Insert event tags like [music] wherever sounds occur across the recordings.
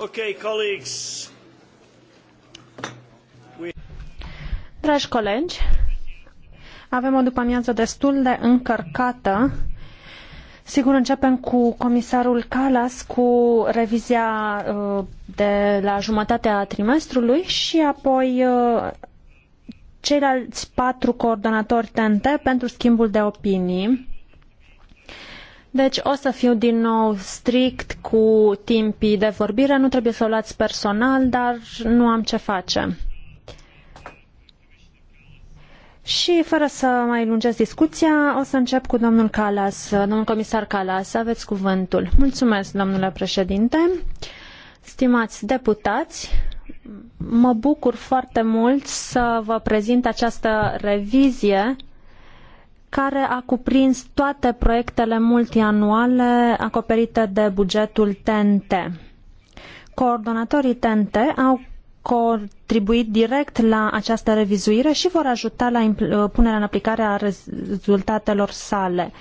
Okay, colleagues. We... Dragi colegi, avem o după-amiază destul de încărcată. Sigur, începem cu comisarul Calas, cu revizia uh, de la jumătatea trimestrului și apoi uh, ceilalți patru coordonatori TNT pentru schimbul de opinii deci o să fiu din nou strict cu timpii de vorbire, nu trebuie să o luați personal, dar nu am ce face. Și fără să mai lungesc discuția, o să încep cu domnul Calas, domnul comisar Calas, aveți cuvântul. Mulțumesc, domnule președinte. Stimați deputați, mă bucur foarte mult să vă prezint această revizie care a cuprins toate proiectele multianuale acoperite de bugetul TNT. Coordonatorii TNT au contribuit direct la această revizuire și vor ajuta la uh, punerea în aplicare a rezultatelor sale.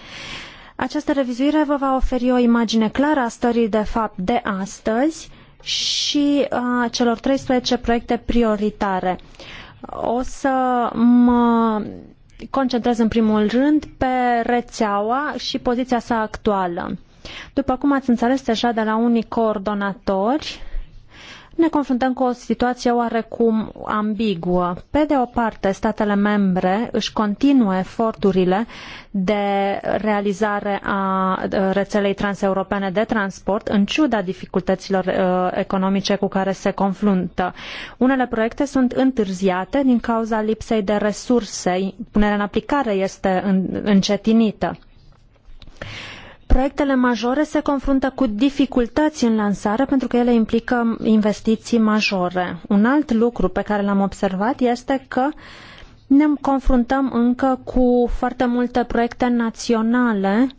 Această revizuire vă va oferi o imagine clară a stării de fapt de astăzi și a celor 13 proiecte prioritare. O să mă concentrez în primul rând pe rețeaua și poziția sa actuală. După cum ați înțeles deja de la unii coordonatori, ne confruntăm cu o situație oarecum ambiguă. Pe de o parte, statele membre își continuă eforturile de realizare a rețelei transeuropene de transport, în ciuda dificultăților uh, economice cu care se confruntă. Unele proiecte sunt întârziate din cauza lipsei de resurse, punerea în aplicare este încetinită proiectele majore se confruntă cu dificultăți în lansare pentru că ele implică investiții majore. Un alt lucru pe care l-am observat este că ne confruntăm încă cu foarte multe proiecte naționale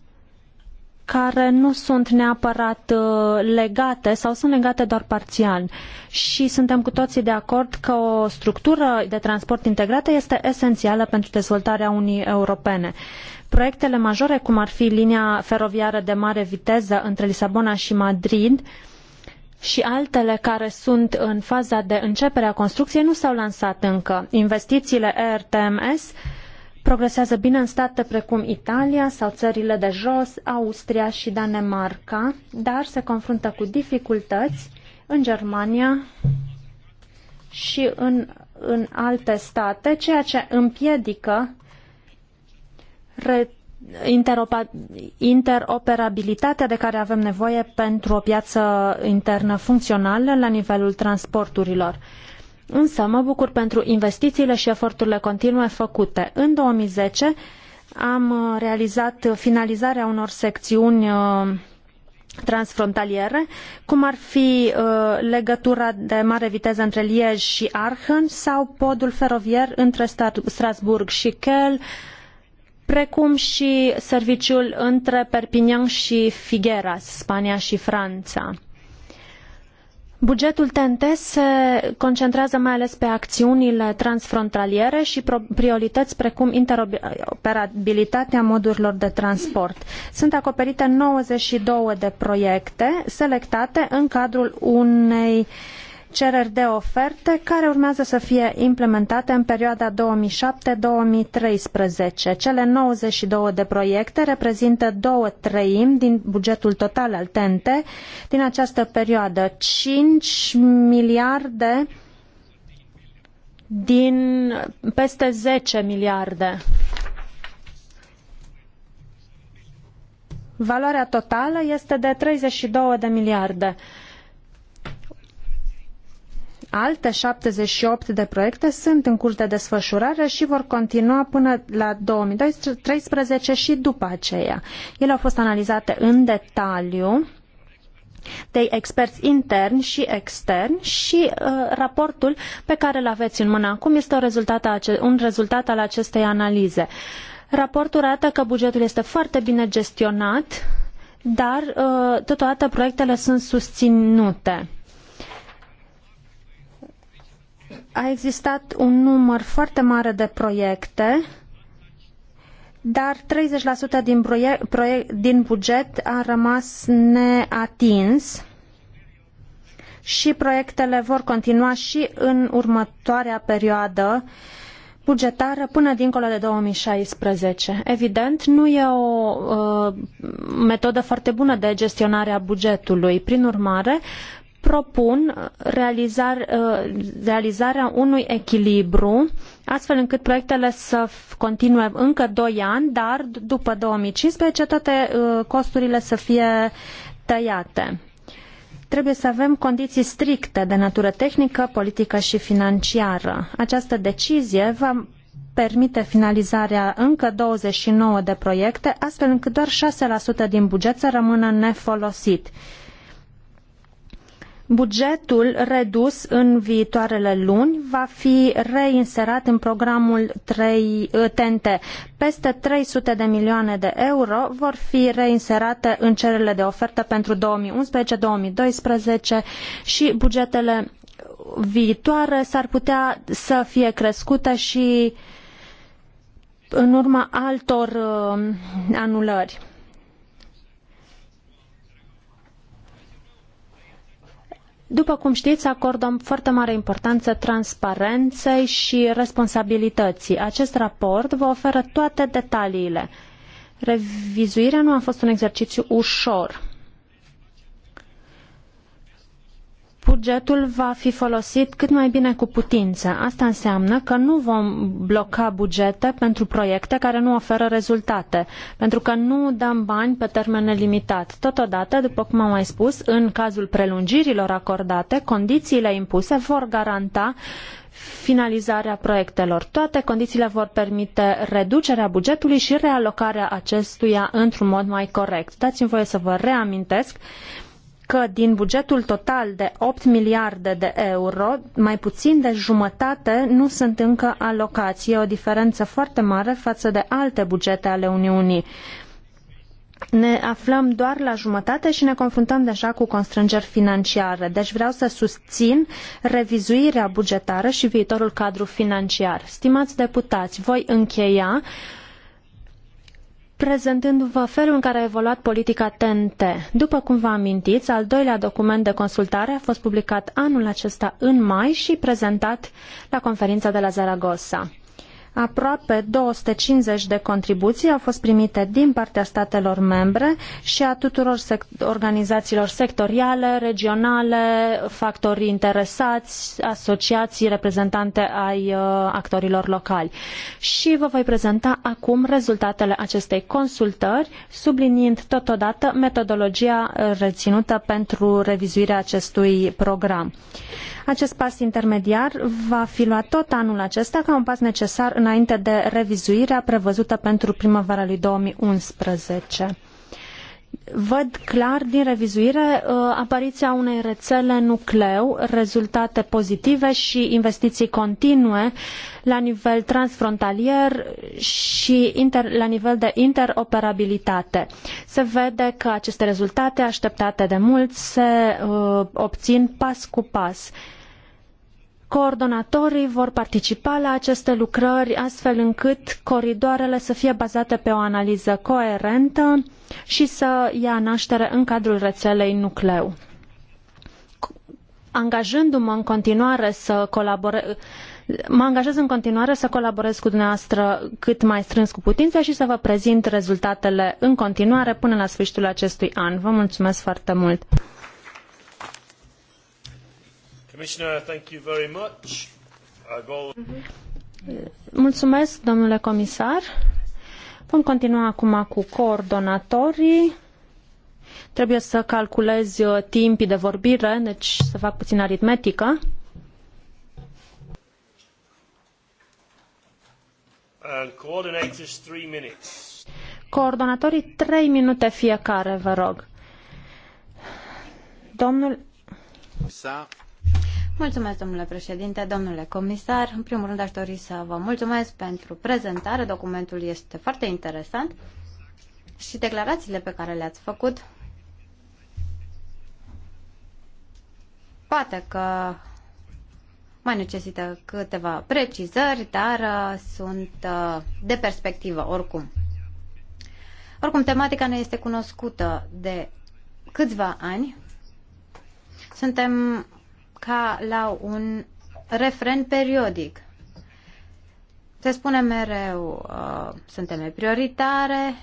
care nu sunt neapărat uh, legate sau sunt legate doar parțial. Și suntem cu toții de acord că o structură de transport integrată este esențială pentru dezvoltarea Unii Europene proiectele majore, cum ar fi linia feroviară de mare viteză între Lisabona și Madrid, și altele care sunt în faza de începere a construcției nu s-au lansat încă. Investițiile ERTMS progresează bine în state precum Italia sau țările de jos, Austria și Danemarca, dar se confruntă cu dificultăți în Germania și în, în alte state, ceea ce împiedică interoperabilitatea de care avem nevoie pentru o piață internă funcțională la nivelul transporturilor. Însă mă bucur pentru investițiile și eforturile continue făcute. În 2010 am realizat finalizarea unor secțiuni uh, transfrontaliere, cum ar fi uh, legătura de mare viteză între Liege și Aachen sau podul feroviar între Strasbourg și Kiel, precum și serviciul între Perpignan și Figueras, Spania și Franța. Bugetul TNT se concentrează mai ales pe acțiunile transfrontaliere și priorități precum interoperabilitatea modurilor de transport. Sunt acoperite 92 de proiecte selectate în cadrul unei uh, cereri de oferte care urmează să fie implementate în perioada 2007-2013. Cele 92 de proiecte reprezintă două treimi din bugetul total al TNT din această perioadă, 5 miliarde din peste 10 miliarde. Valoarea totală este de 32 de miliarde. Uh, Alte 78 de proiecte sunt în curs de desfășurare și vor continua până la 2013 și după aceea. Ele au fost analizate în detaliu de experți interni și externi și uh, raportul pe care îl aveți în mână acum este rezultat, un rezultat al acestei analize. Raportul arată că bugetul este foarte bine gestionat, dar uh, totodată proiectele sunt susținute a existat un număr foarte mare de proiecte, dar 30% din, din buget a rămas neatins și proiectele vor continua și în următoarea perioadă bugetară până dincolo de 2016. Evident, nu e o uh, metodă foarte bună de gestionare a bugetului. Prin urmare, propun uh, realizar, uh, realizarea unui echilibru, astfel încât proiectele să continue încă 2 ani, dar după 2015 toate uh, costurile să fie tăiate. Trebuie să avem condiții stricte de natură tehnică, politică și financiară. Această decizie va permite finalizarea încă 29 de proiecte, astfel încât doar 6% din buget să rămână nefolosit. Bugetul redus în viitoarele luni va fi reinserat în programul 3, ă, TNT. Peste 300 de milioane de euro vor fi reinserate în cererile de ofertă pentru 2011, 2012 și bugetele viitoare s-ar putea să fie crescute și în urma altor ă, anulări. După cum știți, acordăm foarte mare importanță transparenței și responsabilității. Acest raport vă oferă toate detaliile. Revizuirea nu a fost un exercițiu ușor bugetul va fi folosit cât mai bine cu putință. Asta înseamnă că nu vom bloca bugete pentru proiecte care nu oferă rezultate, pentru că nu dăm bani pe termen limitat. Totodată, după cum am mai spus, în cazul prelungirilor acordate, condițiile impuse vor garanta finalizarea proiectelor. Toate condițiile vor permite reducerea bugetului și realocarea acestuia într-un mod mai corect. Dați-mi voie să vă reamintesc că din bugetul total de 8 miliarde de euro, mai puțin de jumătate nu sunt încă alocați. E o diferență foarte mare față de alte bugete ale Uniunii. Ne aflăm doar la jumătate și ne confruntăm deja cu constrângeri financiare. Deci vreau să susțin revizuirea bugetară și viitorul cadru financiar. Stimați deputați, voi încheia uh, prezentându-vă felul în care a evoluat politica TNT. După cum vă amintiți, al doilea document de consultare a fost publicat anul acesta în mai și prezentat la conferința de la Zaragoza. Aproape 250 de contribuții au fost primite din partea statelor membre și a tuturor sect- organizațiilor sectoriale, regionale, factorii interesați, asociații, reprezentante ai uh, actorilor locali. Și vă voi prezenta acum rezultatele acestei consultări, subliniind totodată metodologia uh, reținută pentru revizuirea acestui program. Acest pas intermediar va fi luat tot anul acesta ca un pas necesar înainte de revizuirea prevăzută pentru primăvara lui 2011 văd clar din revizuire uh, apariția unei rețele nucleu, rezultate pozitive și investiții continue la nivel transfrontalier și inter, la nivel de interoperabilitate. Se vede că aceste rezultate așteptate de mulți se uh, obțin pas cu pas. Uh, Coordonatorii vor participa la aceste lucrări astfel încât coridoarele să fie bazate pe o analiză coerentă și să ia naștere în cadrul rețelei nucleu. Angajându-mă în continuare să colaborez mă angajez în continuare să colaborez cu dumneavoastră cât mai strâns cu putință și să vă prezint rezultatele în continuare până la sfârșitul acestui an. Vă mulțumesc foarte mult! Mulțumesc, domnule comisar. Vom continua acum cu coordonatorii. Trebuie să calculez uh, timpii de vorbire, deci să fac puțin aritmetică. Coordonatorii trei minute fiecare, vă rog. Domnul... Comisar. Mulțumesc, domnule președinte, domnule comisar. În primul rând, aș dori să vă mulțumesc pentru prezentare. Documentul este foarte interesant și declarațiile pe care le-ați făcut poate că mai necesită câteva precizări, dar uh, sunt uh, de perspectivă oricum. Oricum, tematica ne este cunoscută de câțiva ani. Suntem ca la un refren periodic. Se spune mereu, uh, suntem prioritare,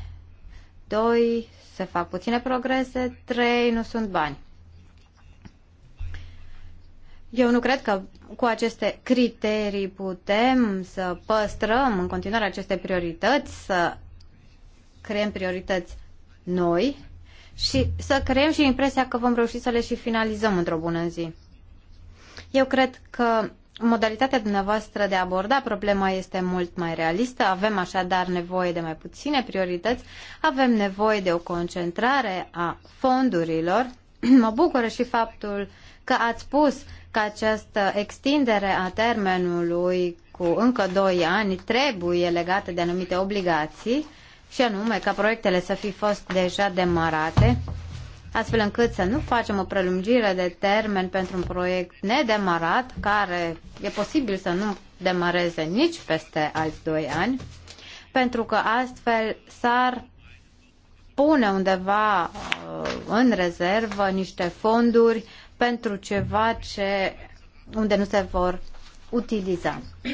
doi se fac puține progrese, trei nu sunt bani. Eu nu cred că cu aceste criterii putem să păstrăm în continuare aceste priorități, să creăm priorități noi și să creăm și impresia că vom reuși să le și finalizăm într-o bună zi. Eu cred că modalitatea dumneavoastră de a aborda problema este mult mai realistă. Avem așadar nevoie de mai puține priorități, avem nevoie de o concentrare a fondurilor. [clears throat] Mă bucură și faptul că ați spus că această extindere a termenului cu încă 2 ani trebuie legată de anumite obligații și anume ca proiectele să fi fost deja demarate astfel încât să nu facem o prelungire de termen pentru un proiect nedemarat, care e posibil să nu demareze nici peste alți doi ani, pentru că astfel s-ar pune undeva uh, în rezervă niște fonduri pentru ceva ce, unde nu se vor utiliza. [clears throat]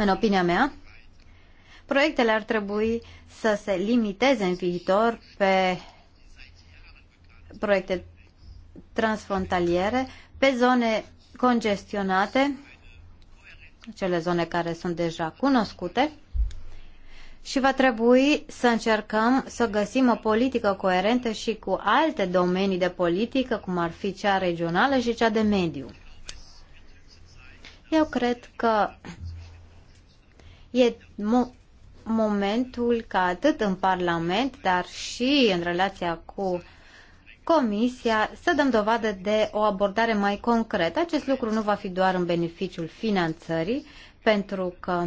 În opinia mea, proiectele ar trebui să se limiteze în viitor pe proiecte transfrontaliere pe zone congestionate, cele zone care sunt deja cunoscute, și va trebui să încercăm să găsim o politică coerentă și cu alte domenii de politică, cum ar fi cea regională și cea de mediu. Eu cred că e mo- momentul ca atât în Parlament, dar și în relația cu Comisia să dăm dovadă de o abordare mai concretă. Acest lucru nu va fi doar în beneficiul finanțării, pentru că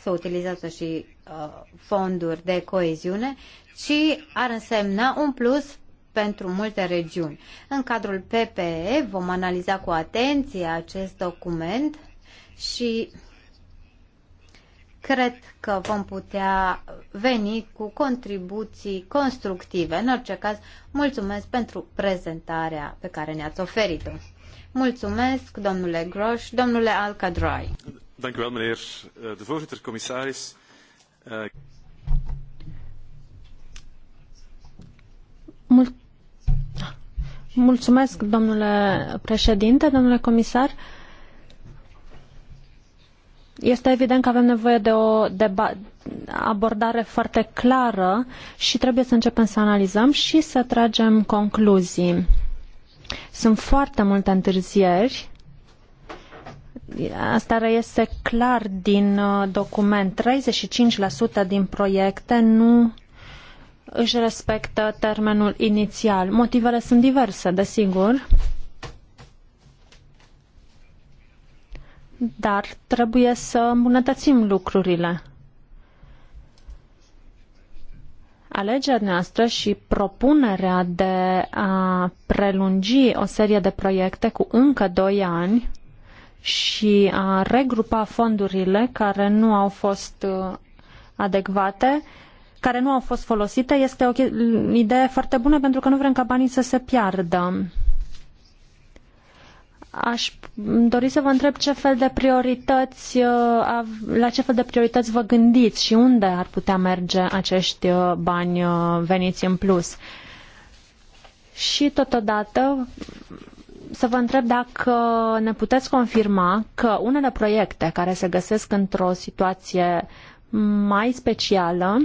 se utilizează și uh, fonduri de coeziune, ci ar însemna un plus pentru multe regiuni. În cadrul PPE vom analiza cu atenție acest document și cred că vom putea veni cu contribuții constructive. În orice caz, mulțumesc pentru prezentarea pe care ne-ați oferit-o. Mulțumesc, domnule Groș, domnule Alcadroi. Dank u wel, meneer eh, de voorzitter, commissaris. Eh, mulțumesc, domnule președinte, domnule comisar. Este evident că avem nevoie de o abordare foarte clară și trebuie să începem să analizăm și să tragem concluzii. Sunt foarte multe întârzieri. Asta reiese clar din uh, document. 35% din proiecte nu își respectă termenul inițial. Motivele sunt diverse, desigur. dar trebuie să îmbunătățim lucrurile. Alegerea noastră și propunerea de a prelungi o serie de proiecte cu încă 2 ani și a regrupa fondurile care nu au fost uh, adecvate, care nu au fost folosite, este o idee foarte bună pentru că nu vrem ca banii să se piardă. Aș dori să vă întreb ce fel de priorități, uh, la ce fel de priorități vă gândiți și unde ar putea merge acești uh, bani uh, veniți în plus. Și totodată să vă întreb dacă ne puteți confirma că unele proiecte care se găsesc într-o situație mai specială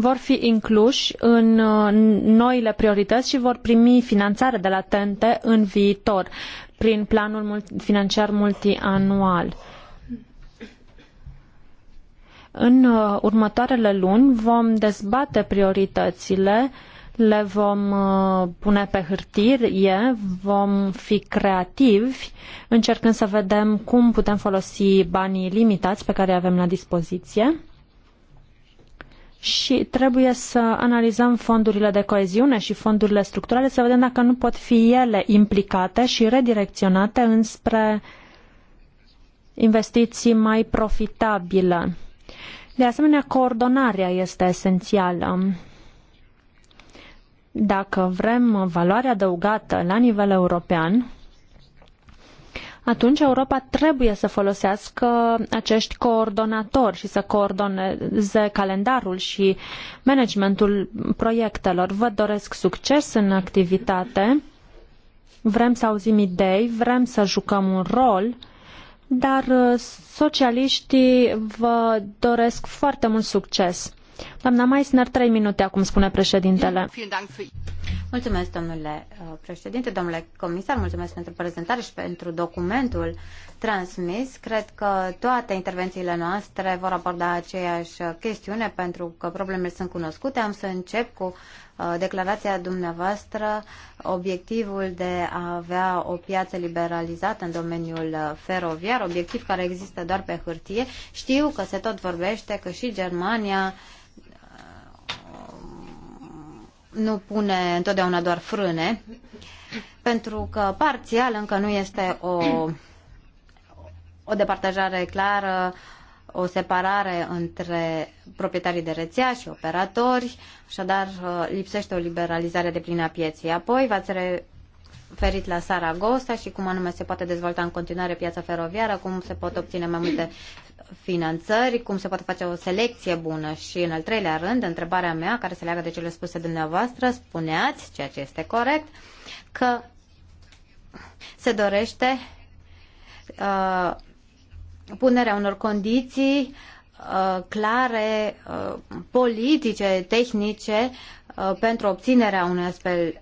vor fi incluși în uh, noile priorități și vor primi finanțare de la TNT în viitor prin planul financiar multianual. În uh, următoarele luni vom dezbate prioritățile, le vom uh, pune pe hârtie, vom fi creativi, încercând să vedem cum putem folosi banii limitați pe care îi avem la dispoziție și trebuie să analizăm fondurile de coeziune și fondurile structurale să vedem dacă nu pot fi ele implicate și redirecționate înspre investiții mai profitabile. De asemenea, coordonarea este esențială. Dacă vrem valoarea adăugată la nivel european, atunci Europa trebuie să folosească acești coordonatori și să coordoneze calendarul și managementul proiectelor. Vă doresc succes în activitate, vrem să auzim idei, vrem să jucăm un rol, dar uh, socialiștii vă doresc foarte mult succes. Doamna Meissner, trei minute acum, spune președintele. Mulțumesc, domnule uh, președinte, domnule comisar, mulțumesc pentru prezentare și pentru documentul transmis. Cred că toate intervențiile noastre vor aborda aceeași chestiune pentru că problemele sunt cunoscute. Am să încep cu uh, declarația dumneavoastră, obiectivul de a avea o piață liberalizată în domeniul uh, feroviar, obiectiv care există doar pe hârtie. Știu că se tot vorbește că și Germania nu pune întotdeauna doar frâne, pentru că parțial încă nu este o, o departajare clară, o separare între proprietarii de rețea și operatori, așadar lipsește o liberalizare de plină a pieței. Apoi v-ați ferit la Saragosta și cum anume se poate dezvolta în continuare piața feroviară, cum se pot obține mai multe finanțări, cum se poate face o selecție bună. Și în al treilea rând, întrebarea mea, care se leagă de cele spuse dumneavoastră, spuneați, ceea ce este corect, că se dorește uh, punerea unor condiții uh, clare, uh, politice, tehnice, uh, pentru obținerea unui astfel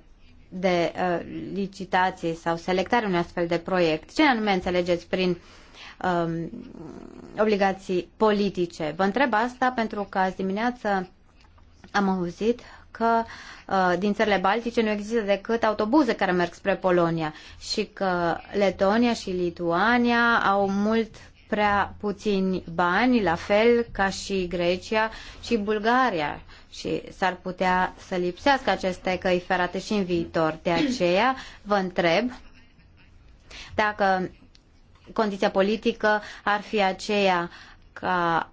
de uh, licitație sau selectare unui astfel de proiect? Ce anume înțelegeți prin um, obligații politice? Vă întreb asta pentru că azi dimineață am auzit că uh, din țările baltice nu există decât autobuze care merg spre Polonia și că Letonia și Lituania au mult prea puțini bani, la fel ca și Grecia și Bulgaria și s-ar putea să lipsească aceste căi ferate și în viitor. De aceea vă întreb dacă condiția politică ar fi aceea ca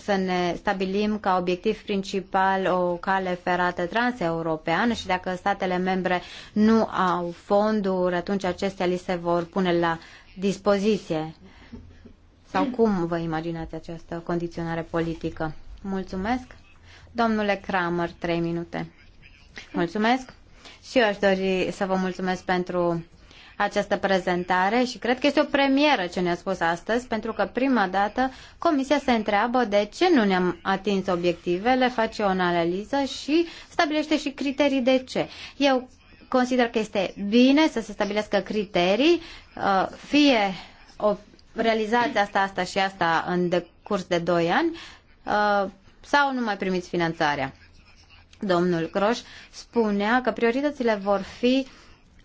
să ne stabilim ca obiectiv principal o cale ferată transeuropeană și dacă statele membre nu au fonduri, atunci acestea li se vor pune la dispoziție. Sau cum vă imaginați această condiționare politică? Mulțumesc. Domnule Kramer, trei minute. Mulțumesc. Și eu aș dori să vă mulțumesc pentru această prezentare și cred că este o premieră ce ne-a spus astăzi, pentru că prima dată Comisia se întreabă de ce nu ne-am atins obiectivele, face o analiză și stabilește și criterii de ce. Eu consider că este bine să se stabilească criterii, uh, fie realizați asta, asta și asta în decurs de 2 ani uh, sau nu mai primiți finanțarea. Domnul Croș spunea că prioritățile vor fi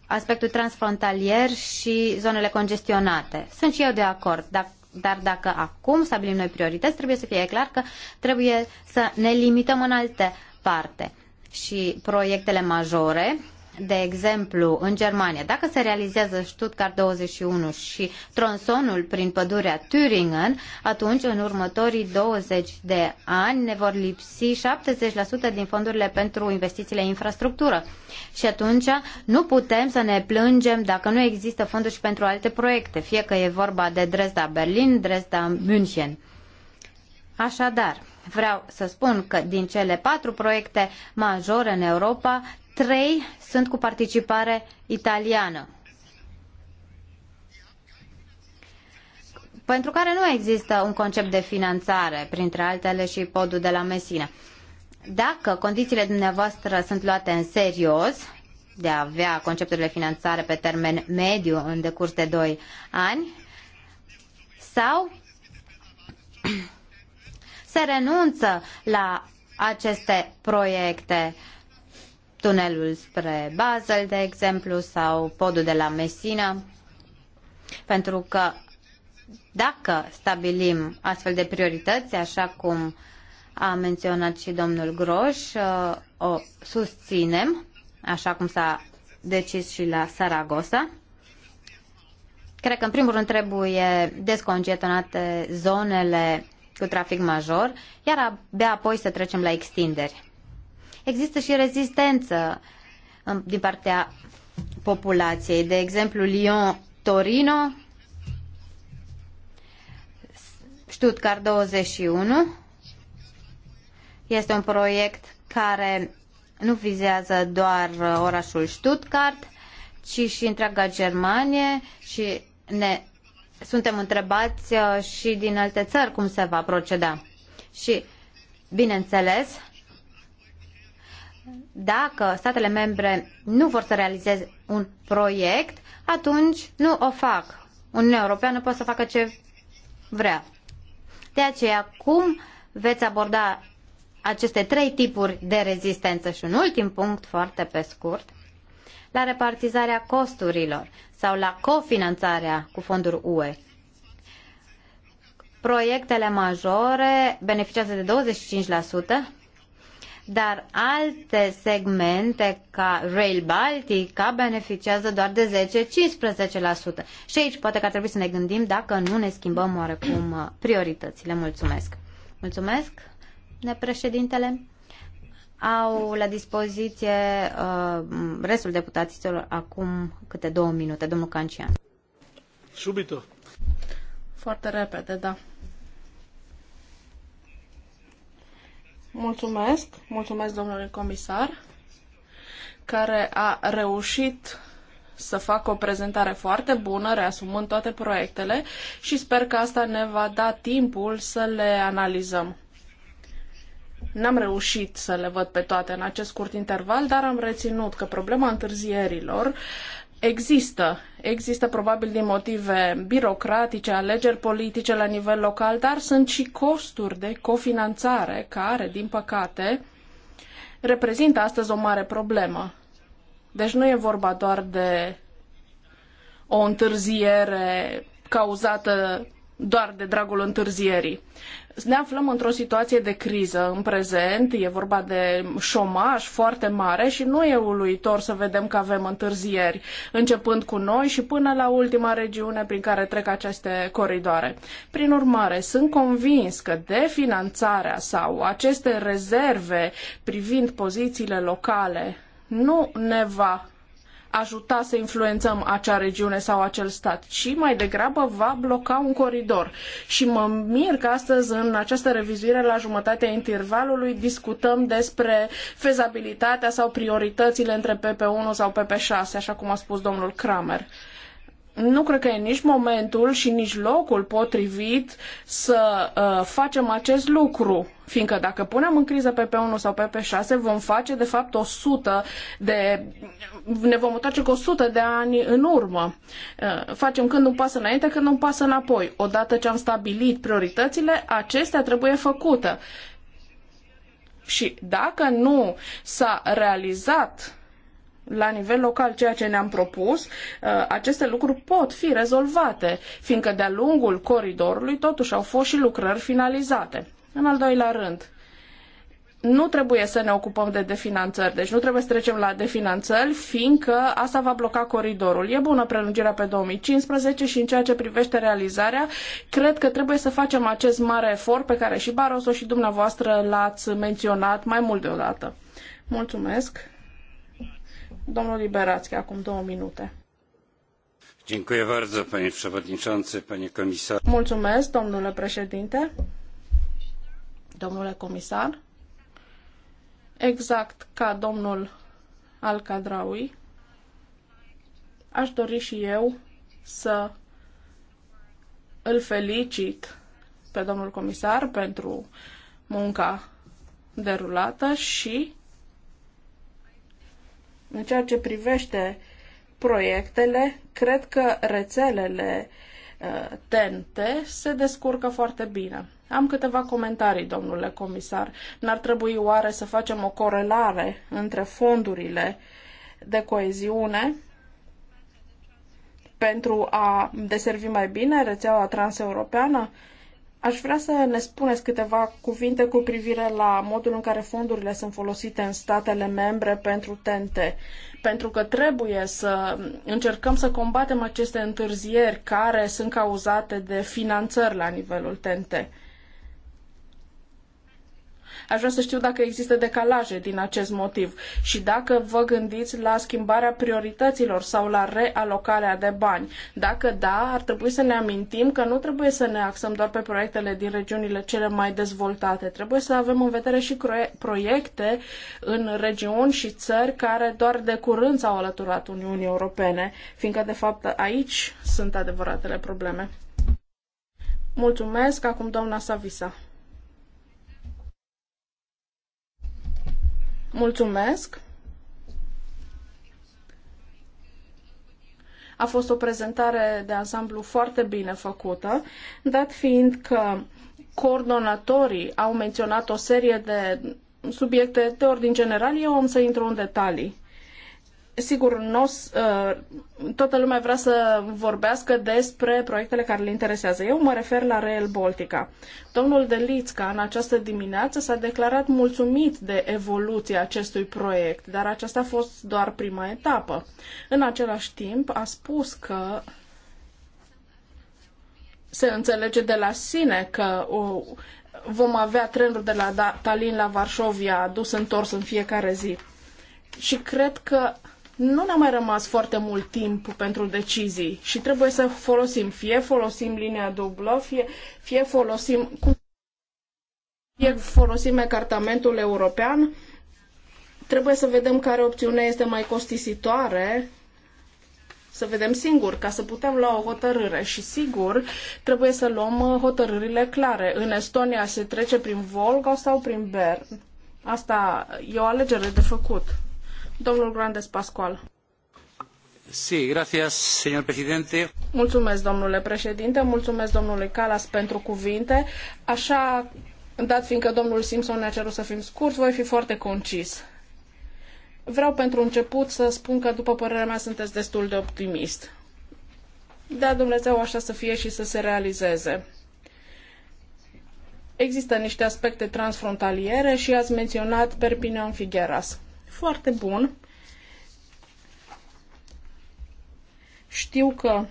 aspectul transfrontalier și zonele congestionate. Sunt și eu de acord, dar dar dacă acum stabilim noi priorități, trebuie să fie clar că trebuie să ne limităm în alte parte. Și proiectele majore de exemplu, în Germania, dacă se realizează Stuttgart 21 și tronsonul prin pădurea Thüringen, atunci în următorii 20 de ani ne vor lipsi 70% din fondurile pentru investițiile în infrastructură. Și atunci nu putem să ne plângem dacă nu există fonduri și pentru alte proiecte, fie că e vorba de Dresda-Berlin, Dresda-München. Așadar, vreau să spun că din cele patru proiecte majore în Europa, trei sunt cu participare italiană, pentru care nu există un concept de finanțare, printre altele și podul de la Messina. Dacă condițiile dumneavoastră sunt luate în serios de a avea conceptul de finanțare pe termen mediu în decurs de 2 ani, sau [clears throat] se renunță la aceste proiecte uh, tunelul spre Basel, de exemplu, sau podul de la Messina, pentru că dacă stabilim astfel de priorități, așa cum a menționat și domnul Groș, uh, o susținem, așa cum s-a decis și la Saragossa. Cred că, în primul rând, trebuie descongestionate zonele cu trafic major, iar abia apoi să trecem la extinderi există și rezistență din partea populației. De exemplu, Lyon-Torino, Stuttgart 21, este un proiect care nu vizează doar uh, orașul Stuttgart, ci și întreaga Germanie și ne suntem întrebați uh, și din alte țări cum se va proceda. Și, bineînțeles, dacă statele membre nu vor să realizeze un proiect, atunci nu o fac. Uniunea Europeană poate să facă ce vrea. De aceea, cum veți aborda aceste trei tipuri de rezistență? Și un ultim punct, foarte pe scurt, la repartizarea costurilor sau la cofinanțarea cu fonduri UE. Proiectele majore beneficiază de 25%, dar alte segmente ca Rail Baltica beneficiază doar de 10-15%. Și aici poate că ar trebui să ne gândim dacă nu ne schimbăm oarecum uh, prioritățile. Mulțumesc! Mulțumesc, ne președintele! Au la dispoziție uh, restul deputaților acum câte două minute. Domnul Cancian. Subito. Foarte repede, da. Mulțumesc, mulțumesc domnului comisar, care a reușit să facă o prezentare foarte bună, reasumând toate proiectele și sper că asta ne va da timpul să le analizăm. N-am reușit să le văd pe toate în acest scurt interval, dar am reținut că problema întârzierilor Există, există probabil din motive birocratice, alegeri politice la nivel local, dar sunt și costuri de cofinanțare care, din păcate, reprezintă astăzi o mare problemă. Deci nu e vorba doar de o întârziere cauzată doar de dragul întârzierii. Ne aflăm într-o situație de criză în prezent, e vorba de șomaj foarte mare și nu e uluitor să vedem că avem întârzieri, începând cu noi și până la ultima regiune prin care trec aceste coridoare. Prin urmare, sunt convins că definanțarea sau aceste rezerve privind pozițiile locale nu ne va ajuta să influențăm acea regiune sau acel stat, ci mai degrabă va bloca un coridor. Și mă mir că astăzi, în această revizuire la jumătatea intervalului, discutăm despre fezabilitatea sau prioritățile între PP1 sau PP6, așa cum a spus domnul Kramer nu cred că e nici momentul și nici locul potrivit să uh, facem acest lucru. Fiindcă dacă punem în criză PP1 sau PP6, vom face de fapt 100 de... ne vom întoarce cu 100 de ani în urmă. Uh, facem când un pas înainte, când un pas înapoi. Odată ce am stabilit prioritățile, acestea trebuie făcute. Și dacă nu s-a realizat la nivel local ceea ce ne-am propus, uh, aceste lucruri pot fi rezolvate, fiindcă de-a lungul coridorului totuși au fost și lucrări finalizate. În al doilea rând, nu trebuie să ne ocupăm de definanțări, deci nu trebuie să trecem la definanțări, fiindcă asta va bloca coridorul. E bună prelungirea pe 2015 și în ceea ce privește realizarea, cred că trebuie să facem acest mare efort pe care și Barroso și dumneavoastră l-ați menționat mai mult deodată. Mulțumesc! Domnul Liberațchi, acum două minute. Mulțumesc, domnule președinte, domnule comisar. Exact ca domnul Al-Kadraui, aș dori și eu să îl felicit pe domnul comisar pentru munca derulată și în ceea ce privește proiectele, cred că rețelele TNT uh, se descurcă foarte bine. Am câteva comentarii, domnule comisar. N-ar trebui oare să facem o corelare între fondurile de coeziune pentru a deservi mai bine rețeaua transeuropeană? Aș vrea să ne spuneți câteva cuvinte cu privire la modul în care fondurile sunt folosite în statele membre pentru TNT, pentru că trebuie să încercăm să combatem aceste întârzieri care sunt cauzate de finanțări la nivelul TNT. Aș vrea să știu dacă există decalaje din acest motiv și dacă vă gândiți la schimbarea priorităților sau la realocarea de bani. Dacă da, ar trebui să ne amintim că nu trebuie să ne axăm doar pe proiectele din regiunile cele mai dezvoltate. Trebuie să avem în vedere și proiecte în regiuni și țări care doar de curând s-au alăturat Uniunii Europene, fiindcă de fapt aici sunt adevăratele probleme. Mulțumesc, acum doamna Savisa. Mulțumesc! A fost o prezentare de ansamblu foarte bine făcută, dat fiind că coordonatorii au menționat o serie de subiecte de ordin general, eu am să intru în detalii sigur, nu, uh, toată lumea vrea să vorbească despre proiectele care le interesează. Eu mă refer la Rail Baltica. Domnul Delițca, în această dimineață, s-a declarat mulțumit de evoluția acestui proiect, dar aceasta a fost doar prima etapă. În același timp, a spus că se înțelege de la sine că o, vom avea trenul de la da- Tallinn la Varșovia dus întors în fiecare zi. Și cred că nu ne-a mai rămas foarte mult timp pentru decizii și trebuie să folosim, fie folosim linia dublă, fie, fie folosim fie folosim ecartamentul european, trebuie să vedem care opțiune este mai costisitoare, să vedem singur, ca să putem lua o hotărâre și sigur trebuie să luăm uh, hotărârile clare. În Estonia se trece prin Volga sau prin Bern. Asta e o alegere de făcut. Domnul Grandes Pascual. Sí, gracias, señor presidente. Mulțumesc, domnule președinte, mulțumesc domnului Calas pentru cuvinte. Așa, dat fiindcă domnul Simpson ne-a cerut să fim scurți, voi fi foarte concis. Vreau pentru început să spun că, după părerea mea, sunteți destul de optimist. Da, Dumnezeu așa să fie și să se realizeze. Există niște aspecte transfrontaliere și ați menționat Perpignan Figueras foarte bun. Știu că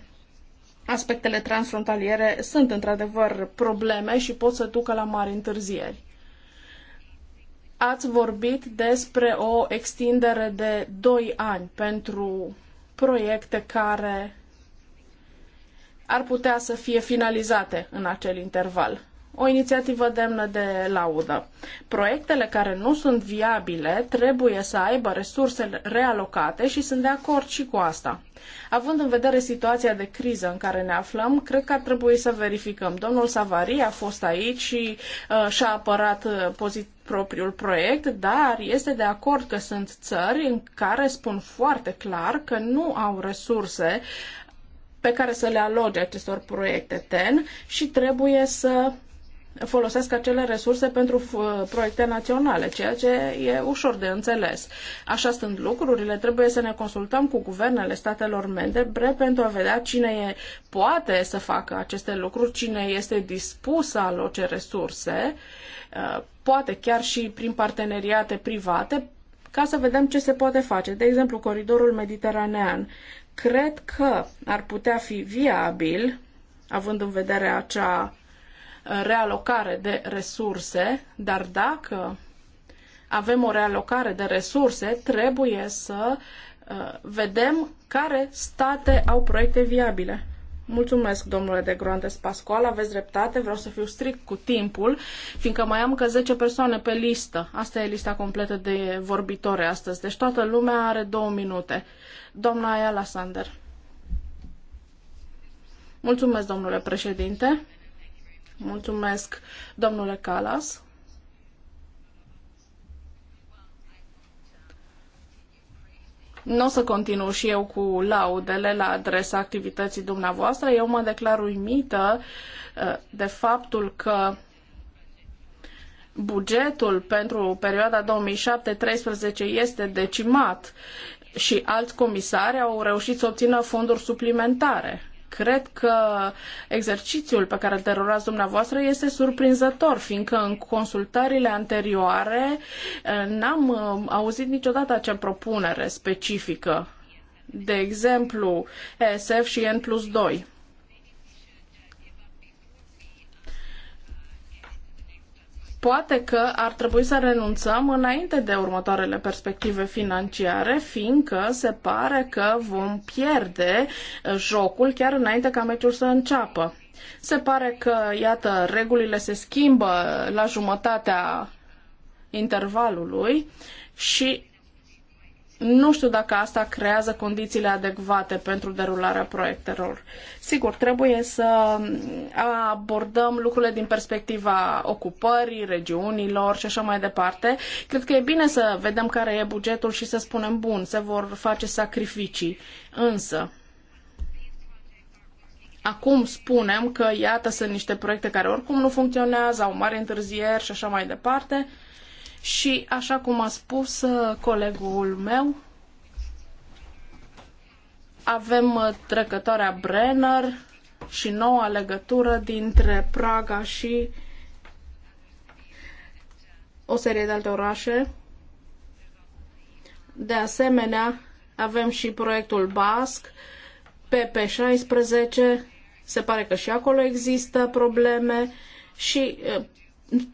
aspectele transfrontaliere sunt într-adevăr probleme și pot să ducă la mari întârzieri. Ați vorbit despre o extindere de 2 ani pentru proiecte care ar putea să fie finalizate în acel interval o inițiativă demnă de laudă. Proiectele care nu sunt viabile trebuie să aibă resurse realocate și sunt de acord și cu asta. Având în vedere situația de criză în care ne aflăm, cred că ar trebui să verificăm. Domnul Savari a fost aici și uh, și-a apărat uh, propriul proiect, dar este de acord că sunt țări în care spun foarte clar că nu au resurse pe care să le aloge acestor proiecte TEN și trebuie să folosesc acele resurse pentru uh, proiecte naționale, ceea ce e ușor de înțeles. Așa sunt lucrurile, trebuie să ne consultăm cu guvernele statelor membre pentru a vedea cine e, poate să facă aceste lucruri, cine este dispus să aloce resurse, uh, poate chiar și prin parteneriate private, ca să vedem ce se poate face. De exemplu, coridorul mediteranean. Cred că ar putea fi viabil, având în vedere acea realocare de resurse, dar dacă avem o realocare de resurse, trebuie să uh, vedem care state au proiecte viabile. Mulțumesc, domnule de Groantes Pascual, aveți dreptate, vreau să fiu strict cu timpul, fiindcă mai am încă 10 persoane pe listă. Asta e lista completă de vorbitori astăzi, deci toată lumea are două minute. Doamna Ayala Sander. Mulțumesc, domnule președinte. Mulțumesc, domnule Calas. Nu o să continu și eu cu laudele la adresa activității dumneavoastră. Eu mă declar uimită uh, de faptul că bugetul pentru perioada 2007-2013 este decimat și alți comisari au reușit să obțină fonduri suplimentare. Cred că exercițiul pe care îl derulați dumneavoastră este surprinzător, fiindcă în consultările anterioare eh, n-am eh, auzit niciodată acea propunere specifică. De exemplu, ESF și N plus 2. Poate că ar trebui să renunțăm înainte de următoarele perspective financiare, fiindcă se pare că vom pierde uh, jocul chiar înainte ca meciul să înceapă. Se pare că, iată, regulile se schimbă la jumătatea intervalului și nu știu dacă asta creează condițiile adecvate pentru derularea proiectelor. Sigur, trebuie să abordăm lucrurile din perspectiva ocupării, regiunilor și așa mai departe. Cred că e bine să vedem care e bugetul și să spunem, bun, se vor face sacrificii. Însă, acum spunem că, iată, sunt niște proiecte care oricum nu funcționează, au mari întârzieri și așa mai departe și, așa cum a spus uh, colegul meu, avem uh, trecătoarea Brenner și noua legătură dintre Praga și o serie de alte orașe. De asemenea, avem și proiectul BASC, PP16, se pare că și acolo există probleme și uh,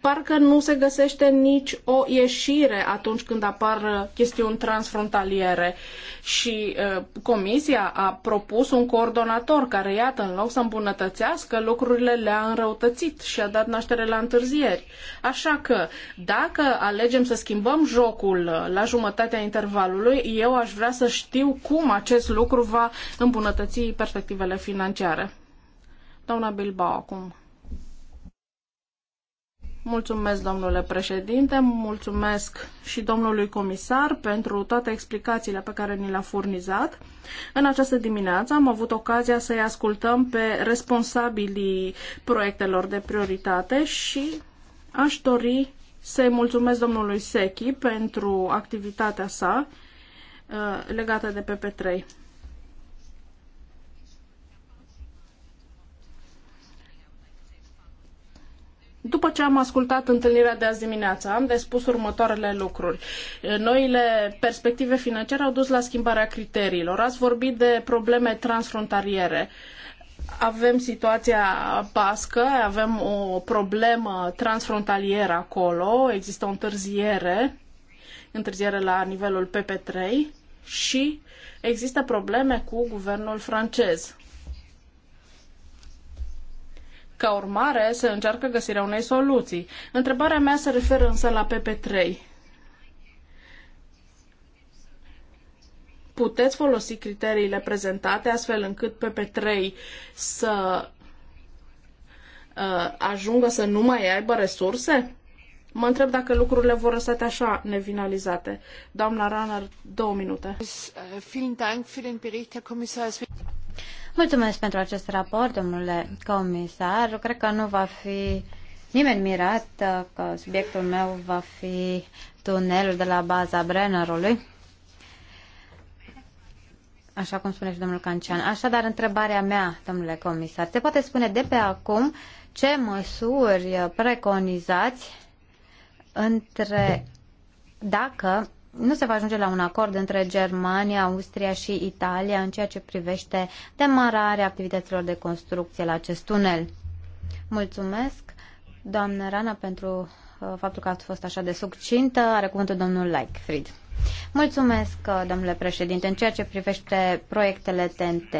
parcă nu se găsește nici o ieșire atunci când apar uh, chestiuni transfrontaliere și uh, comisia a propus un coordonator care, iată, în loc să îmbunătățească, lucrurile le-a înrăutățit și a dat naștere la întârzieri. Așa că, dacă alegem să schimbăm jocul uh, la jumătatea intervalului, eu aș vrea să știu cum acest lucru va îmbunătăți perspectivele financiare. Doamna Bilbao, acum. Mulțumesc, domnule președinte, mulțumesc și domnului comisar pentru toate explicațiile pe care ni le-a furnizat. În această dimineață am avut ocazia să-i ascultăm pe responsabilii proiectelor de prioritate și aș dori să-i mulțumesc domnului Sechi pentru activitatea sa uh, legată de PP3. După ce am ascultat întâlnirea de azi dimineață, am de spus următoarele lucruri. Noile perspective financiare au dus la schimbarea criteriilor. Ați vorbit de probleme transfrontaliere avem situația bască, avem o problemă transfrontalieră acolo, există o întârziere, întârziere la nivelul PP3 și există probleme cu guvernul francez. Ca urmare, se încearcă găsirea unei soluții. Întrebarea mea se referă însă la PP3. Puteți folosi criteriile prezentate astfel încât PP3 să uh, ajungă să nu mai aibă resurse? Mă întreb dacă lucrurile vor răsate așa nevinalizate. Doamna Rana, două minute. Mulțumesc pentru acest raport, domnule comisar. Eu Cred că nu va fi nimeni mirat că subiectul meu va fi tunelul de la baza Brennerului. Așa cum spune și domnul Cancian. Așadar, întrebarea mea, domnule comisar, te poate spune de pe acum ce măsuri preconizați între dacă nu se va ajunge la un acord între Germania, Austria și Italia în ceea ce privește demararea activităților de construcție la acest tunel. Mulțumesc, doamnă Rana, pentru uh, faptul că ați fost așa de succintă. Are cuvântul domnul Leichfried. Mulțumesc, uh, domnule președinte, în ceea ce privește proiectele TNT.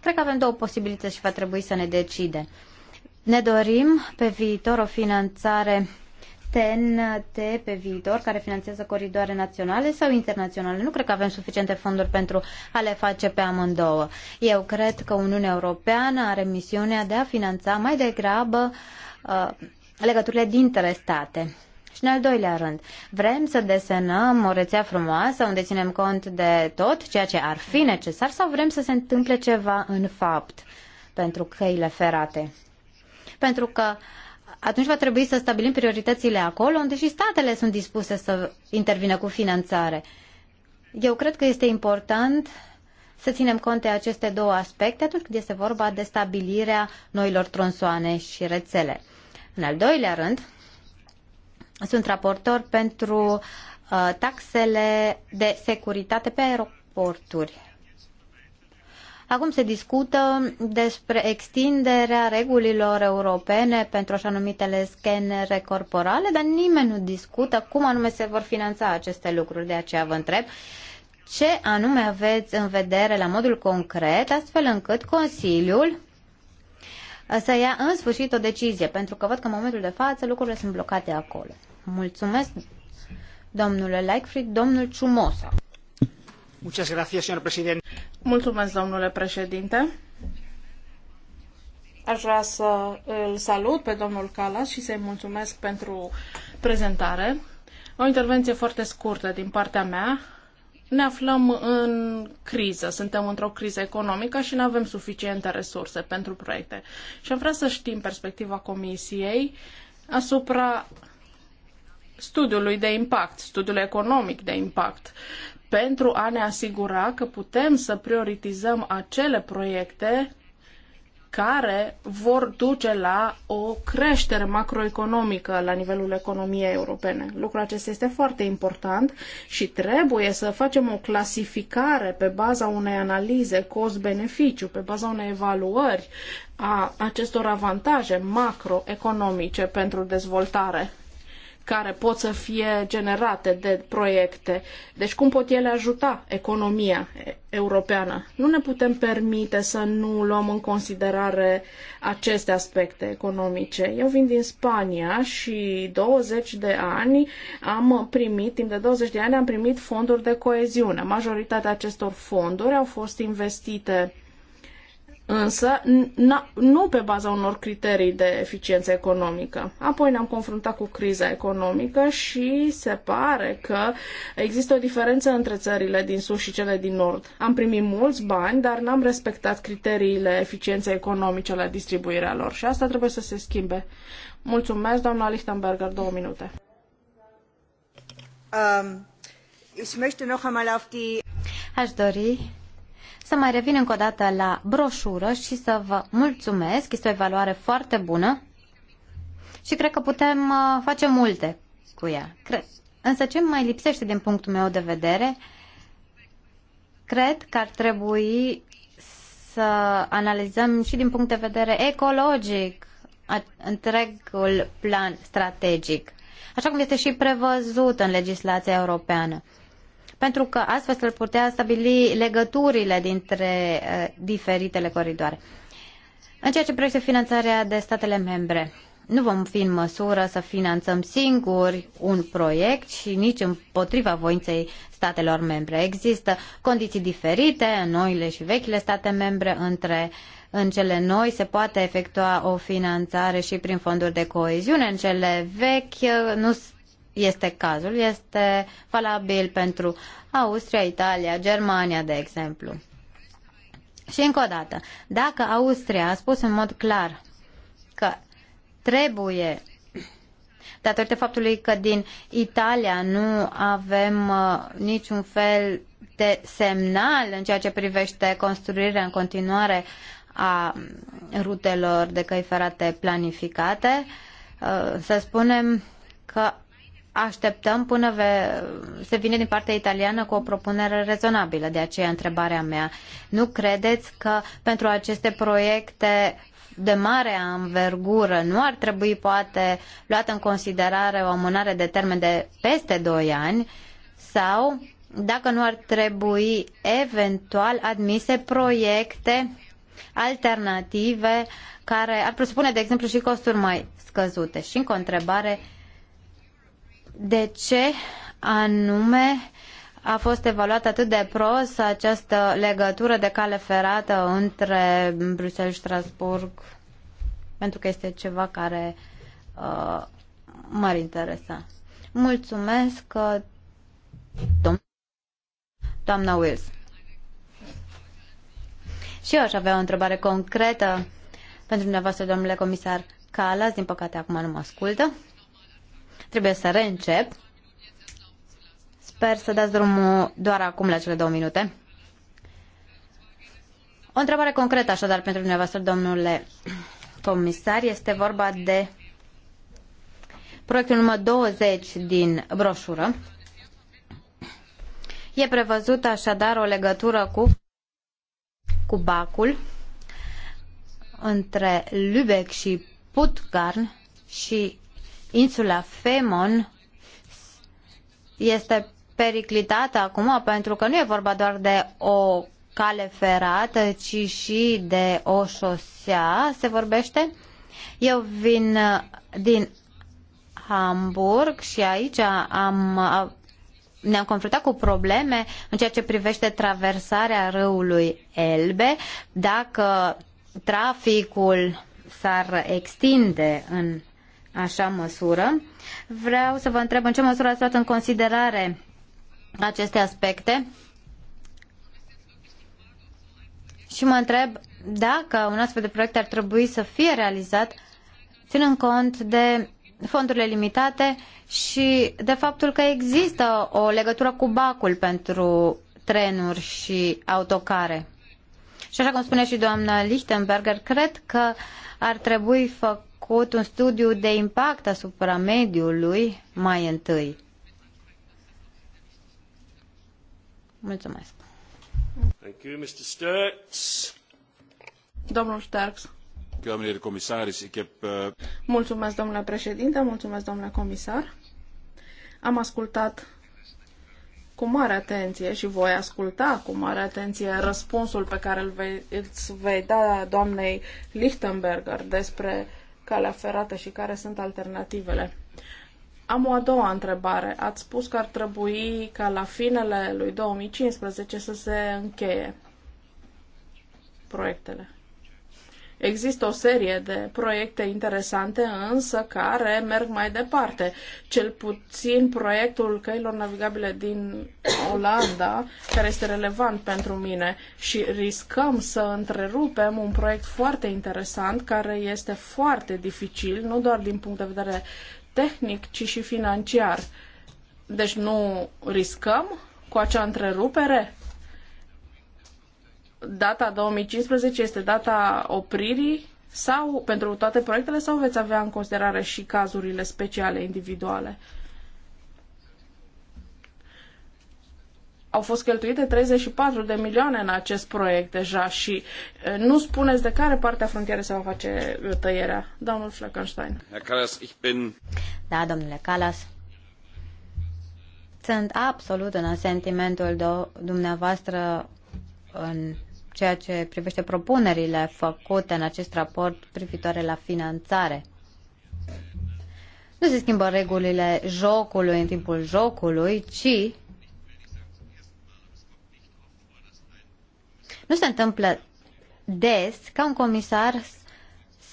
Cred că avem două posibilități și va trebui să ne decide. Ne dorim pe viitor o finanțare TNT pe viitor, care finanțează coridoare naționale sau internaționale. Nu cred că avem suficiente fonduri pentru a le face pe amândouă. Eu cred că Uniunea Europeană are misiunea de a finanța mai degrabă uh, legăturile dintre state. Și în al doilea rând, vrem să desenăm o rețea frumoasă unde ținem cont de tot ceea ce ar fi necesar sau vrem să se întâmple ceva în fapt pentru căile ferate? Pentru că uh, atunci va trebui să stabilim prioritățile acolo unde și statele sunt dispuse să intervină cu finanțare. Eu cred că este important să ținem cont de aceste două aspecte atunci când este vorba de stabilirea noilor tronsoane și rețele. În al doilea rând, sunt raportor pentru uh, taxele de securitate pe aeroporturi. Acum se discută despre extinderea regulilor europene pentru așa numitele scanere corporale, dar nimeni nu discută cum anume se vor finanța aceste lucruri. De aceea vă întreb ce anume aveți în vedere la modul concret, astfel încât Consiliul să ia în sfârșit o decizie, pentru că văd că în momentul de față lucrurile sunt blocate acolo. Mulțumesc, domnule Leichfried, domnul Ciumosa. Muchas gracias, señor Mulțumesc, domnule președinte. Aș vrea să îl salut pe domnul Calas și să-i mulțumesc pentru prezentare. O intervenție foarte scurtă din partea mea. Ne aflăm în criză, suntem într-o criză economică și nu avem suficiente resurse pentru proiecte. Și am vrea să știm perspectiva Comisiei asupra studiului de impact, studiul economic de impact, pentru a ne asigura că putem să prioritizăm acele proiecte care vor duce la o creștere macroeconomică la nivelul economiei europene. Lucrul acesta este foarte important și trebuie să facem o clasificare pe baza unei analize cost-beneficiu, pe baza unei evaluări a acestor avantaje macroeconomice pentru dezvoltare care pot să fie generate de proiecte. Deci cum pot ele ajuta economia europeană? Nu ne putem permite să nu luăm în considerare aceste aspecte economice. Eu vin din Spania și 20 de ani am primit, timp de 20 de ani am primit fonduri de coeziune. Majoritatea acestor fonduri au fost investite însă nu pe baza unor criterii de eficiență economică. Apoi ne-am confruntat cu criza economică și se pare că există o diferență între țările din sud și cele din nord. Am primit mulți bani, dar n-am respectat criteriile eficienței economice la distribuirea lor și asta trebuie să se schimbe. Mulțumesc, doamna Lichtenberger, două minute. Um, ich möchte noch einmal auf die... Aș dori să mai revin încă o dată la broșură și să vă mulțumesc. Este o evaluare foarte bună și cred că putem uh, face multe cu ea. Cred. Însă ce mai lipsește din punctul meu de vedere, cred că ar trebui să analizăm și din punct de vedere ecologic întregul plan strategic, așa cum este și prevăzut în legislația europeană pentru că astfel se putea stabili legăturile dintre eh, diferitele coridoare. În ceea ce privește finanțarea de statele membre, nu vom fi în măsură să finanțăm singuri un proiect și nici împotriva voinței statelor membre. Există condiții diferite în noile și vechile state membre între în cele noi se poate efectua o finanțare și prin fonduri de coeziune, în cele vechi eh, nu este cazul, este valabil pentru Austria, Italia, Germania, de exemplu. Și încă o dată, dacă Austria a spus în mod clar că trebuie, datorită faptului că din Italia nu avem uh, niciun fel de semnal în ceea ce privește construirea în continuare a rutelor de căi ferate planificate, uh, să spunem că așteptăm până ve- se vine din partea italiană cu o propunere rezonabilă. De aceea întrebarea mea. Nu credeți că pentru aceste proiecte de mare anvergură nu ar trebui poate luată în considerare o amânare de termen de peste 2 ani sau dacă nu ar trebui eventual admise proiecte alternative care ar presupune, de exemplu, și costuri mai scăzute. Și încă o întrebare, de ce anume a fost evaluată atât de prost această legătură de cale ferată între Bruxelles și Strasburg, pentru că este ceva care uh, m-ar interesa. Mulțumesc, dom- uh, doamna Wills. Și eu aș avea o întrebare concretă pentru dumneavoastră, domnule comisar Calas, din păcate acum nu mă ascultă. Trebuie să reîncep. Sper să dați drumul doar acum la cele două minute. O întrebare concretă așadar pentru dumneavoastră, domnule comisar. Este vorba de proiectul număr 20 din broșură. E prevăzută așadar o legătură cu, cu Bacul între Lübeck și Putgarn și insula Femon este periclitată acum pentru că nu e vorba doar de o cale ferată, ci și de o șosea, se vorbește. Eu vin din Hamburg și aici am, ne-am confruntat cu probleme în ceea ce privește traversarea râului Elbe. Dacă traficul s-ar extinde în așa măsură. Vreau să vă întreb în ce măsură ați luat în considerare aceste aspecte și mă întreb dacă un astfel de proiect ar trebui să fie realizat ținând cont de fondurile limitate și de faptul că există o legătură cu bacul pentru trenuri și autocare. Și așa cum spune și doamna Lichtenberger, cred că ar trebui făcut făcut un studiu de impact asupra mediului mai întâi. Mulțumesc. Thank you, Mr. Sturks. Domnul Sturks. Uh, mulțumesc, domnule președinte, mulțumesc, domnule comisar. Am ascultat cu mare atenție și voi asculta cu mare atenție răspunsul pe care îl vei, îți vei da doamnei Lichtenberger despre calea ferată și care sunt alternativele. Am o a doua întrebare. Ați spus că ar trebui ca la finele lui 2015 să se încheie proiectele. Există o serie de proiecte interesante, însă, care merg mai departe. Cel puțin proiectul căilor navigabile din Olanda, care este relevant pentru mine și riscăm să întrerupem un proiect foarte interesant, care este foarte dificil, nu doar din punct de vedere tehnic, ci și financiar. Deci nu riscăm cu acea întrerupere? data 2015 este data opririi sau pentru toate proiectele sau veți avea în considerare și cazurile speciale individuale? Au fost cheltuite 34 de milioane în acest proiect deja și eh, nu spuneți de care parte a frontierei se va face eh, tăierea. Domnul Fleckenstein. Da, domnule Calas, sunt absolut în sentimentul dumneavoastră în ceea ce privește propunerile făcute în acest raport privitoare la finanțare. Nu se schimbă regulile jocului în timpul jocului, ci nu se întâmplă des ca un comisar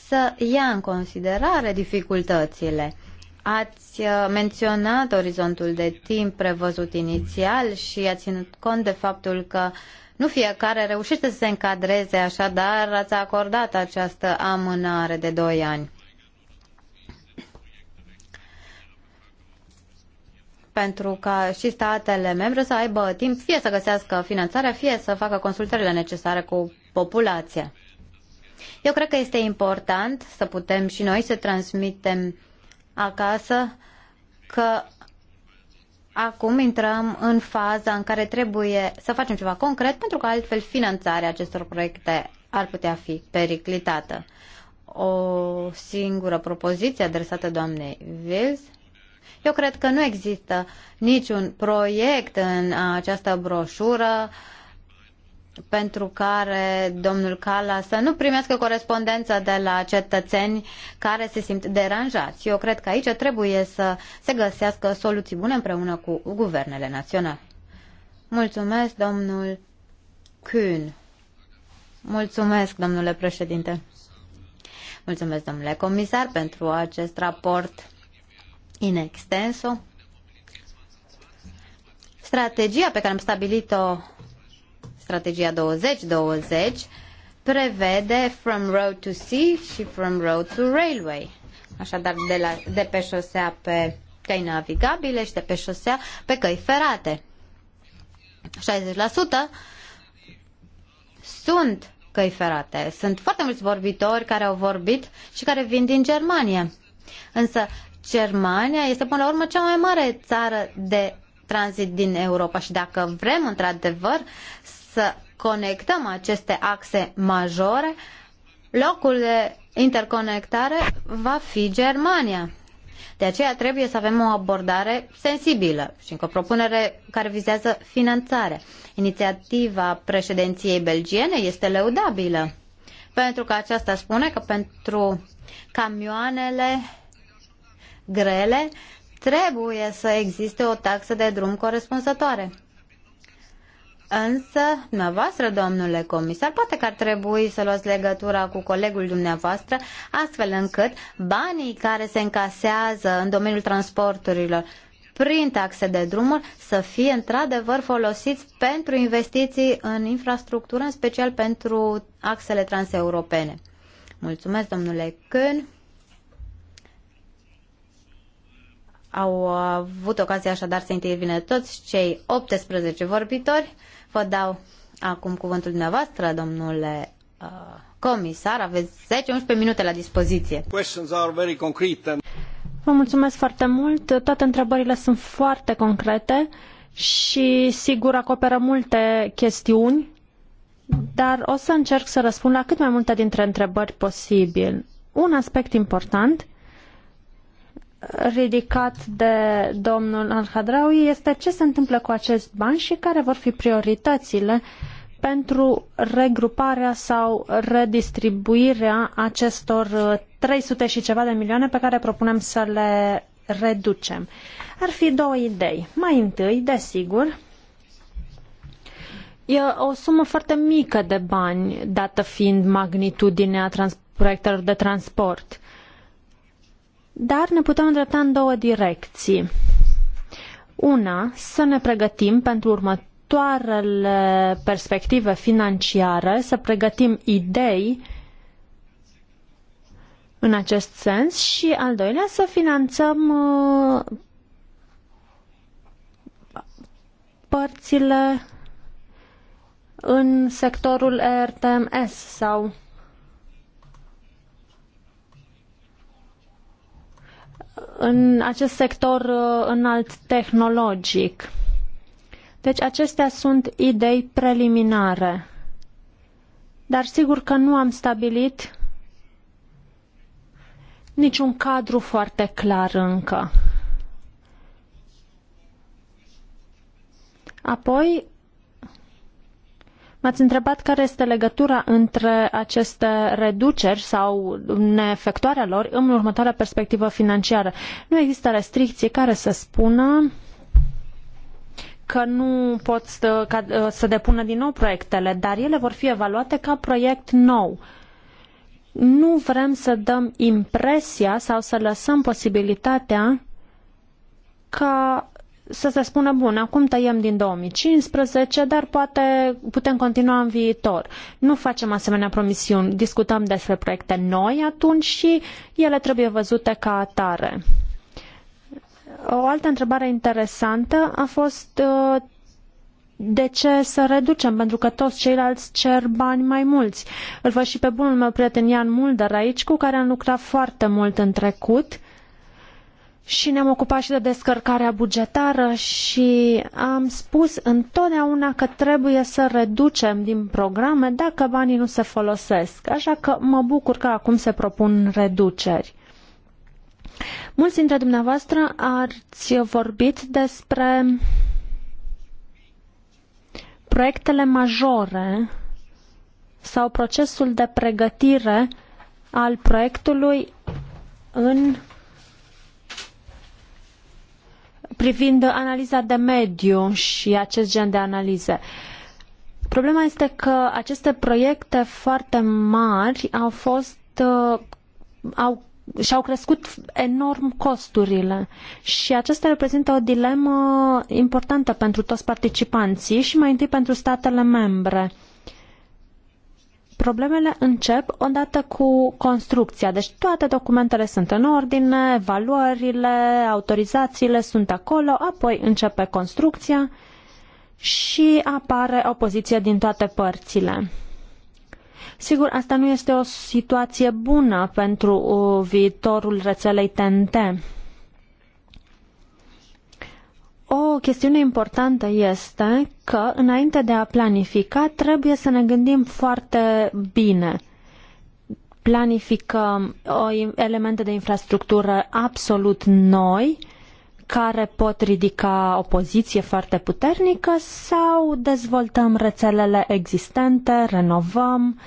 să ia în considerare dificultățile. Ați uh, menționat orizontul de timp prevăzut inițial și ați ținut cont de faptul că uh, nu fiecare reușește să se încadreze, așadar ați acordat această amânare de 2 ani. pentru ca și statele membre să aibă timp fie să găsească finanțarea, fie să facă consultările necesare cu populația. Eu cred că este important să putem și noi să transmitem acasă că acum intrăm în faza în care trebuie să facem ceva concret, pentru că altfel finanțarea acestor proiecte ar putea fi periclitată. O singură propoziție adresată doamnei Vils. Eu cred că nu există niciun proiect în această broșură uh, pentru care domnul Cala să nu primească corespondența de la cetățeni care se simt deranjați. Eu cred că aici trebuie să se găsească soluții bune împreună cu guvernele naționale. Mulțumesc, domnul Kuhn. Mulțumesc, domnule președinte. Mulțumesc, domnule comisar, pentru acest raport in extenso. Strategia pe care am stabilit-o strategia 2020 prevede From Road to Sea și From Road to Railway. Așadar, de, la, de pe șosea pe căi navigabile și de pe șosea pe căi ferate. 60% sunt căi ferate. Sunt foarte mulți vorbitori care au vorbit și care vin din Germania. Însă Germania este până la urmă cea mai mare țară de tranzit din Europa și dacă vrem într-adevăr să conectăm aceste axe majore, locul de interconectare va fi Germania. De aceea trebuie să avem o abordare sensibilă și încă o propunere care vizează finanțare. Inițiativa președinției belgiene este leudabilă, pentru că aceasta spune că pentru camioanele grele trebuie să existe o taxă de drum corespunzătoare. Însă, dumneavoastră, domnule comisar, poate că ar trebui să luați legătura cu colegul dumneavoastră, astfel încât banii care se încasează în domeniul transporturilor prin taxe de drumuri să fie într-adevăr folosiți pentru investiții în infrastructură, în special pentru axele transeuropene. Mulțumesc, domnule Cân. Au avut ocazia așadar să intervine toți cei 18 vorbitori. Vă dau acum cuvântul dumneavoastră, domnule uh, comisar. Aveți 10-11 minute la dispoziție. Vă mulțumesc foarte mult. Toate întrebările sunt foarte concrete și sigur acoperă multe chestiuni, dar o să încerc să răspund la cât mai multe dintre întrebări posibil. Un aspect important ridicat de domnul Al-Hadraui este ce se întâmplă cu acești bani și care vor fi prioritățile pentru regruparea sau redistribuirea acestor 300 uh, și ceva de milioane pe care propunem să le reducem. Ar fi două idei. Mai întâi, desigur, e o sumă foarte mică de bani, dată fiind magnitudinea trans- proiectelor de transport. Dar ne putem îndrepta în două direcții. Una, să ne pregătim pentru următoarele perspective financiare, să pregătim idei în acest sens și, al doilea, să finanțăm uh, părțile în sectorul RTMS sau în acest sector uh, înalt tehnologic. Deci acestea sunt idei preliminare. Dar sigur că nu am stabilit niciun cadru foarte clar încă. Apoi, M-ați întrebat care este legătura între aceste reduceri sau neefectuarea lor în următoarea perspectivă financiară. Nu există restricții care să spună că nu pot să, ca, ă, să depună din nou proiectele, dar ele vor fi evaluate ca proiect nou. Nu vrem să dăm impresia sau să lăsăm posibilitatea ca să se spună, bun, acum tăiem din 2015, dar poate putem continua în viitor. Nu facem asemenea promisiuni, discutăm despre proiecte noi atunci și ele trebuie văzute ca atare. O altă întrebare interesantă a fost uh, de ce să reducem, pentru că toți ceilalți cer bani mai mulți. Îl văd și pe bunul meu prieten Ian Mulder aici, cu care am lucrat foarte mult în trecut și ne-am ocupat și de descărcarea bugetară și am spus întotdeauna că trebuie să reducem din programe dacă banii nu se folosesc. Așa că mă bucur că acum se propun reduceri. Mulți dintre dumneavoastră ați vorbit despre proiectele majore sau procesul de pregătire al proiectului în privind analiza de mediu și acest gen de analize. Problema este că aceste proiecte foarte mari au fost uh, au și-au crescut enorm costurile și acestea reprezintă o dilemă importantă pentru toți participanții și mai întâi pentru statele membre Problemele încep odată cu construcția, deci toate documentele sunt în ordine, valorile, autorizațiile sunt acolo, apoi începe construcția și apare opoziție din toate părțile. Sigur, asta nu este o situație bună pentru uh, viitorul rețelei TNT. O chestiune importantă este că, înainte de a planifica, trebuie să ne gândim foarte bine. Planificăm o, elemente de infrastructură absolut noi, care pot ridica o poziție foarte puternică, sau dezvoltăm rețelele existente, renovăm,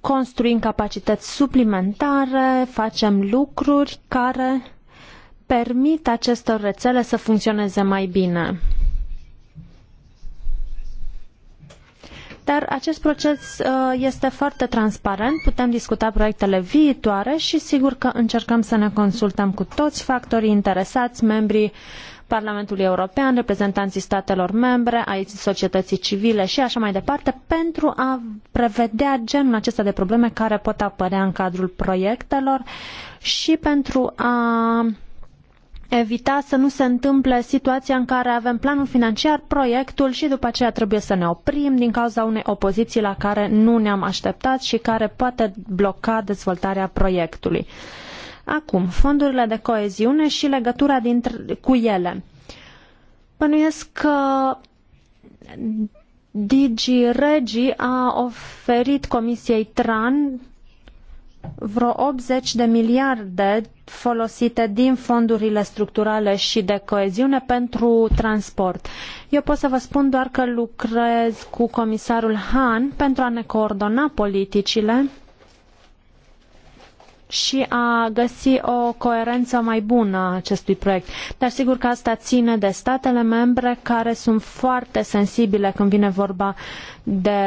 construim capacități suplimentare, facem lucruri care permit acestor rețele să funcționeze mai bine. Dar acest proces uh, este foarte transparent, putem discuta proiectele viitoare și sigur că încercăm să ne consultăm cu toți factorii interesați, membrii Parlamentului European, reprezentanții statelor membre, aici societății civile și așa mai departe, pentru a prevedea genul acesta de probleme care pot apărea în cadrul proiectelor și pentru a evita să nu se întâmple situația în care avem planul financiar, proiectul și după aceea trebuie să ne oprim din cauza unei opoziții la care nu ne-am așteptat și care poate bloca dezvoltarea proiectului. Acum, fondurile de coeziune și legătura dintre, cu ele. Bănuiesc că Digi Regi a oferit Comisiei TRAN vreo 80 de miliarde folosite din fondurile structurale și de coeziune pentru transport. Eu pot să vă spun doar că lucrez cu comisarul Han pentru a ne coordona politicile și a găsi o coerență mai bună a acestui proiect. Dar sigur că asta ține de statele membre care sunt foarte sensibile când vine vorba de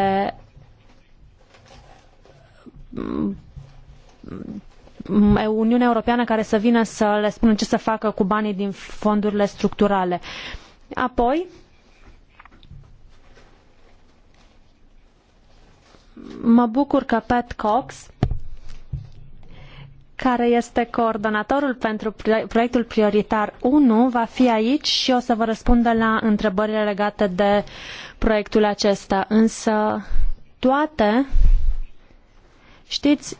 Uniunea Europeană care să vină să le spună ce să facă cu banii din fondurile structurale. Apoi, mă bucur că Pat Cox, care este coordonatorul pentru proiectul prioritar 1, va fi aici și o să vă răspundă la întrebările legate de proiectul acesta. Însă toate, știți,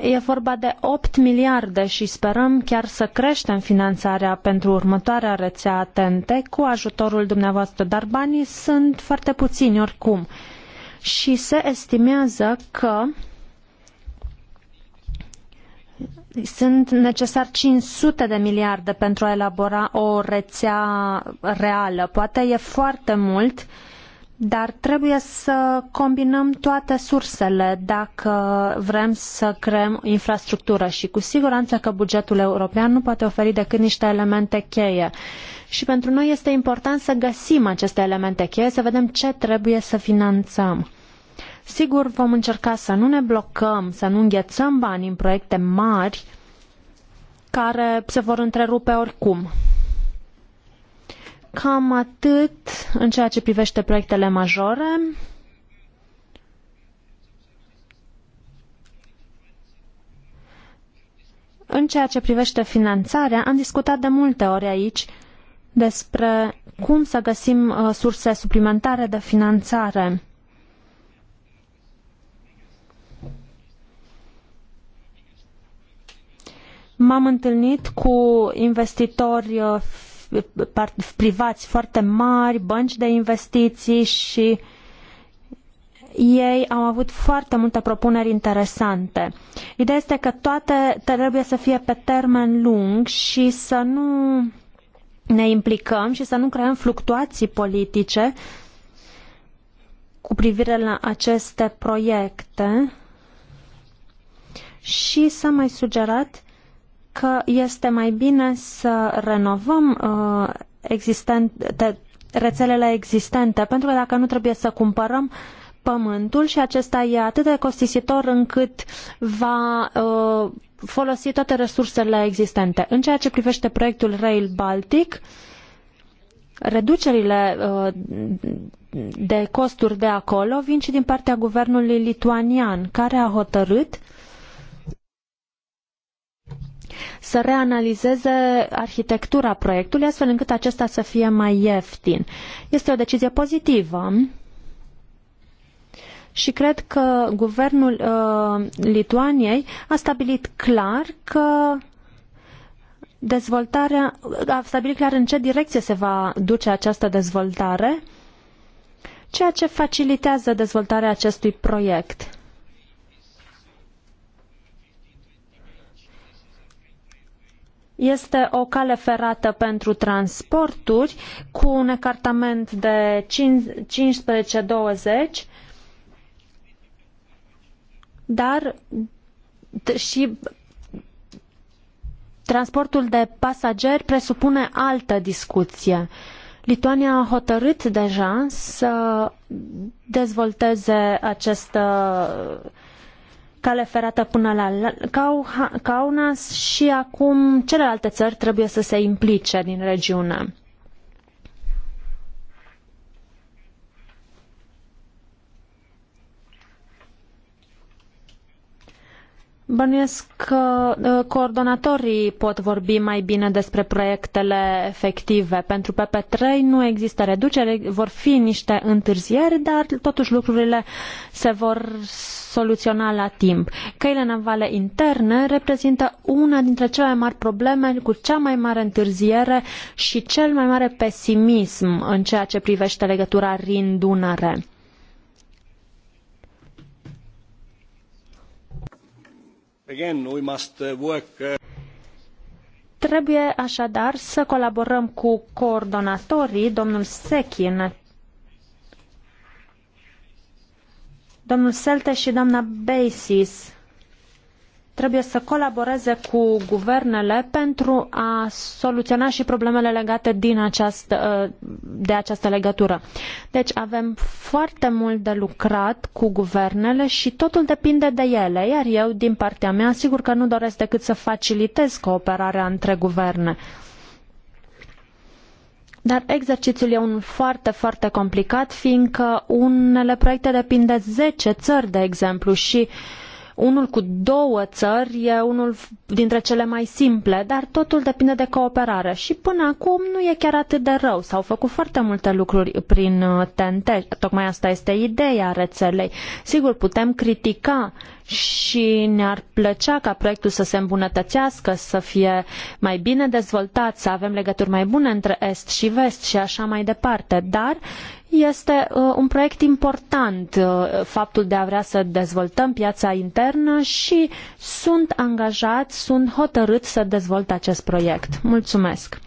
E vorba de 8 miliarde și sperăm chiar să creștem finanțarea pentru următoarea rețea TNT cu ajutorul dumneavoastră, dar banii sunt foarte puțini oricum. Și se estimează că sunt necesar 500 de miliarde pentru a elabora o rețea reală. Poate e foarte mult, uh, dar trebuie să combinăm toate sursele dacă vrem să creăm infrastructură și cu siguranță că bugetul european nu poate oferi decât niște elemente cheie. Și pentru noi este important să găsim aceste elemente cheie, să vedem ce trebuie să finanțăm. Sigur, vom încerca să nu ne blocăm, să nu înghețăm bani în proiecte mari care se vor întrerupe oricum. Cam atât în ceea ce privește proiectele majore. În ceea ce privește finanțarea, am discutat de multe ori aici despre cum să găsim uh, surse suplimentare de finanțare. M-am întâlnit cu investitori uh, privați foarte mari, bănci de investiții și ei au avut foarte multe propuneri interesante. Ideea este că toate trebuie să fie pe termen lung și să nu ne implicăm și să nu creăm fluctuații politice cu privire la aceste proiecte. Și s-a mai sugerat că este mai bine să renovăm uh, existente, rețelele existente, pentru că dacă nu trebuie să cumpărăm pământul și acesta e atât de costisitor încât va uh, folosi toate resursele existente. În ceea ce privește proiectul Rail Baltic, reducerile uh, de costuri de acolo vin și din partea guvernului lituanian, care a hotărât uh, să reanalizeze arhitectura proiectului astfel încât acesta să fie mai ieftin. Este o decizie pozitivă și cred că guvernul uh, Lituaniei a stabilit clar că dezvoltarea, a stabilit clar în ce direcție se va duce această dezvoltare, ceea ce facilitează dezvoltarea acestui proiect. este o cale ferată pentru transporturi cu un ecartament de 15-20, dar și transportul de pasageri presupune altă discuție. Lituania a hotărât deja să dezvolteze această cale ferată până la Kaunas și acum celelalte țări trebuie să se implice din regiune. Bănuiesc că uh, coordonatorii pot vorbi mai bine despre proiectele efective. Pentru PP3 nu există reducere, vor fi niște întârzieri, dar totuși lucrurile se vor soluționa la timp. Căile navale interne reprezintă una dintre cele mai mari probleme cu cea mai mare întârziere și cel mai mare pesimism în ceea ce privește legătura Rin-Dunăre. Again, we must uh, work, uh... Trebuie așadar să colaborăm cu coordonatorii, domnul Sechin, domnul Selte și doamna Basis trebuie să colaboreze cu guvernele pentru a soluționa și problemele legate din această, uh, de această legătură. Deci avem foarte mult de lucrat cu guvernele și totul depinde de ele, iar eu, din partea mea, sigur că nu doresc decât să facilitez cooperarea între guverne. Dar exercițiul e unul foarte, foarte complicat, fiindcă unele proiecte depind de 10 țări, de exemplu, și uh, unul cu două țări e unul dintre cele mai simple, dar totul depinde de cooperare și până acum nu e chiar atât de rău. S-au făcut foarte multe lucruri prin TNT, uh, tocmai asta este ideea rețelei. Sigur, putem critica și ne-ar plăcea ca proiectul să se îmbunătățească, să fie mai bine dezvoltat, să avem legături mai bune între Est și Vest și așa mai departe, dar este uh, un proiect important uh, faptul de a vrea să dezvoltăm piața internă și sunt angajat, sunt hotărât să dezvolt acest proiect. Mulțumesc!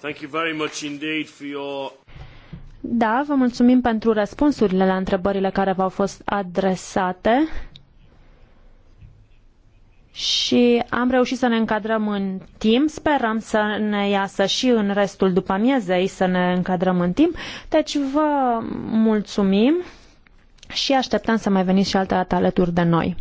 Thank you very much indeed for your... Da, vă mulțumim pentru răspunsurile la întrebările care v-au fost adresate și am reușit să ne încadrăm în timp. Sperăm să ne iasă și în restul după amiezei să ne încadrăm în timp. Deci vă mulțumim și așteptăm să mai veniți și altă dată alături de noi.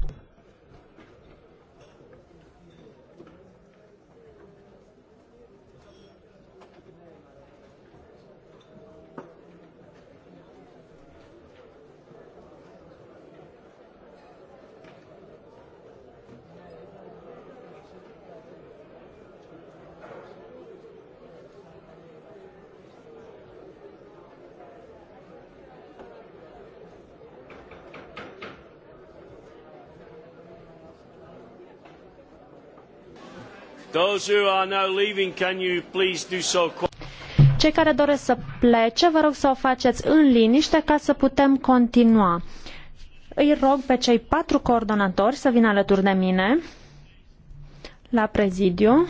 Cei care doresc să plece, vă rog să o faceți în liniște ca să putem continua. Îi rog pe cei patru coordonatori să vină alături de mine la prezidiu.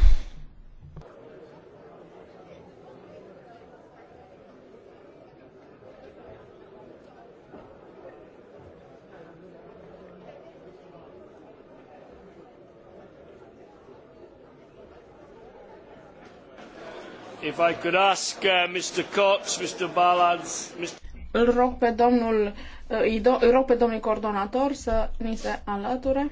If I could ask uh, Mr. Cox, Mr. Ballads, Mr. Îl rog pe domnul, uh, îi, do, rog pe domnul coordonator să ni se alăture.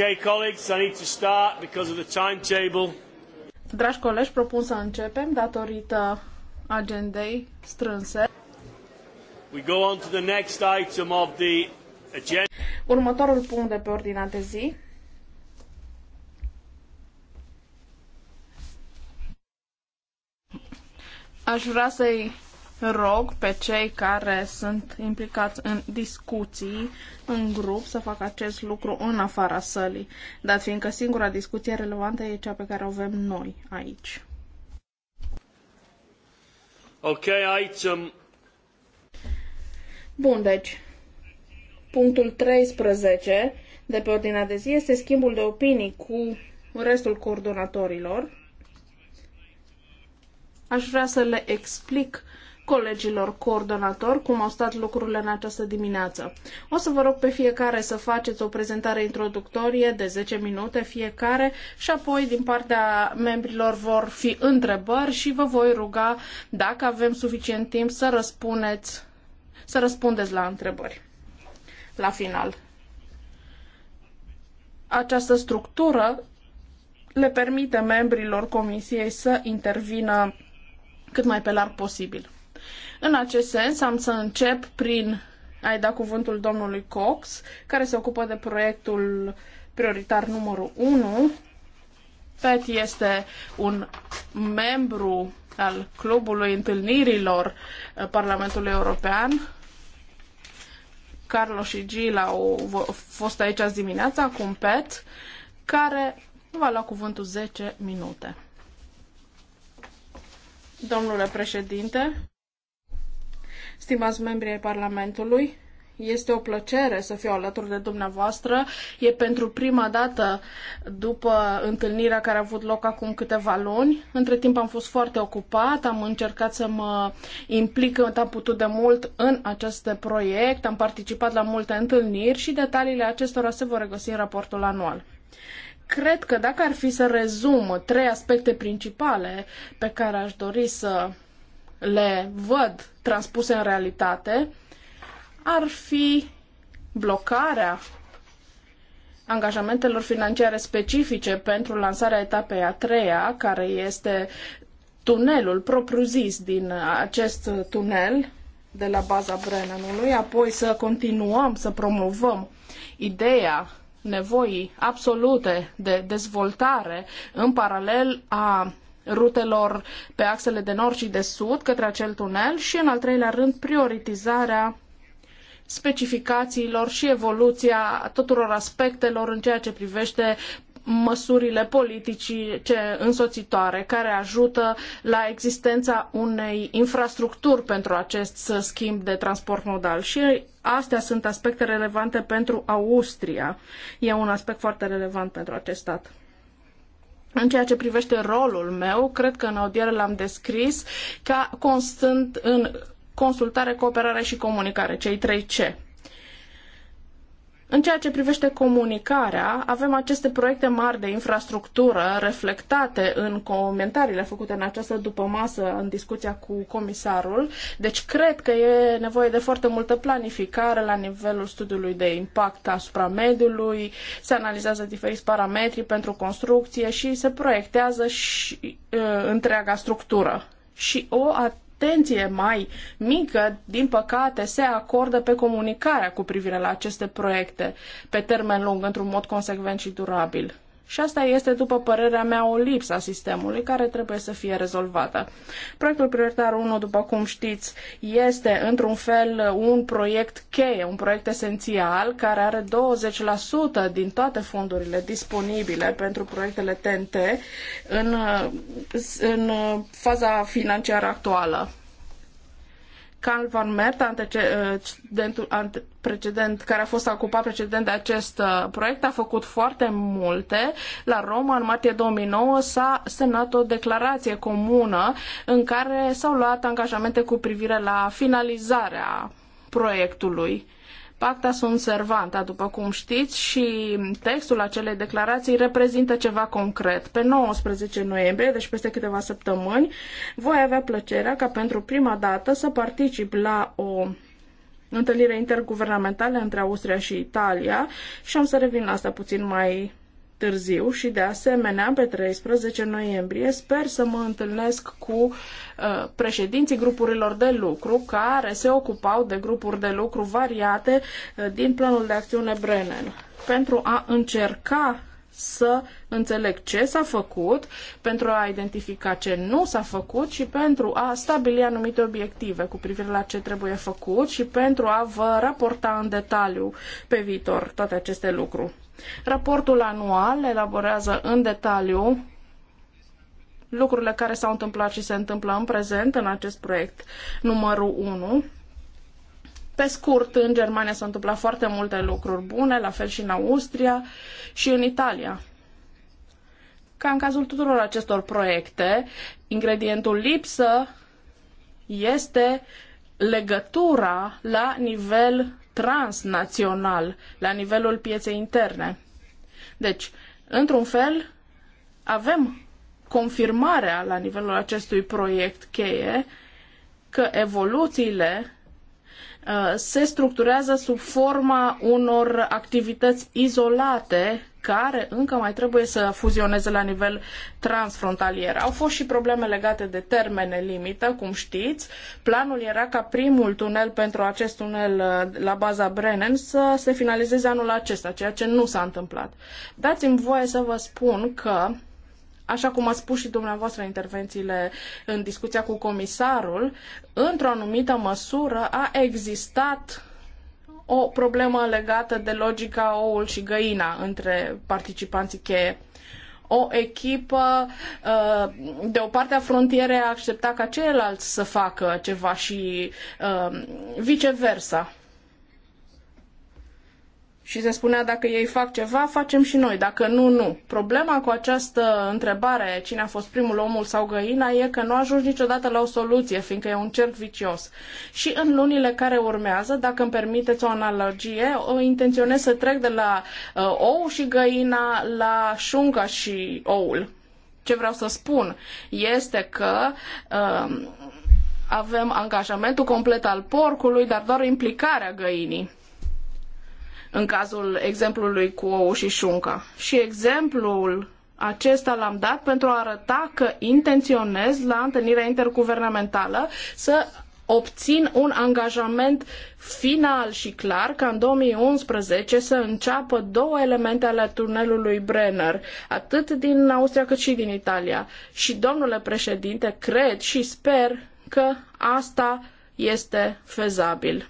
Okay, colleagues, I need to start because of the timetable. Dragi colegi, propun să începem datorită agendei strânse. We go on to the next item of the agenda. Următorul punct de pe ordinea de zi aș vrea să-i rog pe cei care sunt implicați în discuții în grup să facă acest lucru în afara sălii, dat fiindcă singura discuție relevantă e cea pe care o avem noi aici. Ok, item. Bun, deci, punctul 13 de pe ordinea de zi este schimbul de opinii cu restul coordonatorilor. Aș vrea să le explic uh, colegilor coordonatori cum au stat lucrurile în această dimineață. O să vă rog pe fiecare să faceți o prezentare introductorie de 10 minute fiecare și apoi din partea membrilor vor fi întrebări și vă voi ruga dacă avem suficient timp să răspundeți să răspundeți la întrebări la final. Această structură le permite membrilor comisiei să intervină cât mai pe larg posibil. În acest sens, am să încep prin a-i da cuvântul domnului Cox, care se ocupă de proiectul prioritar numărul 1. Pet este un membru al Clubului Întâlnirilor uh, Parlamentului European. Carlo și Gil au fost aici azi dimineața cu un pet care va lua cuvântul 10 minute. Domnule președinte, stimați membri ai Parlamentului. Este o plăcere să fiu alături de dumneavoastră. E pentru prima dată după întâlnirea care a avut loc acum câteva luni. Între timp am fost foarte ocupat, am încercat să mă implic cât am putut de mult în acest proiect, am participat la multe întâlniri și detaliile acestora se vor regăsi în raportul anual cred că dacă ar fi să rezum trei aspecte principale pe care aș dori să le văd transpuse în realitate, ar fi blocarea angajamentelor financiare specifice pentru lansarea etapei a treia, care este tunelul propriu-zis din acest tunel de la baza Brennanului, apoi să continuăm să promovăm ideea nevoii absolute de dezvoltare în paralel a rutelor pe axele de nord și de sud către acel tunel și, în al treilea rând, prioritizarea specificațiilor și evoluția tuturor aspectelor în ceea ce privește măsurile politice însoțitoare care ajută la existența unei infrastructuri pentru acest schimb de transport modal. Și astea sunt aspecte relevante pentru Austria. E un aspect foarte relevant pentru acest stat. În ceea ce privește rolul meu, cred că în audiere l-am descris ca constând în consultare, cooperare și comunicare, cei trei C. În ceea ce privește comunicarea, avem aceste proiecte mari de infrastructură reflectate în comentariile făcute în această dupămasă în discuția cu comisarul. Deci cred că e nevoie de foarte multă planificare la nivelul studiului de impact asupra mediului, se analizează diferiți parametri pentru construcție și se proiectează și uh, întreaga structură. Și o a atenție mai mică, din păcate, se acordă pe comunicarea cu privire la aceste proiecte pe termen lung, într-un mod consecvent și durabil. Și asta este, după părerea mea, o lipsă a sistemului care trebuie să fie rezolvată. Proiectul prioritar 1, după cum știți, este într-un fel un proiect cheie, un proiect esențial care are 20% din toate fondurile disponibile pentru proiectele TNT în, în faza financiară actuală. Carl Van Mert, uh, precedent, care a fost ocupat precedent de acest uh, proiect, a făcut foarte multe. La Roma, în martie 2009, s-a semnat o declarație comună în care s-au luat angajamente cu privire la finalizarea proiectului Pacta sunt servanta, după cum știți, și textul acelei declarații reprezintă ceva concret. Pe 19 noiembrie, deci peste câteva săptămâni, voi avea plăcerea ca pentru prima dată să particip la o întâlnire interguvernamentală între Austria și Italia și am să revin la asta puțin mai târziu și de asemenea pe 13 noiembrie sper să mă întâlnesc cu uh, președinții grupurilor de lucru care se ocupau de grupuri de lucru variate uh, din planul de acțiune Brennan pentru a încerca să înțeleg ce s-a făcut, pentru a identifica ce nu s-a făcut și pentru a stabili anumite obiective cu privire la ce trebuie făcut și pentru a vă raporta în detaliu pe viitor toate aceste lucruri. Raportul anual elaborează în detaliu lucrurile care s-au întâmplat și se întâmplă în prezent în acest proiect numărul 1. Pe scurt, în Germania s-au întâmplat foarte multe lucruri bune, la fel și în Austria și în Italia. Ca în cazul tuturor acestor proiecte, ingredientul lipsă este legătura la nivel transnațional, la nivelul pieței interne. Deci, într-un fel, avem confirmarea la nivelul acestui proiect cheie că evoluțiile uh, se structurează sub forma unor activități izolate care încă mai trebuie să fuzioneze la nivel transfrontalier. Au fost și probleme legate de termene limită, cum știți. Planul era ca primul tunel pentru acest tunel uh, la baza Brennan să se finalizeze anul acesta, ceea ce nu s-a întâmplat. Dați-mi voie să vă spun că așa cum a spus și dumneavoastră intervențiile în discuția cu comisarul, într-o anumită măsură a existat o problemă legată de logica oul și găina între participanții cheie o echipă uh, de o parte a frontierei a accepta ca ceilalți să facă ceva și uh, viceversa și se spunea dacă ei fac ceva, facem și noi, dacă nu, nu. Problema cu această întrebare, cine a fost primul omul sau găina, e că nu ajungi niciodată la o soluție, fiindcă e un cerc vicios. Și în lunile care urmează, dacă îmi permiteți o analogie, o intenționez să trec de la uh, ou și găina la șunca și oul. Ce vreau să spun este că uh, avem angajamentul complet al porcului, dar doar implicarea găinii în cazul exemplului cu ou și șunca. Și exemplul acesta l-am dat pentru a arăta că intenționez la întâlnirea interguvernamentală să obțin un angajament final și clar ca în 2011 să înceapă două elemente ale tunelului Brenner, atât din Austria cât și din Italia. Și, domnule președinte, cred și sper că asta este fezabil.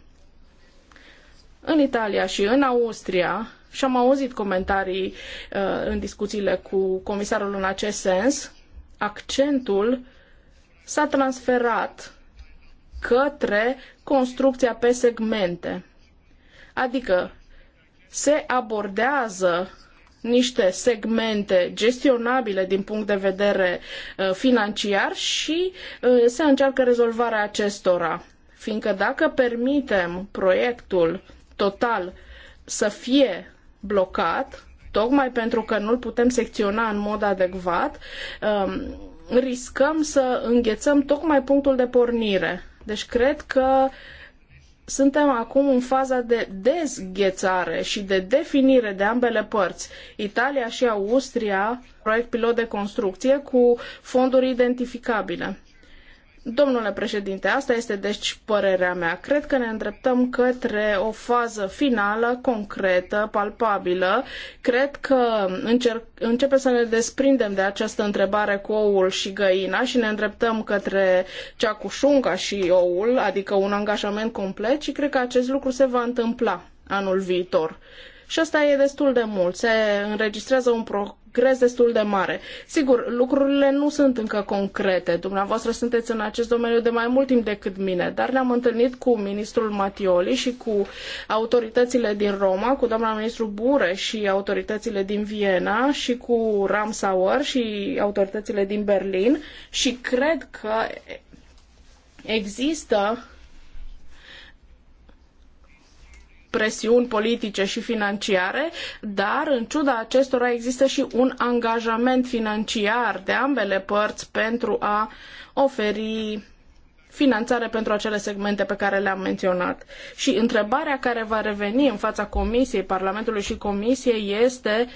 În Italia și în Austria, și am auzit comentarii uh, în discuțiile cu comisarul în acest sens, accentul s-a transferat către construcția pe segmente. Adică se abordează niște segmente gestionabile din punct de vedere uh, financiar și uh, se încearcă rezolvarea acestora. Fiindcă dacă permitem proiectul total să fie blocat, tocmai pentru că nu-l putem secționa în mod adecvat, um, riscăm să înghețăm tocmai punctul de pornire. Deci cred că suntem acum în faza de dezghețare și de definire de ambele părți. Italia și Austria, proiect pilot de construcție cu fonduri identificabile. Domnule președinte, asta este deci părerea mea. Cred că ne îndreptăm către o fază finală, concretă, palpabilă. Cred că încerc, începe să ne desprindem de această întrebare cu oul și găina și ne îndreptăm către cea cu șunca și oul, adică un angajament complet și cred că acest lucru se va întâmpla anul viitor. Și asta e destul de mult. Se înregistrează un pro- integrez destul de mare. Sigur, lucrurile nu sunt încă concrete. Dumneavoastră sunteți în acest domeniu de mai mult timp decât mine, dar ne-am întâlnit cu ministrul Matioli și cu autoritățile din Roma, cu doamna ministru Bure și autoritățile din Viena și cu Ramsauer și autoritățile din Berlin și cred că există presiuni politice și financiare, dar în ciuda acestora există și un angajament financiar de ambele părți pentru a oferi finanțare pentru acele segmente pe care le-am menționat. Și întrebarea care va reveni în fața Comisiei, Parlamentului și Comisiei este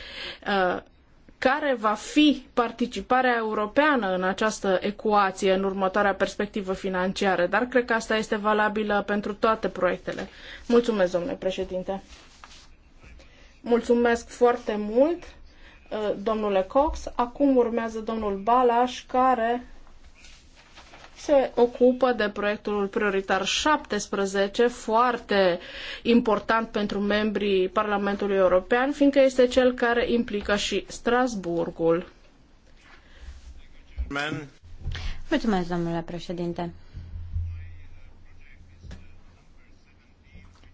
uh, care va fi participarea europeană în această ecuație în următoarea perspectivă financiară, dar cred că asta este valabilă pentru toate proiectele. Mulțumesc, domnule președinte. Mulțumesc foarte mult, eh, domnule Cox. Acum urmează domnul Balaș, care se ocupă de proiectul prioritar 17, foarte important pentru membrii Parlamentului European, fiindcă este cel care implică și Strasburgul. Man. Mulțumesc, domnule președinte.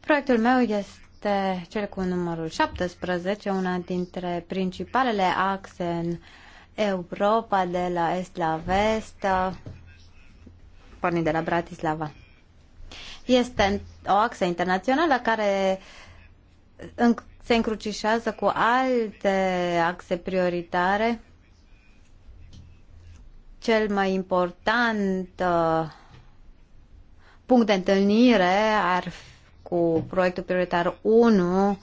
Proiectul meu este cel cu numărul 17, una dintre principalele axe în Europa de la est la vest, pornit de la Bratislava. Este o axă internațională care se încrucișează cu alte axe prioritare. Cel mai important uh, punct de întâlnire ar, cu proiectul prioritar 1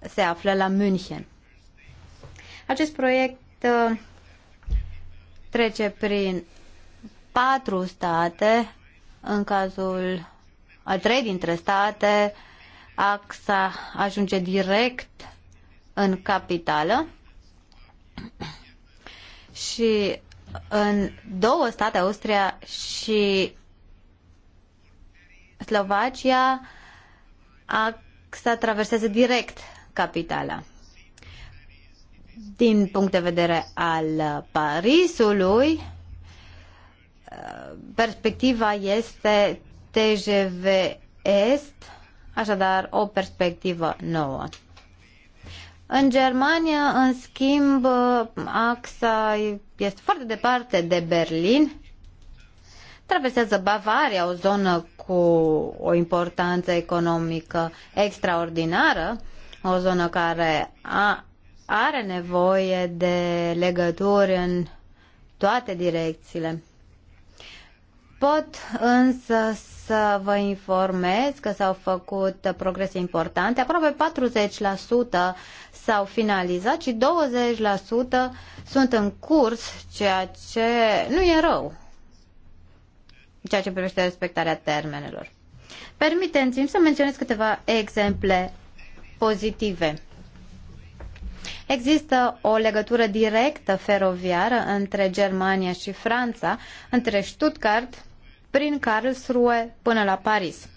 se află la München. Acest proiect uh, trece prin patru state, în cazul a trei dintre state, AXA ajunge direct în capitală și în două state, Austria și Slovacia, AXA traversează direct capitala. Din punct de vedere al Parisului, perspectiva este TGV Est, așadar o perspectivă nouă. În Germania, în schimb, axa este foarte departe de Berlin, traversează Bavaria, o zonă cu o importanță economică extraordinară, o zonă care a, are nevoie de legături în toate direcțiile. Pot însă să vă informez că s-au făcut progrese importante. Aproape 40% s-au finalizat și 20% sunt în curs, ceea ce nu e rău ceea ce privește respectarea termenelor. Permiteți-mi să menționez câteva exemple pozitive. Există o legătură directă feroviară între Germania și Franța, între Stuttgart prin Karlsruhe până la Paris.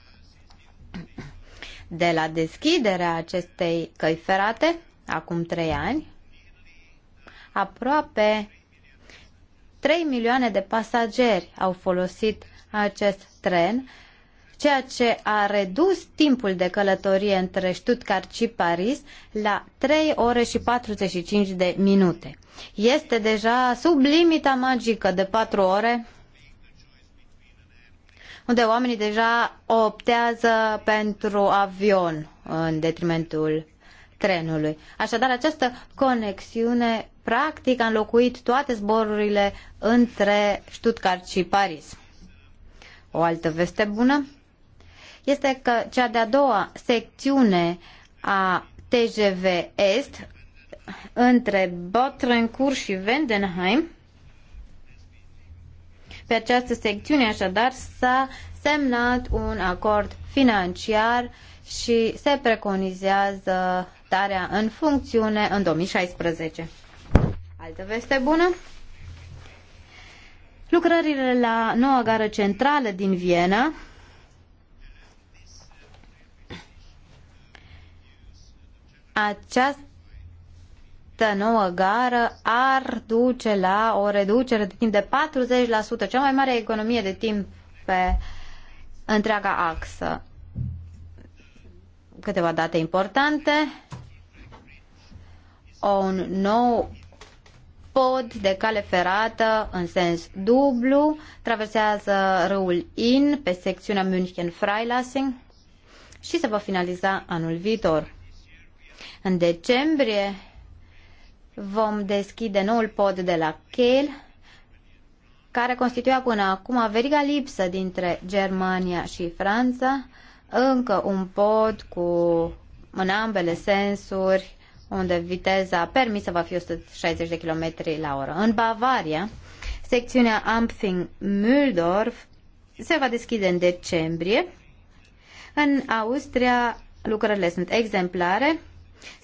De la deschiderea acestei căi ferate, acum trei ani, aproape 3 milioane de pasageri au folosit acest tren, ceea ce a redus timpul de călătorie între Stuttgart și Paris la 3 ore și 45 de minute. Este deja sub limita magică de 4 ore unde oamenii deja optează pentru avion în detrimentul trenului. Așadar, această conexiune practic a înlocuit toate zborurile între Stuttgart și Paris. O altă veste bună este că cea de-a doua secțiune a TGV Est între Botrencourt și Vendenheim pe această secțiune, așadar, s-a semnat un acord financiar și se preconizează darea în funcțiune în 2016. Altă veste bună? Lucrările la noua gară centrală din Viena această această nouă gară ar duce la o reducere de timp de 40%, cea mai mare economie de timp pe întreaga axă. Câteva date importante. Un nou pod de cale ferată în sens dublu traversează râul In pe secțiunea München-Freilassing și se va finaliza anul viitor. În decembrie vom deschide noul pod de la Kiel, care constituia până acum veriga lipsă dintre Germania și Franța, încă un pod cu în ambele sensuri, unde viteza permisă va fi 160 de km la oră. În Bavaria, secțiunea Ampfing-Mühldorf se va deschide în decembrie. În Austria, lucrările sunt exemplare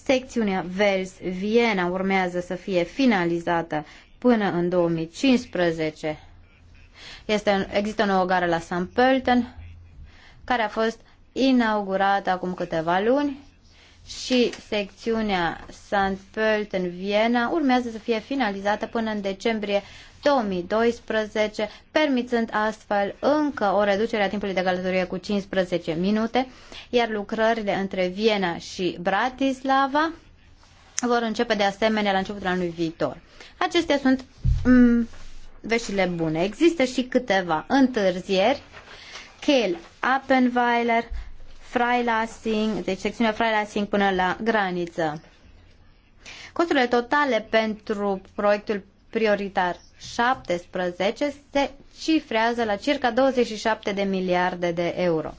Secțiunea Vels-Viena urmează să fie finalizată până în 2015. Este, există o nouă gară la St. Pölten, care a fost inaugurată acum câteva luni și secțiunea St. Pölten-Viena urmează să fie finalizată până în decembrie 2012, permițând astfel încă o reducere a timpului de călătorie cu 15 minute, iar lucrările între Viena și Bratislava vor începe de asemenea la începutul anului viitor. Acestea sunt m- mm, veștile bune. Există și câteva întârzieri. Kiel, Appenweiler, Freilassing, deci secțiunea Freilassing până la graniță. Costurile totale pentru proiectul prioritar 17 se cifrează la circa 27 de miliarde de euro.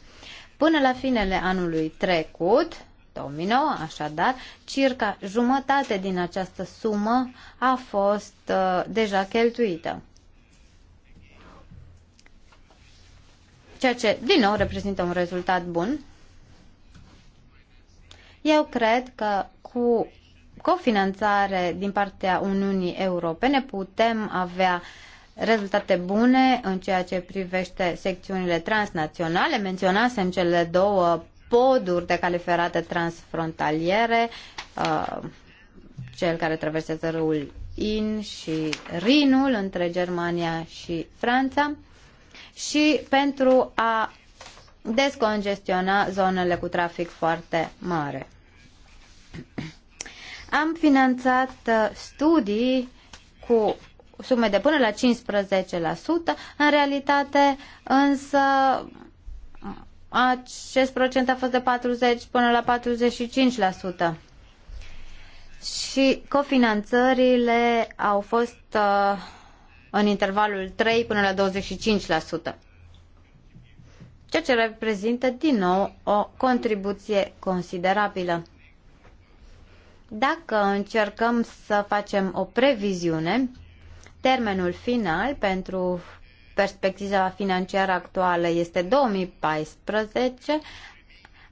Până la finele anului trecut, 2009, așadar, circa jumătate din această sumă a fost uh, deja cheltuită. Ceea ce, din nou, reprezintă un rezultat bun. Eu cred că cu cofinanțare din partea Uniunii Europene putem avea rezultate bune în ceea ce privește secțiunile transnaționale. Menționasem cele două poduri de cale ferată transfrontaliere, uh, cel care traversează râul In și Rinul între Germania și Franța și pentru a descongestiona zonele cu trafic foarte mare. Am finanțat uh, studii cu sume de până la 15%, în realitate însă acest procent a fost de 40 până la 45%. Și cofinanțările au fost uh, în intervalul 3 până la 25%, ceea ce reprezintă din nou o contribuție considerabilă. Dacă încercăm să facem o previziune, termenul final pentru perspectiva financiară actuală este 2014,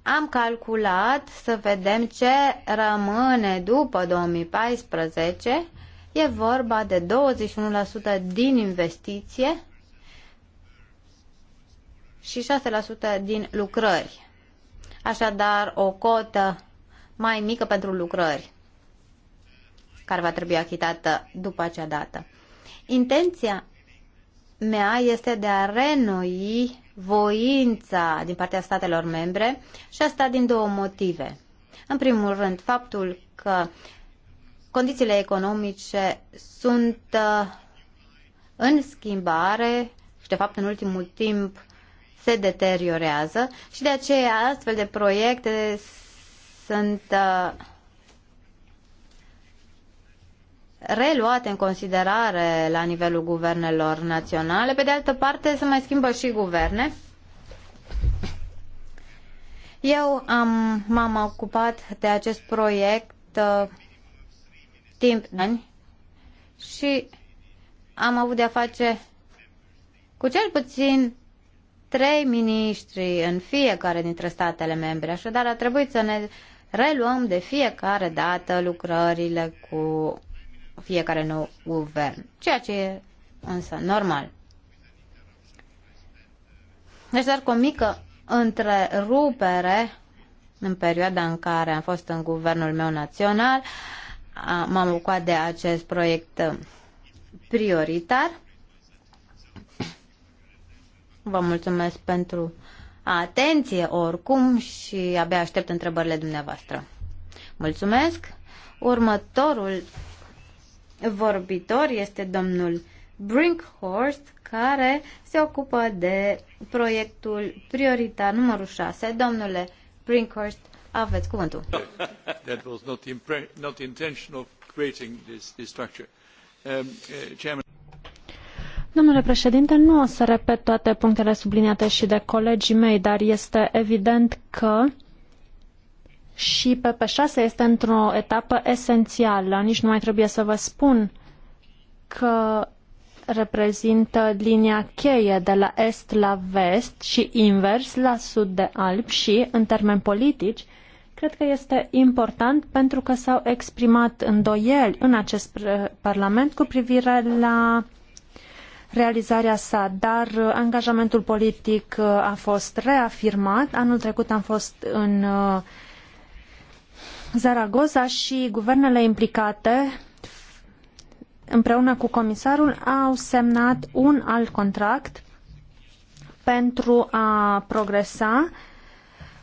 am calculat să vedem ce rămâne după 2014. E vorba de 21% din investiție și 6% din lucrări. Așadar, o cotă mai mică pentru lucrări care va trebui achitată după acea dată. Intenția mea este de a renoi voința din partea statelor membre și asta din două motive. În primul rând, faptul că condițiile economice sunt uh, în schimbare și, de fapt, în ultimul timp se deteriorează și de aceea astfel de proiecte sunt uh, reluate în considerare la nivelul guvernelor naționale. Pe de altă parte, se mai schimbă și guverne. Eu am, m-am ocupat de acest proiect uh, timp de ani și am avut de-a face cu cel puțin trei miniștri în fiecare dintre statele membre. Așadar, a trebuit să ne uh, reluăm de fiecare dată lucrările cu fiecare nou guvern, ceea ce e însă normal. Deci, dar cu o mică întrerupere în perioada în care am fost în guvernul meu național, m-am ocupat de acest proiect prioritar. Vă mulțumesc pentru atenție oricum și abia aștept întrebările dumneavoastră. Mulțumesc! Următorul vorbitor este domnul Brinkhorst, care se ocupă de proiectul prioritar numărul 6. Domnule Brinkhorst, aveți cuvântul. [laughs] That was not, not intention of creating this, this structure. Um, uh, chairman... Domnule președinte, nu o să repet toate punctele subliniate și de colegii mei, dar este evident că și PP6 este într-o etapă esențială. Nici nu mai trebuie să vă spun că reprezintă linia cheie de la est la vest și invers la sud de alb și, în termeni politici, cred că este important pentru că s-au exprimat îndoieli în acest Parlament cu privire la realizarea sa, dar uh, angajamentul politic uh, a fost reafirmat. Anul trecut am fost în uh, Zaragoza și guvernele implicate împreună cu comisarul au semnat un alt contract pentru a progresa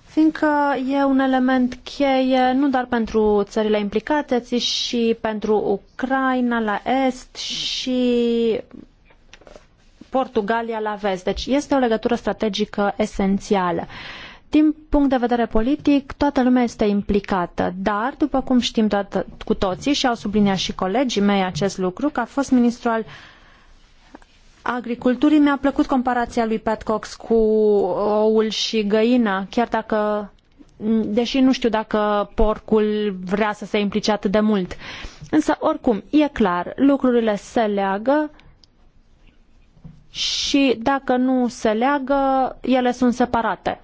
fiindcă e un element cheie nu doar pentru țările implicate, ci și pentru Ucraina la est și Portugalia la vest. Deci este o legătură strategică esențială. Din punct de vedere politic, toată lumea este implicată, dar, după cum știm toată, cu toții, și au subliniat și colegii mei acest lucru, că a fost ministru al agriculturii, mi-a plăcut comparația lui Pat Cox cu oul și găina, chiar dacă, deși nu știu dacă porcul vrea să se implice atât de mult. Însă, oricum, e clar, lucrurile se leagă și dacă nu se leagă, ele sunt separate.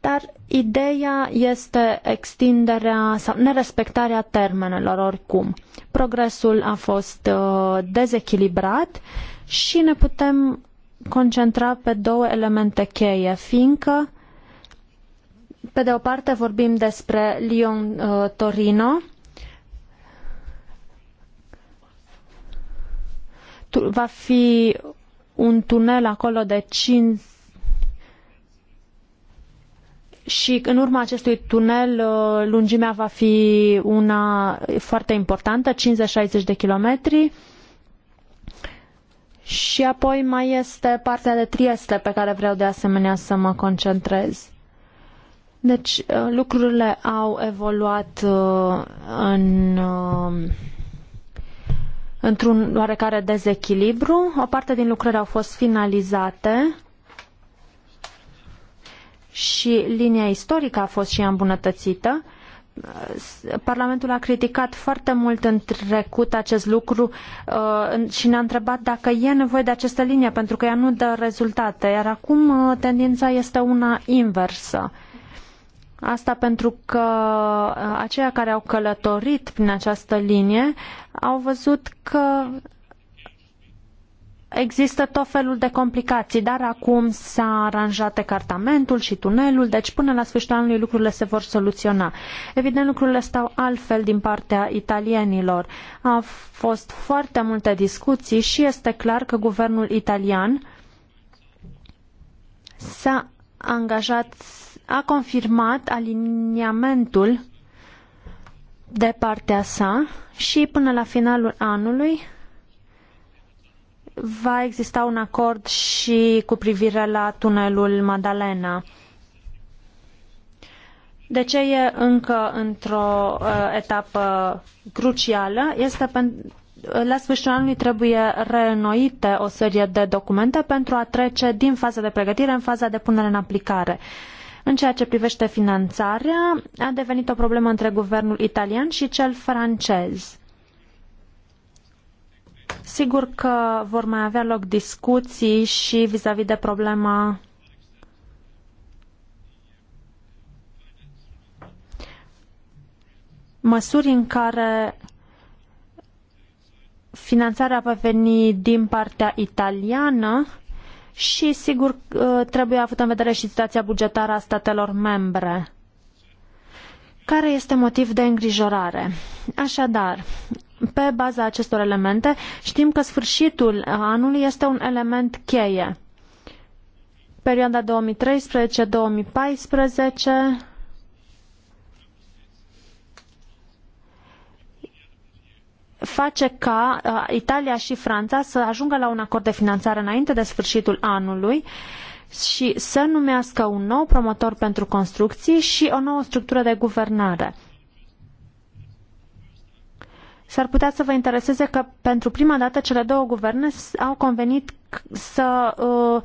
Dar ideea este extinderea sau nerespectarea termenelor oricum. Progresul a fost uh, dezechilibrat și ne putem concentra pe două elemente cheie, fiindcă pe de o parte vorbim despre Lyon-Torino, uh, va fi un tunel acolo de 5 și în urma acestui tunel uh, lungimea va fi una foarte importantă, 50-60 de kilometri. Și apoi mai este partea de Trieste pe care vreau de asemenea să mă concentrez. Deci uh, lucrurile au evoluat uh, în într-un oarecare dezechilibru. O parte din lucrări au fost finalizate și linia istorică a fost și îmbunătățită. Parlamentul a criticat foarte mult în trecut acest lucru uh, și ne-a întrebat dacă e nevoie de această linie, pentru că ea nu dă rezultate, iar acum uh, tendința este una inversă. Asta pentru că uh, aceia care au călătorit prin această linie au văzut că există tot felul de complicații, dar acum s-a aranjat ecartamentul și tunelul, deci până la sfârșitul anului lucrurile se vor soluționa. Evident, lucrurile stau altfel din partea italienilor. Au fost foarte multe discuții și este clar că guvernul italian s-a angajat a confirmat aliniamentul de partea sa și până la finalul anului va exista un acord și cu privire la tunelul Madalena. De ce e încă într-o uh, etapă crucială? Este pentru la sfârșitul anului trebuie reînnoite o serie de documente pentru a trece din faza de pregătire în faza de punere în aplicare. Uh, în ceea ce privește finanțarea, a devenit o problemă între guvernul italian și cel francez. Sigur că vor mai avea loc discuții și vis-a-vis -vis de problema măsuri în care finanțarea va veni din partea italiană și, sigur, uh, trebuie avut în vedere și situația bugetară a statelor membre. Care este motiv de îngrijorare? Așadar, pe baza acestor elemente, știm că sfârșitul anului este un element cheie. Perioada 2013-2014 face ca uh, Italia și Franța să ajungă la un acord de finanțare înainte de sfârșitul anului și să numească un nou promotor pentru construcții și o nouă structură de guvernare. S-ar putea să vă intereseze că pentru prima dată cele două guverne au convenit să uh,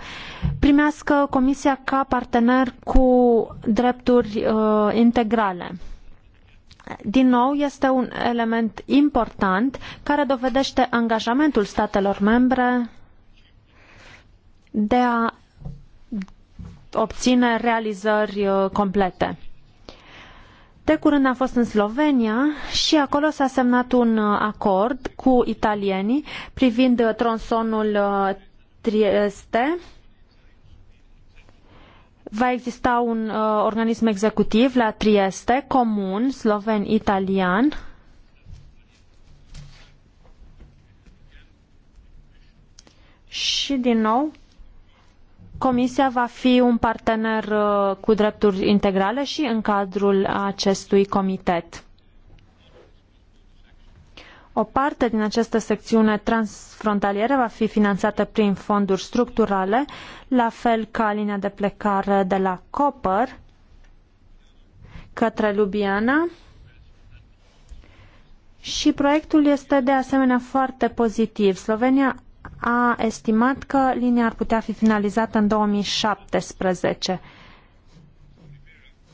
primească Comisia ca partener cu drepturi uh, integrale din nou, este un element important care dovedește angajamentul statelor membre de a obține realizări uh, complete. De curând am fost în Slovenia și acolo s-a semnat un uh, acord cu italienii privind tronsonul uh, Trieste, Va exista un uh, organism executiv la Trieste, comun, sloven-italian. Și, din nou, Comisia va fi un partener uh, cu drepturi integrale și în cadrul acestui comitet. O parte din această secțiune transfrontalieră va fi finanțată prin fonduri structurale, la fel ca linia de plecare de la Copăr către Ljubljana. Și proiectul este de asemenea foarte pozitiv. Slovenia a estimat că linia ar putea fi finalizată în 2017.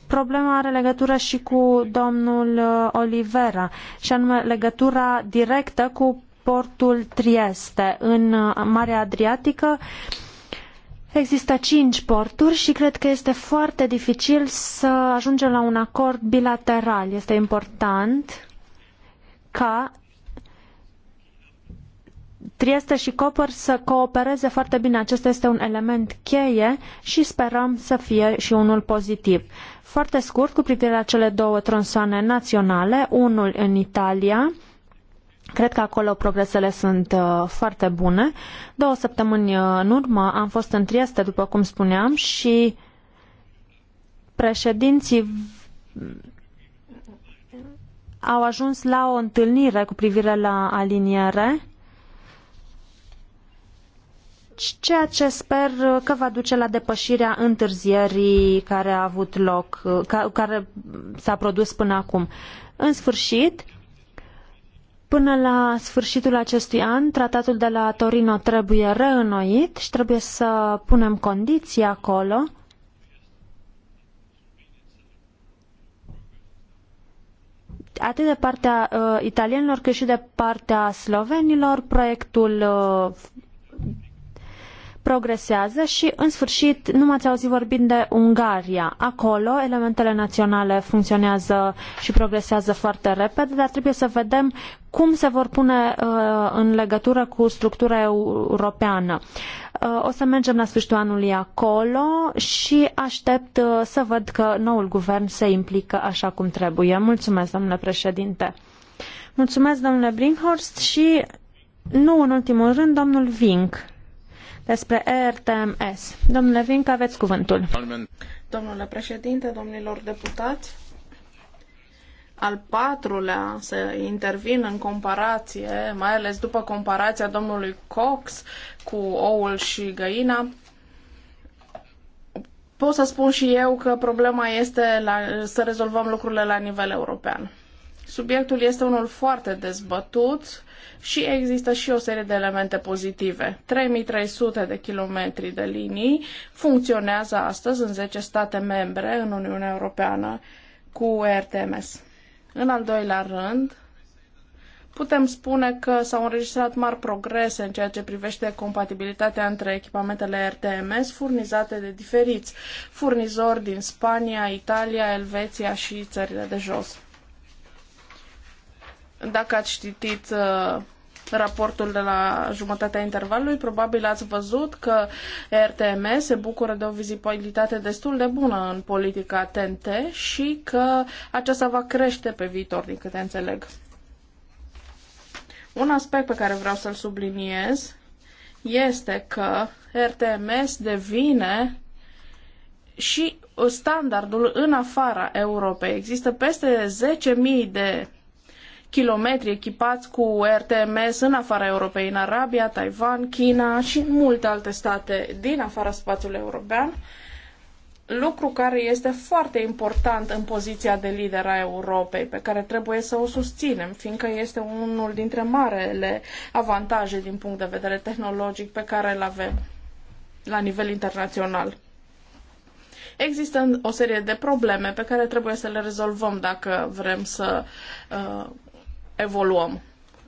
Problema are legătură și cu domnul uh, Olivera, și anume legătura directă cu portul Trieste. În uh, Marea Adriatică există cinci porturi și cred că este foarte dificil să ajungem la un acord bilateral. Este important ca Trieste și Copăr să coopereze foarte bine. Acesta este un element cheie și sperăm să fie și unul pozitiv. Foarte scurt, cu privire la cele două tronsoane naționale, unul în Italia, Cred că acolo progresele sunt uh, foarte bune. Două săptămâni uh, în urmă am fost în Trieste, după cum spuneam, și președinții au ajuns la o întâlnire cu privire la aliniere ceea ce sper că va duce la depășirea întârzierii care a avut loc, care s-a produs până acum. În sfârșit, Până la sfârșitul acestui an, tratatul de la Torino trebuie reînnoit și trebuie să punem condiții acolo. Atât de partea uh, italienilor cât și de partea slovenilor, proiectul uh, progresează și, în sfârșit, nu m-ați auzit vorbind de Ungaria. Acolo, elementele naționale funcționează și progresează foarte repede, dar trebuie să vedem cum se vor pune uh, în legătură cu structura europeană. Uh, o să mergem la sfârșitul anului acolo și aștept uh, să văd că noul guvern se implică așa cum trebuie. Mulțumesc, domnule președinte. Mulțumesc, domnule Brinkhorst și, nu în ultimul rând, domnul Vink despre ERTMS. Domnule Vinc, aveți cuvântul. Domnule președinte, domnilor deputați, al patrulea să intervin în comparație, mai ales după comparația domnului Cox cu oul și găina, pot să spun și eu că problema este la, să rezolvăm lucrurile la nivel european. Subiectul este unul foarte dezbătut, și există și o serie de elemente pozitive. 3300 de kilometri de linii funcționează astăzi în 10 state membre în Uniunea Europeană cu RTMS. În al doilea rând, putem spune că s-au înregistrat mari progrese în ceea ce privește compatibilitatea între echipamentele RTMS furnizate de diferiți furnizori din Spania, Italia, Elveția și țările de jos. Dacă ați citit uh, raportul de la jumătatea intervalului, probabil ați văzut că RTMS se bucură de o vizibilitate destul de bună în politica TNT și că aceasta va crește pe viitor, din câte înțeleg. Un aspect pe care vreau să-l subliniez este că RTMS devine și standardul în afara Europei. Există peste 10.000 de kilometri echipați cu RTMS în afara Europei, în Arabia, Taiwan, China și în multe alte state din afara spațiului european, lucru care este foarte important în poziția de lider a Europei, pe care trebuie să o susținem, fiindcă este unul dintre marele avantaje din punct de vedere tehnologic pe care îl avem la nivel internațional. Există o serie de probleme pe care trebuie să le rezolvăm dacă vrem să uh, evoluăm.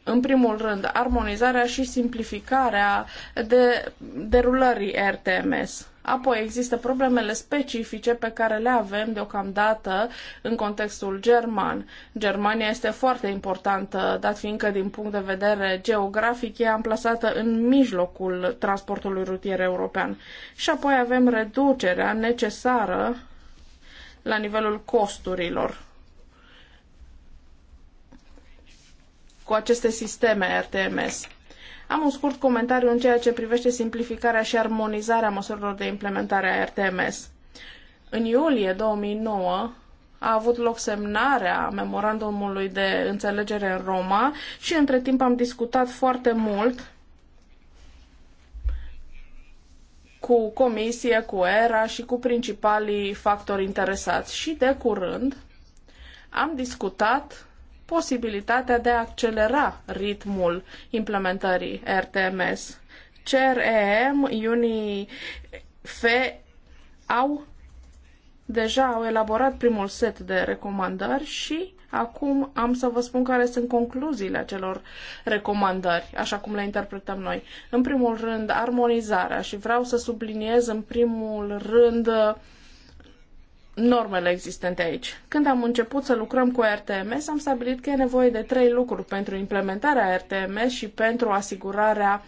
În primul rând, armonizarea și simplificarea de derulării RTMS. Apoi există problemele specifice pe care le avem deocamdată în contextul german. Germania este foarte importantă, dat fiindcă din punct de vedere geografic e amplasată în mijlocul transportului rutier european. Și apoi avem reducerea necesară la nivelul costurilor cu aceste sisteme RTMS. Am un scurt comentariu în ceea ce privește simplificarea și armonizarea măsurilor de implementare a RTMS. În iulie 2009 a avut loc semnarea memorandumului de înțelegere în Roma și între timp am discutat foarte mult cu comisie, cu ERA și cu principalii factori interesați. Și de curând am discutat posibilitatea de a accelera ritmul implementării RTMS. CREM, FE au deja au elaborat primul set de recomandări și acum am să vă spun care sunt concluziile acelor recomandări, așa cum le interpretăm noi. În primul rând, armonizarea și vreau să subliniez în primul rând normele existente aici. Când am început să lucrăm cu RTMS, am stabilit că e nevoie de trei lucruri pentru implementarea RTMS și pentru asigurarea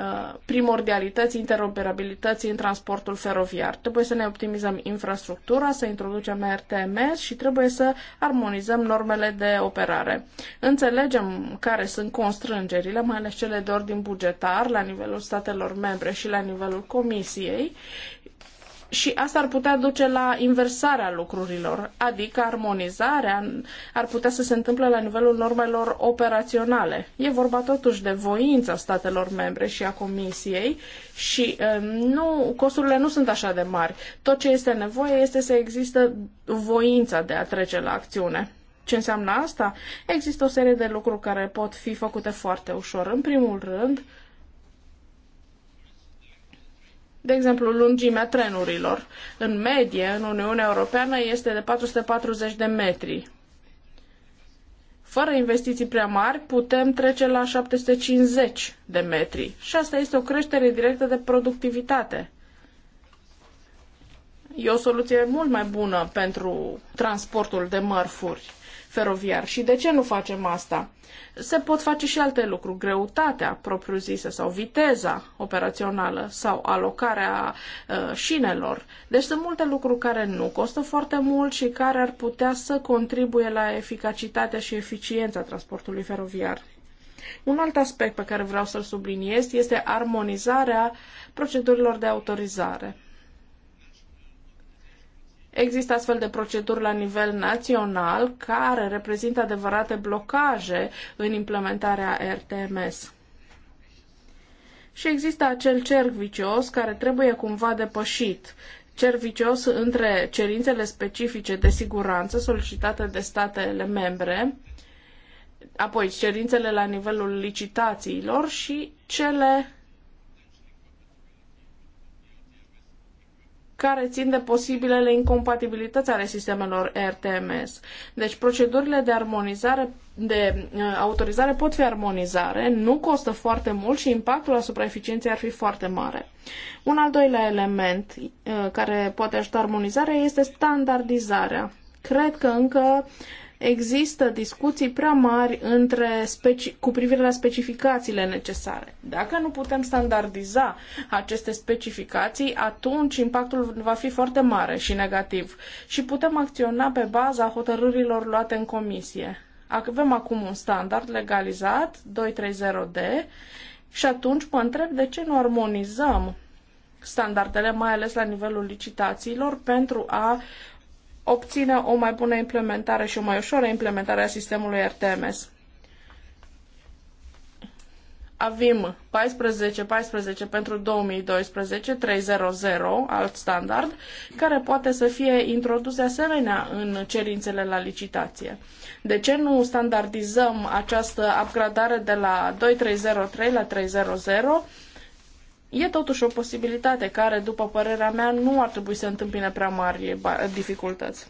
uh, primordialității interoperabilității în transportul feroviar. Trebuie să ne optimizăm infrastructura, să introducem RTMS și trebuie să armonizăm normele de operare. Înțelegem care sunt constrângerile, mai ales cele de ordin bugetar la nivelul statelor membre și la nivelul comisiei și asta ar putea duce la inversarea lucrurilor, adică armonizarea ar putea să se întâmple la nivelul normelor operaționale. E vorba totuși de voința statelor membre și a Comisiei și eh, nu, costurile nu sunt așa de mari. Tot ce este nevoie este să există voința de a trece la acțiune. Ce înseamnă asta? Există o serie de lucruri care pot fi făcute foarte ușor. În primul rând, de exemplu, lungimea trenurilor. În medie, în Uniunea Europeană, este de 440 de metri. Fără investiții prea mari, putem trece la 750 de metri. Și asta este o creștere directă de productivitate. E o soluție mult mai bună pentru transportul de mărfuri feroviar. Și de ce nu facem asta? Se pot face și alte lucruri, greutatea propriu-zisă sau viteza operațională sau alocarea uh, șinelor. Deci sunt multe lucruri care nu costă foarte mult și care ar putea să contribuie la eficacitatea și eficiența transportului feroviar. Un alt aspect pe care vreau să-l subliniez este armonizarea procedurilor de autorizare. Există astfel de proceduri la nivel național care reprezintă adevărate blocaje în implementarea RTMS. Și există acel cerc vicios care trebuie cumva depășit, cer vicios între cerințele specifice de siguranță solicitate de statele membre, apoi cerințele la nivelul licitațiilor și cele care țin de posibilele incompatibilități ale sistemelor RTMS. Deci procedurile de armonizare de uh, autorizare pot fi armonizare, nu costă foarte mult și impactul asupra eficienței ar fi foarte mare. Un al doilea element uh, care poate ajuta armonizarea este standardizarea. Cred că încă uh, există discuții prea mari între speci- cu privire la specificațiile necesare. Dacă nu putem standardiza aceste specificații, atunci impactul va fi foarte mare și negativ și putem acționa pe baza hotărârilor luate în comisie. Avem acum un standard legalizat 230D și atunci mă întreb de ce nu armonizăm standardele, mai ales la nivelul licitațiilor, pentru a obțină o mai bună implementare și o mai ușoară implementare a sistemului RTMS. Avem 14-14 pentru 2012, 300, alt standard, care poate să fie introdus de asemenea în cerințele la licitație. De ce nu standardizăm această upgradare de la 2303 la 300? E totuși o posibilitate care, după părerea mea, nu ar trebui să întâmpine prea mari dificultăți.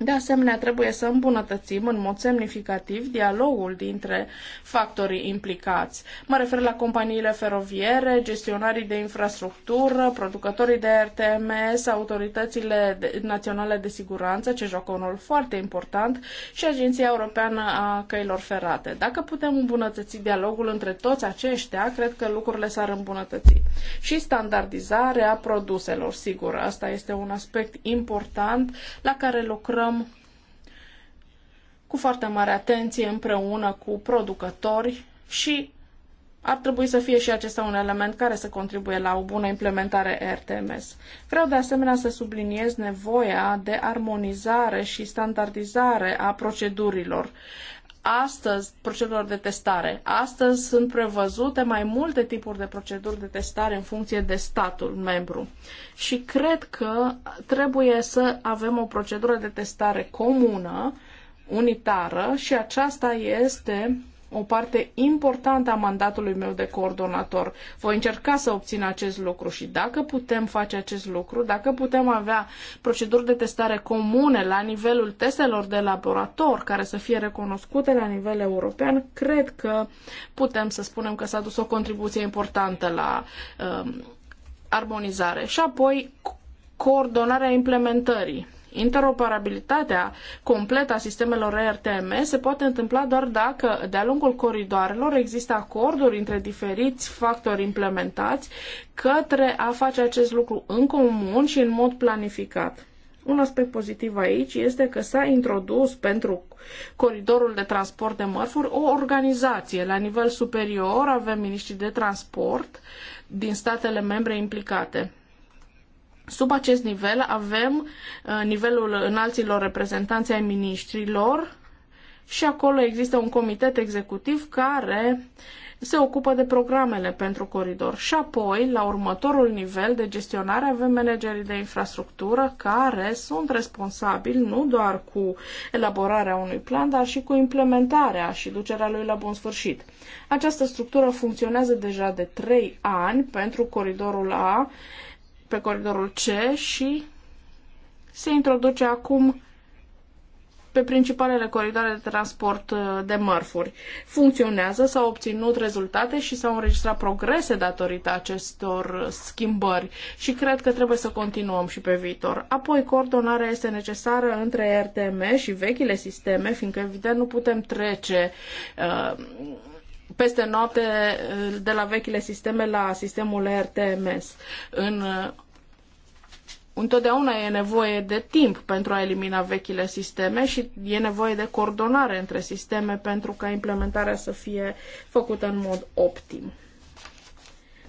De asemenea, trebuie să îmbunătățim în mod semnificativ dialogul dintre factorii implicați. Mă refer la companiile feroviere, gestionarii de infrastructură, producătorii de RTMS, autoritățile naționale de siguranță, ce joacă un rol foarte important, și Agenția Europeană a Căilor Ferate. Dacă putem îmbunătăți dialogul între toți aceștia, cred că lucrurile s-ar îmbunătăți. Și standardizarea produselor, sigur, asta este un aspect important la care lucrăm lucrăm cu foarte mare atenție împreună cu producători și ar trebui să fie și acesta un element care să contribuie la o bună implementare RTMS. Vreau de asemenea să subliniez nevoia de armonizare și standardizare a procedurilor astăzi procedurilor de testare. Astăzi sunt prevăzute mai multe tipuri de proceduri de testare în funcție de statul membru. Și cred că trebuie să avem o procedură de testare comună, unitară și aceasta este o parte importantă a mandatului meu de coordonator. Voi încerca să obțin acest lucru și dacă putem face acest lucru, dacă putem avea proceduri de testare comune la nivelul testelor de laborator care să fie recunoscute la nivel european, cred că putem să spunem că s-a dus o contribuție importantă la um, armonizare. Și apoi coordonarea implementării Interoperabilitatea completă a sistemelor ERTM se poate întâmpla doar dacă, de-a lungul coridoarelor, există acorduri între diferiți factori implementați către a face acest lucru în comun și în mod planificat. Un aspect pozitiv aici este că s-a introdus pentru coridorul de transport de mărfuri o organizație. La nivel superior avem miniștri de transport din statele membre implicate. Sub acest nivel avem uh, nivelul înalților reprezentanți ai miniștrilor și acolo există un comitet executiv care se ocupă de programele pentru coridor. Și apoi, la următorul nivel de gestionare, avem managerii de infrastructură care sunt responsabili nu doar cu elaborarea unui plan, dar și cu implementarea și ducerea lui la bun sfârșit. Această structură funcționează deja de 3 ani pentru coridorul A pe coridorul C și se introduce acum pe principalele coridoare de transport uh, de mărfuri. Funcționează, s-au obținut rezultate și s-au înregistrat progrese datorită acestor schimbări și cred că trebuie să continuăm și pe viitor. Apoi, coordonarea este necesară între RTM și vechile sisteme, fiindcă evident nu putem trece uh, peste noapte eh, de la vechile sisteme la sistemul RTMS. În eh, Întotdeauna e nevoie de timp pentru a elimina vechile sisteme și e nevoie de coordonare între sisteme pentru ca implementarea să fie făcută în mod optim.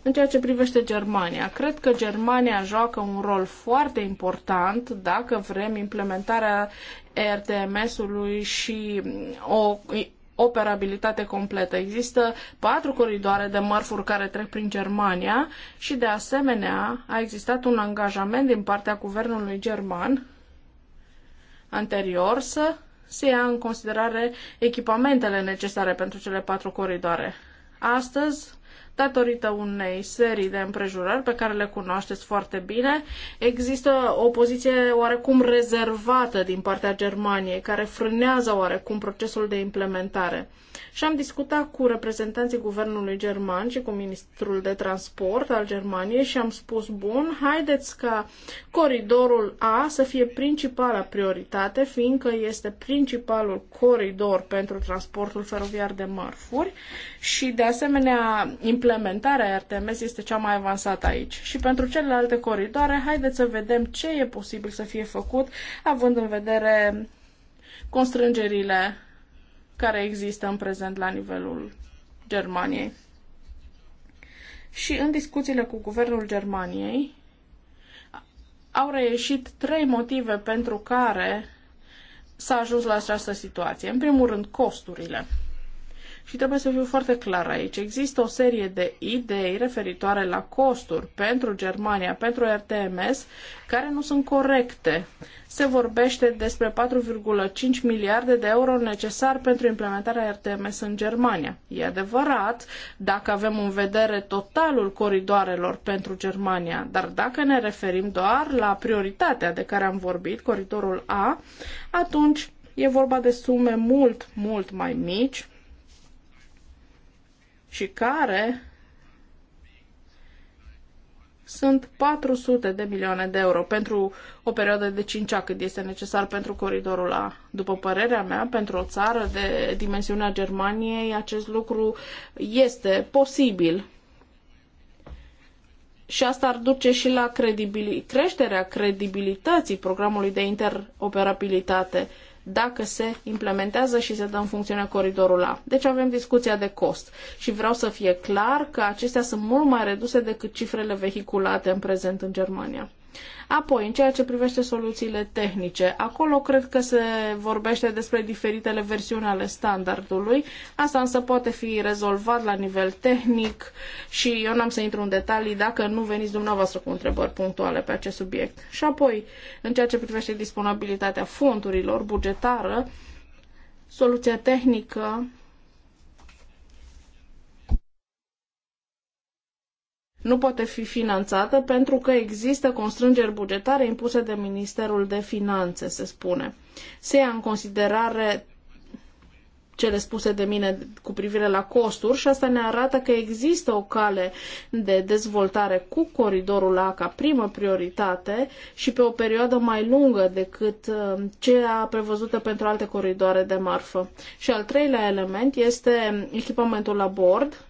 În ceea ce privește Germania, cred că Germania joacă un rol foarte important dacă vrem implementarea ertms ului și o operabilitate completă. Există patru coridoare de mărfuri care trec prin Germania și, de asemenea, a existat un angajament din partea guvernului german anterior să se ia în considerare echipamentele necesare pentru cele patru coridoare. Astăzi, datorită unei serii de împrejurări pe care le cunoașteți foarte bine, există o poziție oarecum rezervată din partea Germaniei, care frânează oarecum procesul de implementare. Și am discutat cu reprezentanții guvernului german și cu ministrul de transport al Germaniei și am spus, bun, haideți ca coridorul A să fie principala prioritate, fiindcă este principalul coridor pentru transportul feroviar de mărfuri și, de asemenea, implementarea RTMS este cea mai avansată aici. Și pentru celelalte coridoare, haideți să vedem ce e posibil să fie făcut, având în vedere constrângerile care există în prezent la nivelul Germaniei. Și în discuțiile cu guvernul Germaniei au reieșit trei motive pentru care s-a ajuns la această situație. În primul rând, costurile. Și trebuie să fiu foarte clar aici. Există o serie de idei referitoare la costuri pentru Germania, pentru RTMS, care nu sunt corecte. Se vorbește despre 4,5 miliarde de euro necesar pentru implementarea RTMS în Germania. E adevărat dacă avem în vedere totalul coridoarelor pentru Germania, dar dacă ne referim doar la prioritatea de care am vorbit, coridorul A, atunci e vorba de sume mult, mult mai mici, și care sunt 400 de milioane de euro pentru o perioadă de 5 ani cât este necesar pentru coridorul A. După părerea mea, pentru o țară de dimensiunea Germaniei, acest lucru este posibil. Și asta ar duce și la credibil- creșterea credibilității programului de interoperabilitate dacă se implementează și se dă în funcțiune coridorul A. Deci avem discuția de cost și vreau să fie clar că acestea sunt mult mai reduse decât cifrele vehiculate în prezent în Germania. Apoi, în ceea ce privește soluțiile tehnice, acolo cred că se vorbește despre diferitele versiuni ale standardului. Asta însă poate fi rezolvat la nivel tehnic și eu n-am să intru în detalii dacă nu veniți dumneavoastră cu întrebări punctuale pe acest subiect. Și apoi, în ceea ce privește disponibilitatea fondurilor bugetară, soluția tehnică nu poate fi finanțată pentru că există constrângeri bugetare impuse de Ministerul de Finanțe, se spune. Se ia în considerare cele spuse de mine cu privire la costuri și asta ne arată că există o cale de dezvoltare cu coridorul A ca primă prioritate și pe o perioadă mai lungă decât uh, cea prevăzută pentru alte coridoare de marfă. Și al treilea element este echipamentul la bord,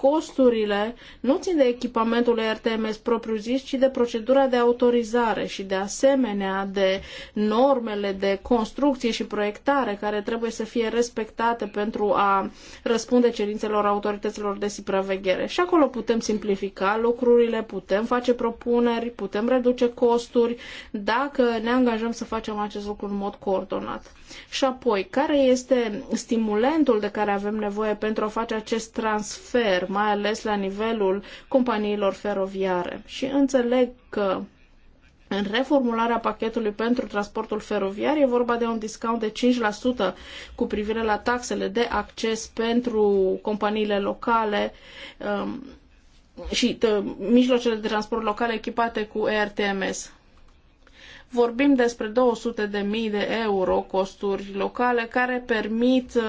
costurile nu țin de echipamentul RTMS propriu-zis, ci de procedura de autorizare și de asemenea de normele de construcție și proiectare care trebuie să fie respectate pentru a răspunde cerințelor autorităților de supraveghere. Și acolo putem simplifica lucrurile, putem face propuneri, putem reduce costuri dacă ne angajăm să facem acest lucru în mod coordonat. Și apoi, care este stimulentul de care avem nevoie pentru a face acest transfer mai ales la nivelul companiilor feroviare. Și înțeleg că în reformularea pachetului pentru transportul feroviar e vorba de un discount de 5% cu privire la taxele de acces pentru companiile locale um, și mijloacele de transport locale echipate cu ERTMS. Vorbim despre 200.000 de mii de euro costuri locale care permit uh,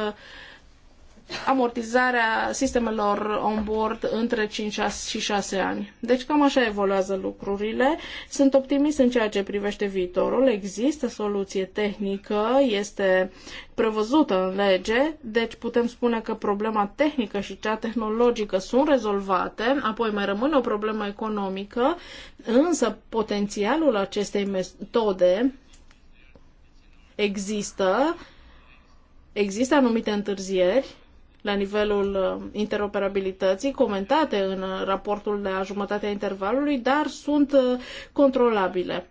amortizarea sistemelor on-board între 5 și 6 ani. Deci cam așa evoluează lucrurile. Sunt optimist în ceea ce privește viitorul. Există soluție tehnică, este prevăzută în lege, deci putem spune că problema tehnică și cea tehnologică sunt rezolvate, apoi mai rămâne o problemă economică, însă potențialul acestei metode există, există anumite întârzieri, la nivelul uh, interoperabilității, comentate în uh, raportul de a jumătatea intervalului, dar sunt uh, controlabile.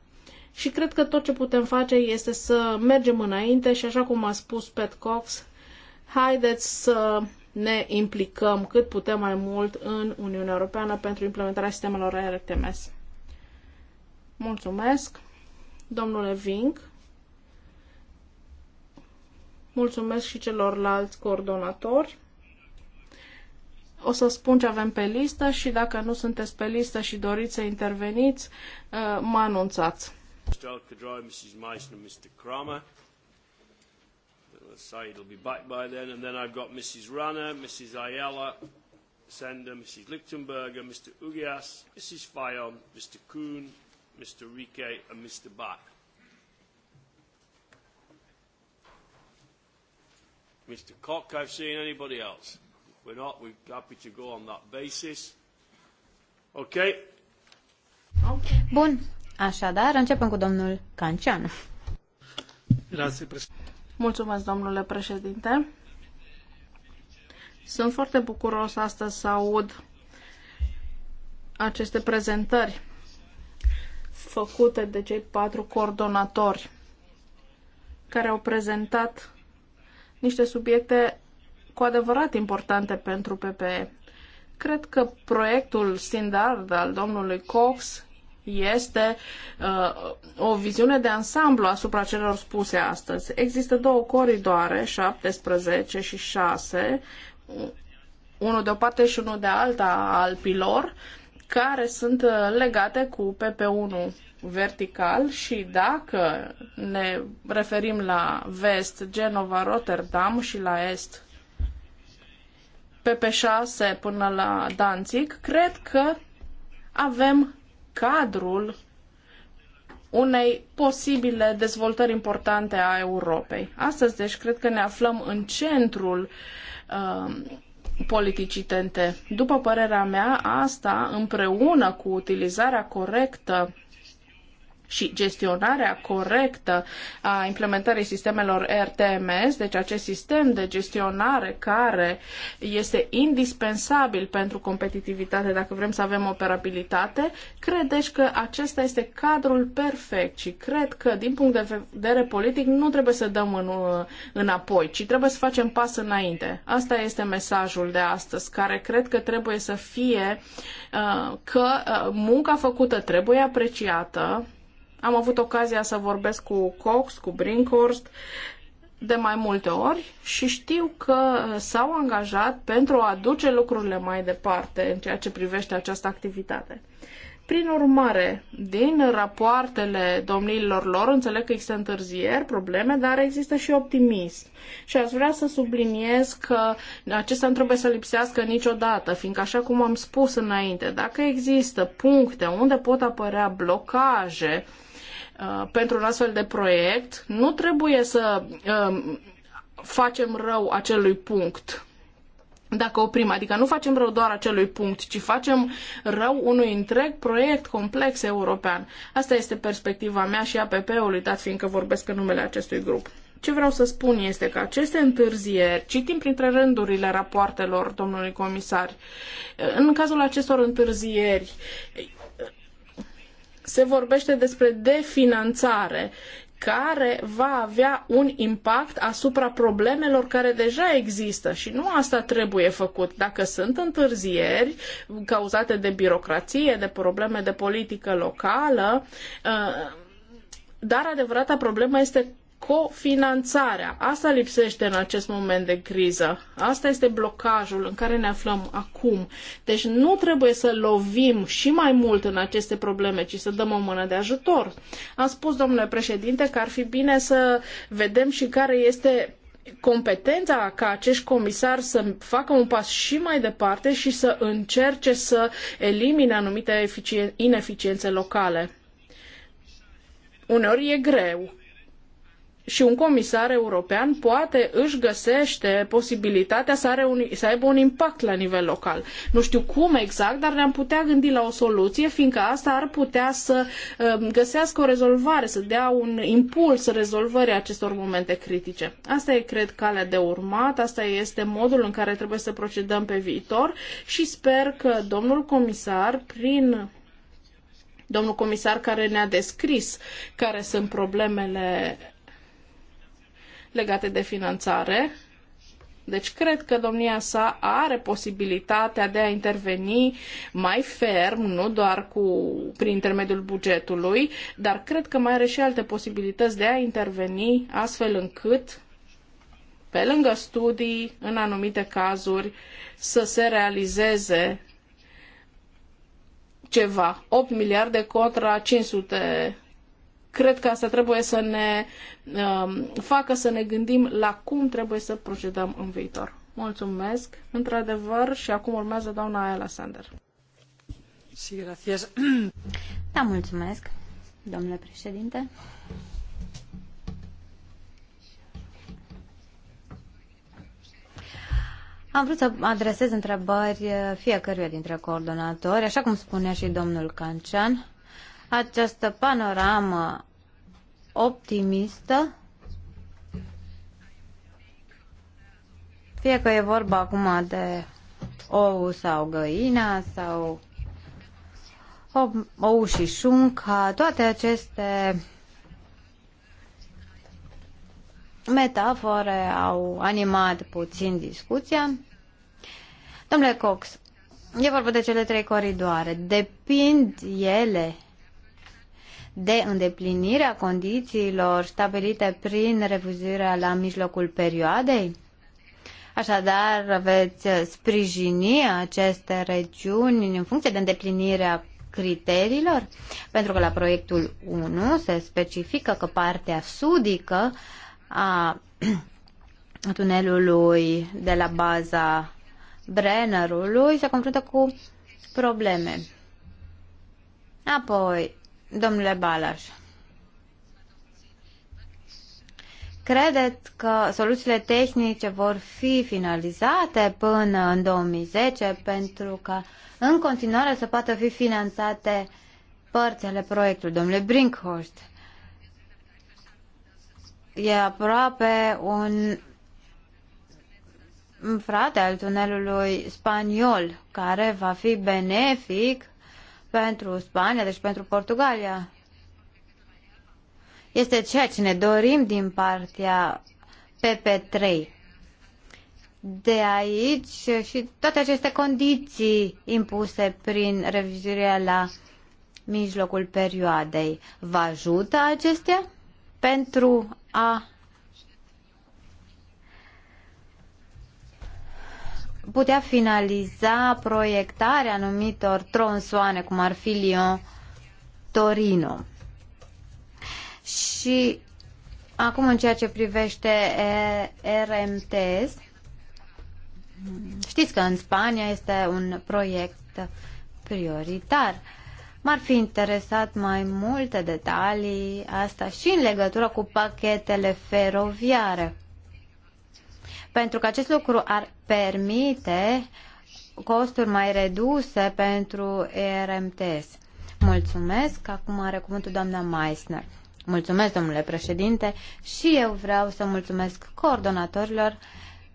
Și cred că tot ce putem face este să mergem înainte și, așa cum a spus Pat Cox, haideți să ne implicăm cât putem mai mult în Uniunea Europeană pentru implementarea sistemelor RTMS. Mulțumesc, domnule Vink. Mulțumesc și celorlalți coordonatori. O să spun ce avem pe listă și dacă nu sunteți pe listă și doriți să interveniți, uh, mă anunțați. Said will be back by then, and then I've got Mrs. Rana, Mrs. Ayala, Sender, Mrs. Lichtenberger, Mr. Ugias, Mrs. Fayon, Mr. Kuhn, Mr. Rike, and Mr. Bach. Mr Cock, I've seen anybody else. If we're not, we're happy to go on that basis. Ok. Bun. Așadar, începem cu domnul Cancian. Mulțumesc, domnule președinte. Sunt foarte bucuros astăzi să aud aceste prezentări făcute de cei patru coordonatori care au prezentat niște subiecte cu adevărat importante pentru PPE. Cred că proiectul standard al domnului Cox este uh, o viziune de ansamblu asupra celor spuse astăzi. Există două coridoare, 17 și 6, unul de o parte și unul de alta al pilor, care sunt uh, legate cu PP1 vertical și dacă ne referim la vest, Genova, Rotterdam și la est, pe 6 până la Danzig, cred că avem cadrul unei posibile dezvoltări importante a Europei. Astăzi, deci, cred că ne aflăm în centrul uh, politicii TNT. După părerea mea, asta, împreună cu utilizarea corectă și gestionarea corectă a implementării sistemelor RTMS, deci acest sistem de gestionare care este indispensabil pentru competitivitate dacă vrem să avem operabilitate, deci că acesta este cadrul perfect și cred că din punct de vedere politic nu trebuie să dăm în, uh, înapoi, ci trebuie să facem pas înainte. Asta este mesajul de astăzi, care cred că trebuie să fie uh, că uh, munca făcută trebuie apreciată, am avut ocazia să vorbesc cu Cox, cu Brinkhorst de mai multe ori și știu că s-au angajat pentru a duce lucrurile mai departe în ceea ce privește această activitate. Prin urmare, din rapoartele domnilor lor, înțeleg că există întârzieri, probleme, dar există și optimism. Și aș vrea să subliniez că acesta nu trebuie să lipsească niciodată, fiindcă, așa cum am spus înainte, dacă există puncte unde pot apărea blocaje, Uh, pentru un astfel de proiect, nu trebuie să uh, facem rău acelui punct dacă oprim. Adică nu facem rău doar acelui punct, ci facem rău unui întreg proiect complex european. Asta este perspectiva mea și a ppe ului dat fiindcă vorbesc în numele acestui grup. Ce vreau să spun este că aceste întârzieri, citim printre rândurile rapoartelor domnului comisar, în cazul acestor întârzieri, se vorbește despre definanțare care va avea un impact asupra problemelor care deja există și nu asta trebuie făcut. Dacă sunt întârzieri cauzate de birocrație, de probleme de politică locală, uh, dar adevărata problemă este cofinanțarea. Asta lipsește în acest moment de criză. Asta este blocajul în care ne aflăm acum. Deci nu trebuie să lovim și mai mult în aceste probleme, ci să dăm o mână de ajutor. Am spus, domnule președinte, că ar fi bine să vedem și care este competența ca acești comisari să facă un pas și mai departe și să încerce să elimine anumite ineficiențe locale. Uneori e greu, și un comisar european poate își găsește posibilitatea să, are un, să aibă un impact la nivel local. Nu știu cum exact, dar ne-am putea gândi la o soluție, fiindcă asta ar putea să um, găsească o rezolvare, să dea un impuls rezolvării acestor momente critice. Asta e, cred, calea de urmat, asta este modul în care trebuie să procedăm pe viitor și sper că domnul comisar, prin domnul comisar care ne-a descris care sunt problemele legate de finanțare. Deci cred că domnia sa are posibilitatea de a interveni mai ferm, nu doar cu, prin intermediul bugetului, dar cred că mai are și alte posibilități de a interveni astfel încât pe lângă studii, în anumite cazuri, să se realizeze ceva. 8 miliarde contra 500 cred că asta trebuie să ne um, facă să ne gândim la cum trebuie să procedăm în viitor. Mulțumesc, într-adevăr, și acum urmează doamna Ayala Sander. Sí, gracias. Da, mulțumesc, domnule președinte. Am vrut să adresez întrebări fiecăruia dintre coordonatori, așa cum spunea și domnul Cancian această panoramă optimistă, fie că e vorba acum de ou sau găina sau ou și șunca, toate aceste metafore au animat puțin discuția. Domnule Cox, e vorba de cele trei coridoare. Depind ele de îndeplinirea condițiilor stabilite prin revizuirea la mijlocul perioadei? Așadar, veți sprijini aceste regiuni în funcție de îndeplinirea criteriilor? Pentru că la proiectul 1 se specifică că partea sudică a [clears throat] tunelului de la baza Brennerului se confruntă cu probleme. Apoi, Domnule Balas, credeți că soluțiile tehnice vor fi finalizate până în 2010 pentru că în continuare să poată fi finanțate părțile proiectului, domnule Brinkhorst? E aproape un frate al tunelului spaniol care va fi benefic pentru Spania, deci pentru Portugalia. Este ceea ce ne dorim din partea PP3. De aici și toate aceste condiții impuse prin revizuirea la mijlocul perioadei. Vă ajută acestea pentru a putea finaliza proiectarea anumitor tronsoane, cum ar fi Lyon, Torino. Și acum în ceea ce privește RMTS, știți că în Spania este un proiect prioritar. M-ar fi interesat mai multe detalii, asta și în legătură cu pachetele feroviare pentru că acest lucru ar permite costuri mai reduse pentru ERMTS. Mulțumesc. Acum are cuvântul doamna Meissner. Mulțumesc, domnule președinte, și eu vreau să mulțumesc coordonatorilor.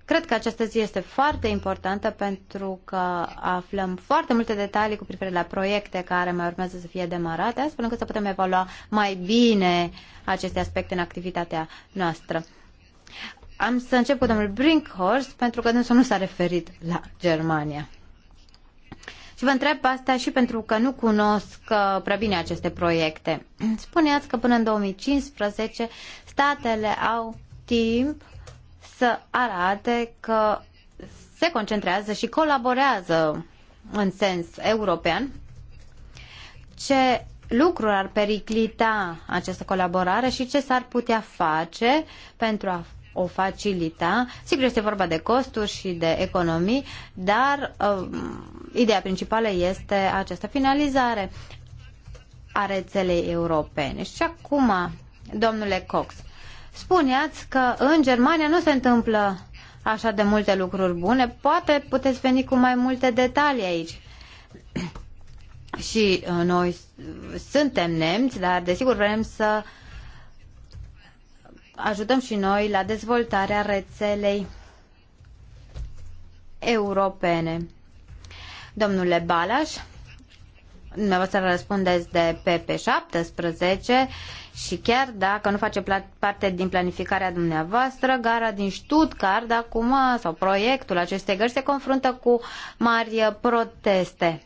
Cred că această zi este foarte importantă pentru că aflăm foarte multe detalii cu privire la proiecte care mai urmează să fie demarate, astfel încât să putem evalua mai bine aceste aspecte în activitatea noastră. Am să încep cu domnul Brinkhorst, pentru că dânsul nu s-a referit la Germania. Și vă întreb asta și pentru că nu cunosc uh, prea bine aceste proiecte. [clears throat] Spuneați că până în 2015 statele au timp să arate că se concentrează și colaborează în sens european. Ce lucruri ar periclita această colaborare și ce s-ar putea face pentru a o facilita. Sigur, este vorba de costuri și de economii, dar uh, ideea principală este această finalizare a rețelei europene. Și acum, domnule Cox, spuneați că în Germania nu se întâmplă așa de multe lucruri bune. Poate puteți veni cu mai multe detalii aici. și uh, noi suntem nemți, dar desigur vrem să uh, ajutăm și noi la dezvoltarea rețelei europene. Domnule Balas, dumneavoastră răspundeți de PP17 și chiar dacă nu face parte din planificarea dumneavoastră, gara din Stuttgart acum, sau proiectul acestei gări, se confruntă cu mari proteste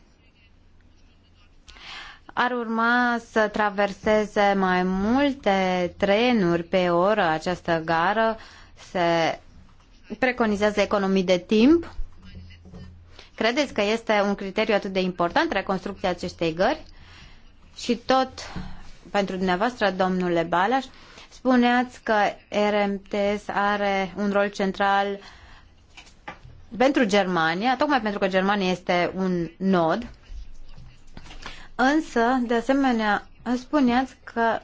ar urma să traverseze mai multe trenuri pe oră această gară, se preconizează economii de timp. Credeți că este un criteriu atât de important reconstrucția acestei gări? Și tot pentru dumneavoastră, domnule Balaș, spuneați că RMTS are un rol central pentru Germania, tocmai pentru că Germania este un nod Însă, de asemenea, spuneați că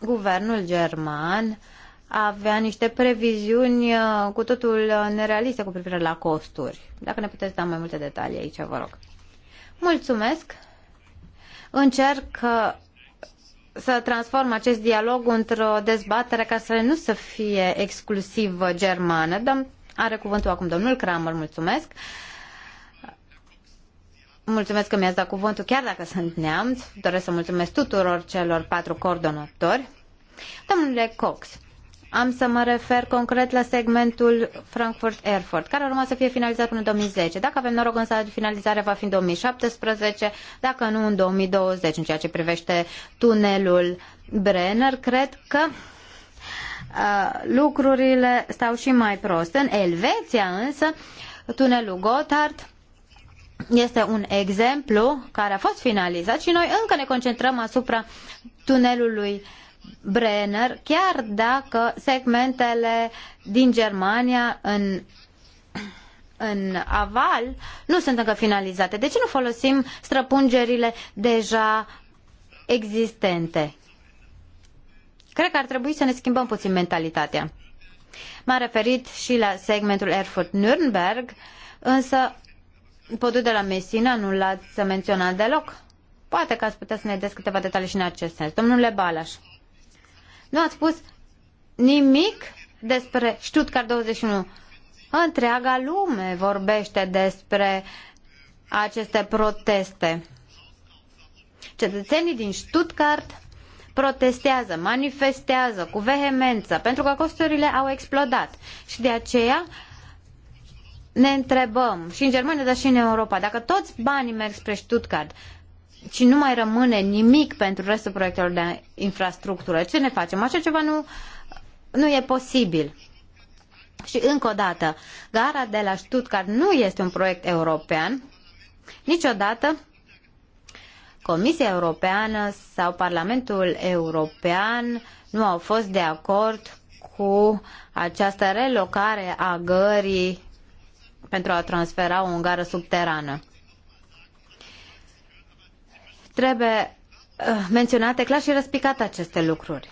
guvernul german avea niște previziuni uh, cu totul uh, nerealiste cu privire la costuri. Dacă ne puteți da mai multe detalii aici, vă rog. Mulțumesc! Încerc uh, să transform acest dialog într-o dezbatere ca să nu să fie exclusiv germană, dar are cuvântul acum domnul Kramer, mulțumesc. Uh, Mulțumesc că mi-ați dat cuvântul, chiar dacă sunt neamț. Doresc să mulțumesc tuturor celor patru coordonatori. Domnule Cox, am să mă refer concret la segmentul Frankfurt-Erfurt, care urma să fie finalizat până în 2010. Dacă avem noroc, însă finalizarea va fi în 2017, dacă nu în 2020, în ceea ce privește tunelul Brenner. Cred că a, uh, lucrurile stau și mai prost. În Elveția, însă, tunelul Gotthard este un exemplu care a fost finalizat și noi încă ne concentrăm asupra tunelului Brenner, chiar dacă segmentele din Germania în în aval nu sunt încă finalizate. De ce nu folosim străpungerile deja existente? Cred că ar trebui să ne schimbăm puțin mentalitatea. m a referit și la segmentul Erfurt-Nürnberg, însă podul de la Messina nu l-ați menționat deloc. Poate că ați putea să ne des câteva detalii și în acest sens. Domnule Balaș, nu ați spus nimic despre Stuttgart 21. Întreaga lume vorbește despre aceste proteste. Cetățenii din Stuttgart protestează, manifestează cu vehemență, pentru că costurile au explodat. Și de aceea ne întrebăm și în Germania, dar și în Europa, dacă toți banii merg spre Stuttgart și nu mai rămâne nimic pentru restul proiectelor de infrastructură, ce ne facem? Așa ceva nu, nu e posibil. Și încă o dată, gara de la Stuttgart nu este un proiect european, niciodată Comisia Europeană sau Parlamentul European nu au fost de acord cu această relocare a gării pentru a transfera o ungară subterană. Trebuie uh, menționate clar și răspicate aceste lucruri.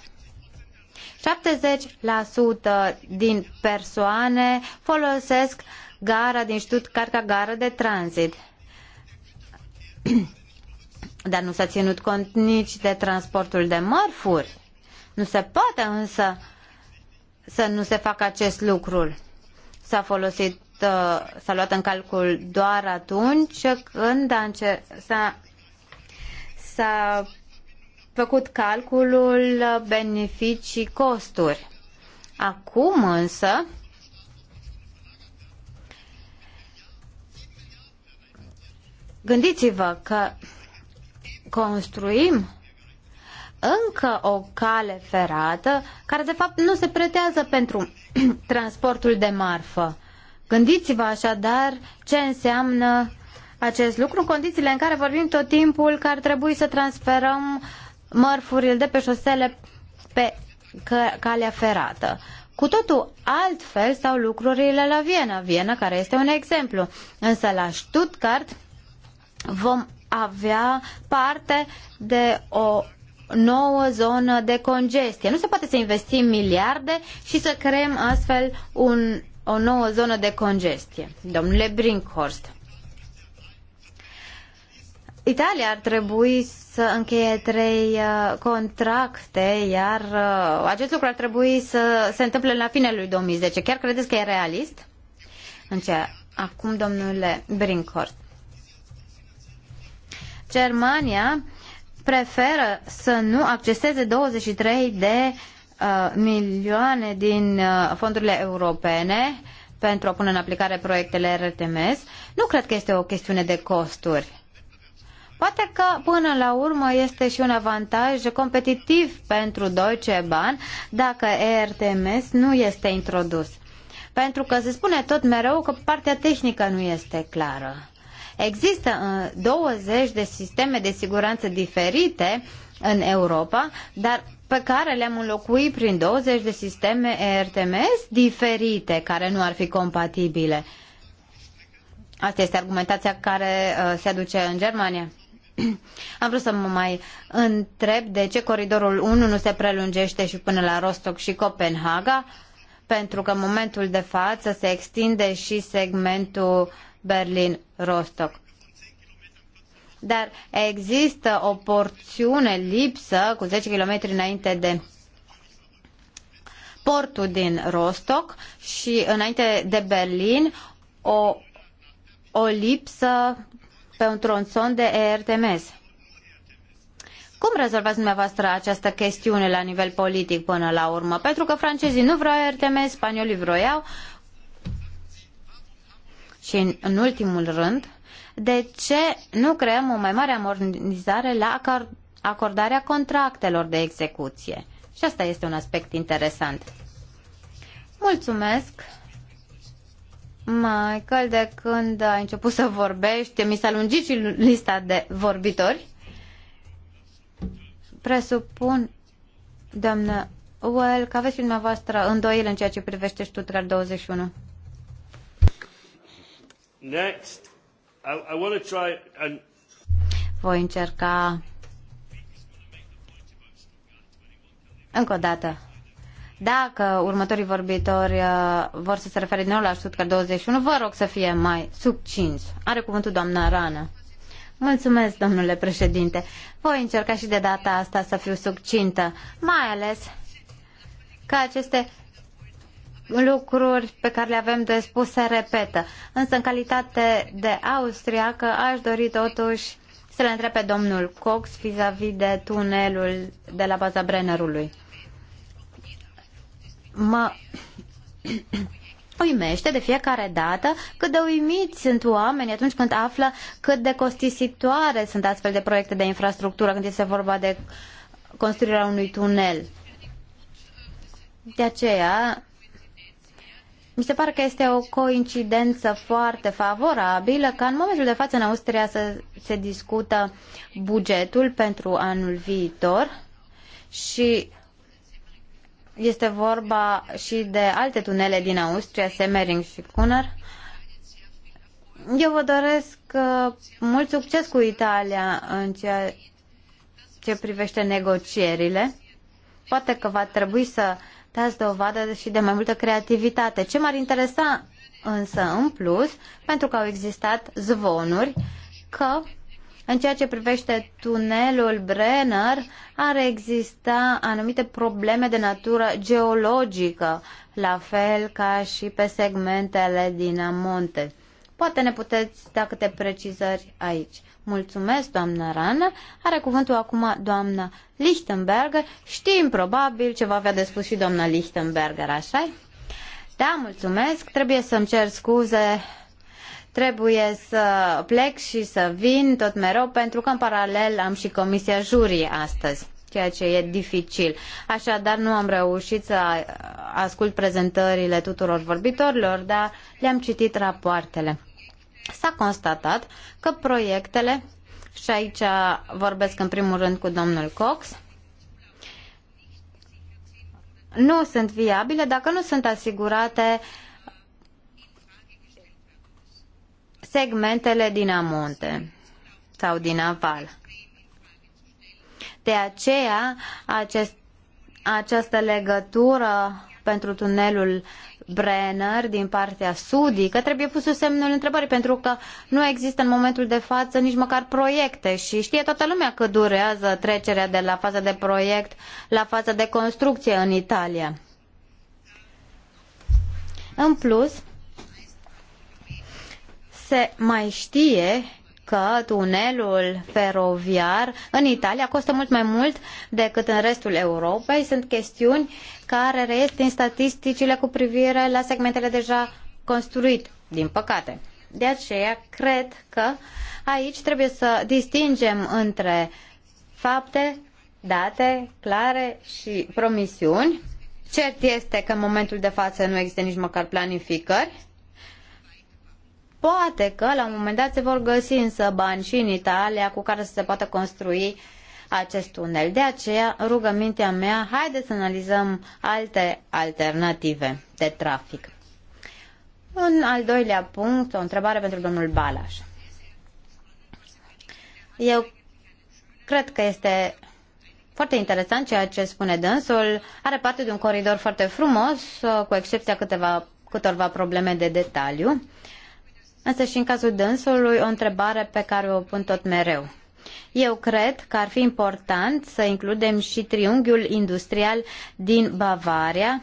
70% din persoane folosesc gara din Stuttgart ca gara de tranzit. [clears throat] Dar nu s-a ținut cont nici de transportul de mărfuri. Nu se poate însă să nu se facă acest lucru. S-a folosit Uh, s-a luat în calcul doar atunci când a înce- s-a, s-a făcut calculul beneficii-costuri. Acum însă gândiți-vă că construim încă o cale ferată care de fapt nu se pretează pentru [clears throat] transportul de marfă. Gândiți-vă așadar ce înseamnă acest lucru în condițiile în care vorbim tot timpul că ar trebui să transferăm mărfurile de pe șosele pe calea ferată. Cu totul altfel stau lucrurile la Viena, Viena care este un exemplu. Însă la Stuttgart vom avea parte de o nouă zonă de congestie. Nu se poate să investim miliarde și să creăm astfel un o nouă zonă de congestie. Domnule Brinkhorst, Italia ar trebui să încheie trei uh, contracte, iar uh, acest lucru ar trebui să se întâmple la finele lui 2010. Chiar credeți că e realist? În Acum, domnule Brinkhorst. Germania preferă să nu acceseze 23 de Uh, milioane din uh, fondurile europene pentru a pune în aplicare proiectele RTMS, nu cred că este o chestiune de costuri. Poate că până la urmă este și un avantaj competitiv pentru Deutsche Bahn dacă ERTMS nu este introdus. Pentru că se spune tot mereu că partea tehnică nu este clară. Există 20 uh, de sisteme de siguranță diferite în Europa, dar pe care le-am înlocuit prin 20 de sisteme ERTMS diferite, care nu ar fi compatibile. Asta este argumentația care uh, se aduce în Germania. [clears throat] Am vrut să mă mai întreb de ce coridorul 1 nu se prelungește și până la Rostock și Copenhaga, pentru că în momentul de față se extinde și segmentul Berlin-Rostock dar există o porțiune lipsă cu 10 km înainte de portul din Rostock și înainte de Berlin o, o lipsă pe un tronson de ERTMS. Cum rezolvați dumneavoastră această chestiune la nivel politic până la urmă? Pentru că francezii nu vreau ERTMS, spaniolii vroiau și în, în ultimul rând de ce nu creăm o mai mare amortizare la acordarea contractelor de execuție? Și asta este un aspect interesant. Mulțumesc! Mai căl de când ai început să vorbești, mi s-a lungit și lista de vorbitori. Presupun, doamnă Well, că aveți și dumneavoastră îndoiel în ceea ce privește Stuttgart 21. Next. I, I want to try and... Voi încerca încă o dată. Dacă următorii vorbitori uh, vor să se refere din nou la Stuttgart 21, vă rog să fie mai subcinți. Are cuvântul doamna Rană. Mulțumesc, domnule președinte. Voi încerca și de data asta să fiu succintă, mai ales că aceste lucruri pe care le avem de spus se repetă. Însă, în calitate de austriacă, aș dori totuși să le întreb pe domnul Cox vis-a-vis -vis de tunelul de la baza Brennerului. Mă [clears throat] uimește de fiecare dată cât de uimiți sunt oamenii atunci când află cât de costisitoare sunt astfel de proiecte de infrastructură când este vorba de construirea unui tunel. De aceea, mi se pare că este o coincidență foarte favorabilă că în momentul de față în Austria să se discută bugetul pentru anul viitor și este vorba și de alte tunele din Austria, Semmering și Kunar. Eu vă doresc uh, mult succes cu Italia în ceea ce privește negocierile. Poate că va trebui să dați dovadă și de mai multă creativitate. Ce m-ar interesa însă în plus, pentru că au existat zvonuri că în ceea ce privește tunelul Brenner, ar exista anumite probleme de natură geologică, la fel ca și pe segmentele din Amonte. Poate ne puteți da câte precizări aici. Mulțumesc, doamnă Rană. Are cuvântul acum doamna Lichtenberger. Știm probabil ce va avea de spus și doamna Lichtenberger, așa -i? Da, mulțumesc. Trebuie să-mi cer scuze. Trebuie să plec și să vin tot mereu, pentru că în paralel am și comisia jurii astăzi ceea ce e dificil. Așadar, nu am reușit să ascult prezentările tuturor vorbitorilor, dar le-am citit rapoartele s-a constatat că proiectele, și aici vorbesc în primul rând cu domnul Cox, nu sunt viabile dacă nu sunt asigurate segmentele din amonte sau din aval. De aceea, acest, această legătură pentru tunelul Brenner din partea sudică trebuie pus semnul întrebării pentru că nu există în momentul de față nici măcar proiecte și știe toată lumea că durează trecerea de la faza de proiect la faza de construcție în Italia. În plus, se mai știe că tunelul feroviar în Italia costă mult mai mult decât în restul Europei. Sunt chestiuni care reiesc din statisticile cu privire la segmentele deja construite, din păcate. De aceea, cred că aici trebuie să distingem între fapte, date clare și promisiuni. Cert este că în momentul de față nu există nici măcar planificări Poate că la un moment dat se vor găsi însă bani și în Italia cu care să se poată construi acest tunel. De aceea, rugămintea mea, haideți să analizăm alte alternative de trafic. Un al doilea punct, o întrebare pentru domnul Balaș. Eu cred că este foarte interesant ceea ce spune dânsul. Are parte de un coridor foarte frumos, cu excepția câteva, câtorva probleme de detaliu. Uh, Însă și în cazul dânsului o întrebare pe care o pun tot mereu. Eu cred că ar fi important să includem și triunghiul industrial din Bavaria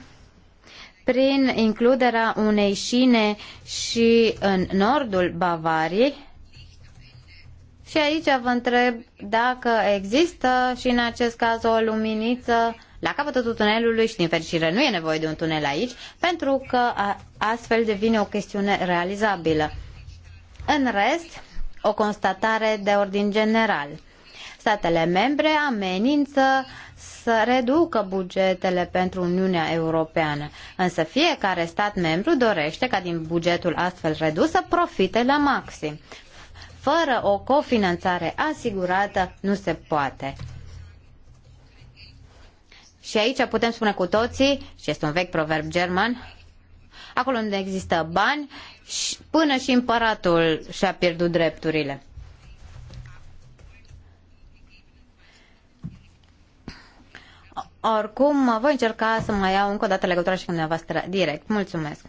prin includerea unei șine și în nordul Bavariei. Și aici vă întreb dacă există și în acest caz o luminiță la capătul tunelului și din fericire nu e nevoie de un tunel aici, pentru că astfel devine o chestiune realizabilă. În rest, o constatare de ordin general. Statele membre amenință să reducă bugetele pentru Uniunea Europeană, însă fiecare stat membru dorește ca din bugetul astfel redus să profite la maxim. Fără o cofinanțare asigurată nu se poate. Și aici putem spune cu toții, și este un vechi proverb german, acolo unde există bani, până și împăratul și-a pierdut drepturile. Oricum, voi încerca să mai iau încă o dată legătura și cu dumneavoastră direct. Mulțumesc.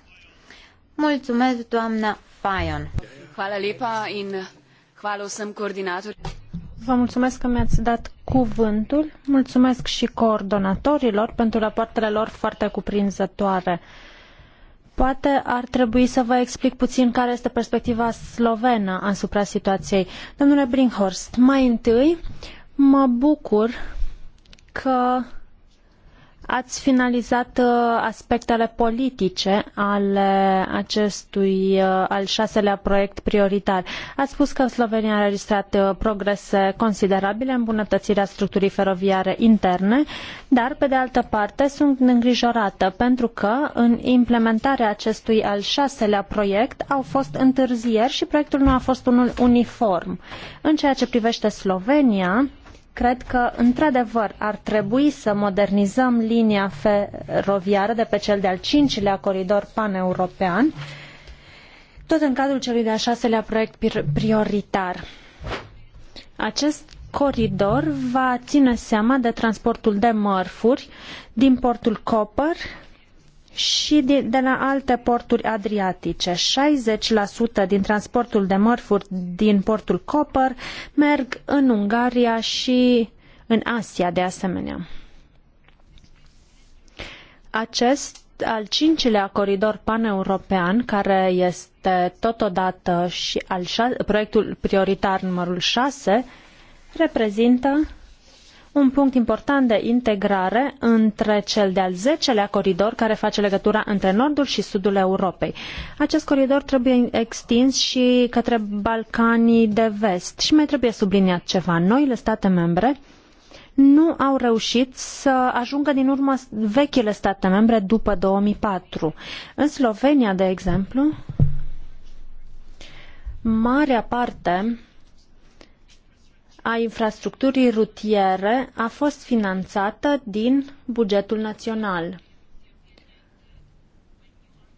Mulțumesc, doamna Fayon. Hvala lipa in hvala sunt coordinator. Vă mulțumesc că mi-ați dat cuvântul. Mulțumesc și coordonatorilor pentru rapoartele lor foarte cuprinzătoare. Poate ar trebui să vă explic puțin care este perspectiva slovenă asupra situației. Domnule Brinkhorst, mai întâi mă bucur că Ați finalizat uh, aspectele politice ale acestui uh, al șaselea proiect prioritar. Ați spus că Slovenia a înregistrat uh, progrese considerabile în bunătățirea structurii feroviare interne, dar, pe de altă parte, sunt îngrijorată pentru că în implementarea acestui al șaselea proiect au fost întârzieri și proiectul nu a fost unul uniform. În ceea ce privește Slovenia, Cred că, într-adevăr, ar trebui să modernizăm linia feroviară de pe cel de-al cincilea coridor paneuropean, tot în cadrul celui de-al șaselea proiect prioritar. Acest coridor va ține seama de transportul de mărfuri din portul Copăr și de, de la alte porturi adriatice. 60% din transportul de mărfuri din portul Copăr merg în Ungaria și în Asia de asemenea. Acest al cincilea coridor paneuropean, care este totodată și al proiectul prioritar numărul 6, reprezintă un punct important de integrare între cel de-al 10-lea coridor care face legătura între nordul și sudul Europei. Acest coridor trebuie extins și către Balcanii de vest. Și mai trebuie subliniat ceva. Noile state membre nu au reușit să ajungă din urmă vechile state membre după 2004. În Slovenia, de exemplu, marea parte a infrastructurii rutiere a fost finanțată din bugetul național.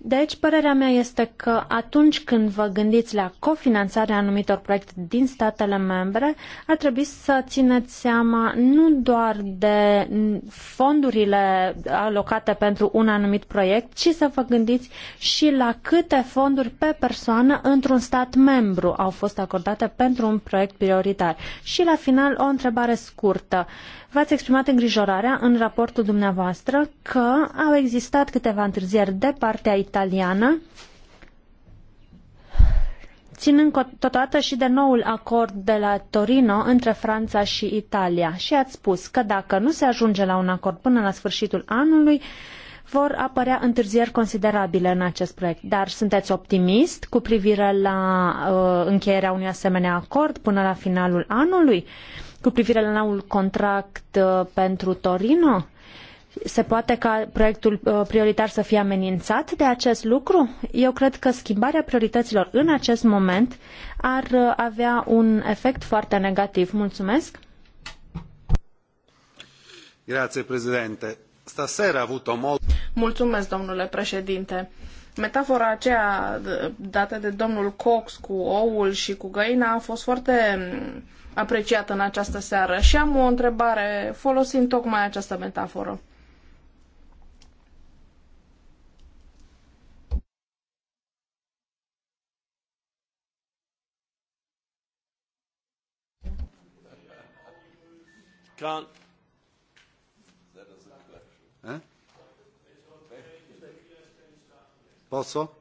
Deci, părerea mea este că atunci când vă gândiți la cofinanțarea anumitor proiecte din statele membre, ar trebui să țineți seama nu doar de fondurile alocate pentru un anumit proiect, ci să vă gândiți și la câte fonduri pe persoană într-un stat membru au fost acordate pentru un proiect prioritar. Și la final, o întrebare scurtă. V-ați exprimat îngrijorarea în raportul dumneavoastră că au existat câteva întârzieri de partea italiană, ținând totodată și de noul acord de la Torino între Franța și Italia. Și ați spus că dacă nu se ajunge la un acord până la sfârșitul anului, vor apărea întârzieri considerabile în acest proiect. Dar sunteți optimist cu privire la uh, încheierea unui asemenea acord până la finalul anului? Uh, cu privire la noul contract uh, pentru Torino? Se poate ca proiectul uh, prioritar să fie amenințat de acest lucru? Eu cred că schimbarea priorităților în acest moment ar uh, avea un efect foarte negativ. Mulțumesc! Grazie, Presidente. Stasera a avut o Mulțumesc, domnule președinte. Metafora aceea dată de domnul Cox cu oul și cu găina a fost foarte mm, apreciată în această seară și am o întrebare folosind tocmai această metaforă. Can't Posso?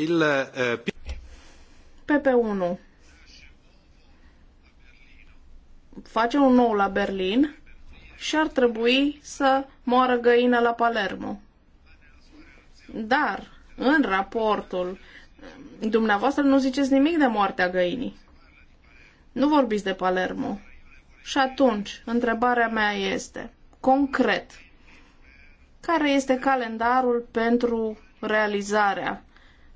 1 eh, face un nou la Berlin și ar trebui să moară găină la Palermo. Dar, în raportul, dumneavoastră nu ziceți nimic de moartea găinii. Nu vorbiți de Palermo. Și atunci, întrebarea mea este, concret, care este calendarul pentru realizarea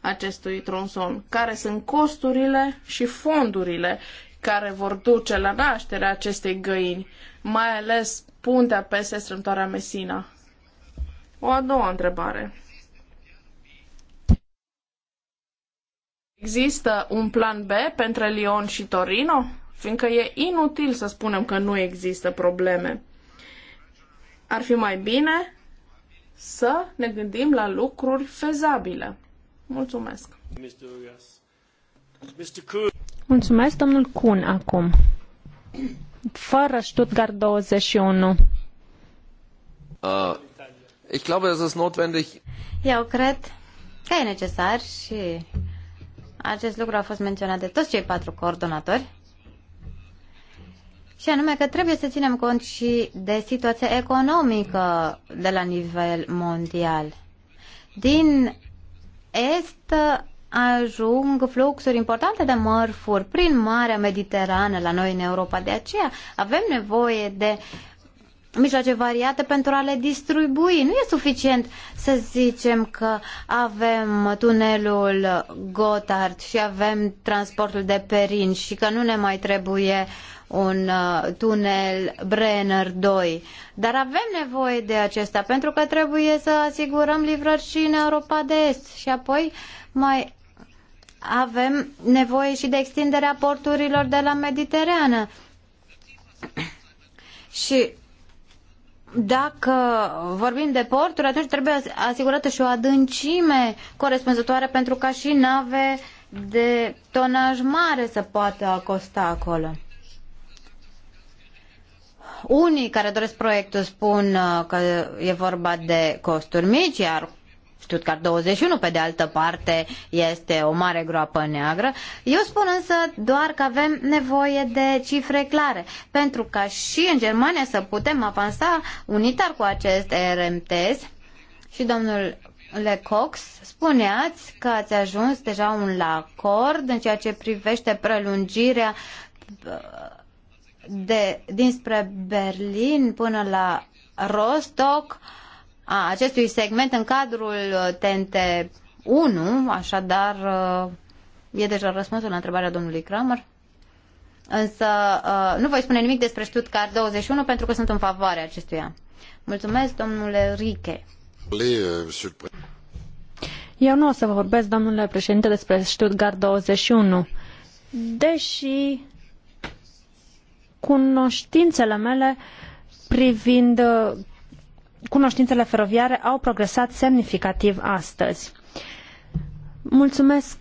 acestui tronson? Care sunt costurile și fondurile care vor duce la nașterea acestei găini, mai ales puntea peste strâmtoarea Messina. O a doua întrebare. Există un plan B pentru Lyon și Torino? Fiindcă e inutil să spunem că nu există probleme. Ar fi mai bine să ne gândim la lucruri fezabile. Mulțumesc! Mulțumesc, domnul Kuhn, acum. Fără Stuttgart 21. Uh, ich glaube, das ist notwendig. Eu cred că e necesar și acest lucru a fost menționat de toți cei patru coordonatori și anume că trebuie să ținem cont și de situația economică de la nivel mondial. Din est ajung fluxuri importante de mărfuri prin Marea Mediterană la noi în Europa. De aceea avem nevoie de mijloace variate pentru a le distribui. Nu e suficient să zicem că avem tunelul Gotthard și avem transportul de perin și că nu ne mai trebuie un uh, tunel Brenner 2. Dar avem nevoie de acesta pentru că trebuie să asigurăm livrări și în Europa de Est. Și apoi mai avem nevoie și de extinderea porturilor de la Mediterană. [clears throat] și dacă vorbim de porturi, atunci trebuie asigurată și o adâncime corespunzătoare pentru ca și nave de tonaj mare să poată acosta acolo. Unii care doresc proiectul spun uh, că e vorba de costuri mici, iar Stuttgart 21, pe de altă parte, este o mare groapă neagră. Eu spun însă doar că avem nevoie de cifre clare, pentru ca și în Germania să putem avansa unitar cu acest RMTS. Și domnul Lecox, spuneați că ați ajuns deja un la acord în ceea ce privește prelungirea uh, de, dinspre Berlin până la Rostock a acestui segment în cadrul TNT uh, 1, așadar uh, e deja răspunsul la întrebarea domnului Kramer. Însă uh, nu voi spune nimic despre Stuttgart 21 pentru că sunt în favoarea acestuia. Mulțumesc, domnule Riche. Eu nu o să vorbesc, domnule președinte, despre Stuttgart 21, deși cunoștințele mele privind uh, cunoștințele feroviare au progresat semnificativ astăzi. Mulțumesc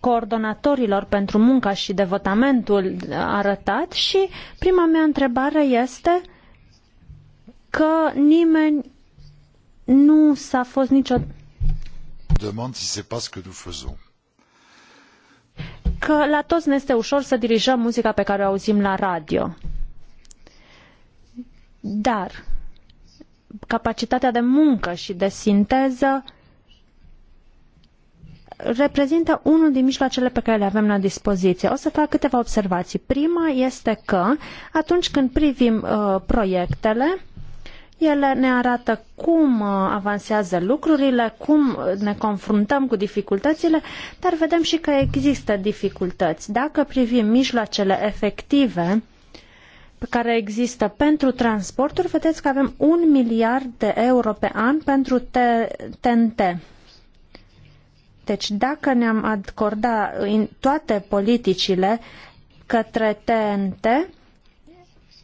coordonatorilor pentru munca și devotamentul arătat și prima mea întrebare este că nimeni nu s-a fost niciodată. Demande si c'est pas ce que nous faisons că la toți ne este ușor să dirijăm muzica pe care o auzim la radio. Dar capacitatea de muncă și de sinteză reprezintă unul din mijloacele pe care le avem la dispoziție. O să fac câteva observații. Prima este că atunci când privim uh, proiectele, ele ne arată cum uh, avansează lucrurile, cum uh, ne confruntăm cu dificultățile, dar vedem și că există dificultăți. Dacă privim mijloacele efective pe care există pentru transporturi, vedeți că avem un miliard de euro pe an pentru TNT. Deci dacă ne-am acorda uh, toate politicile către TNT,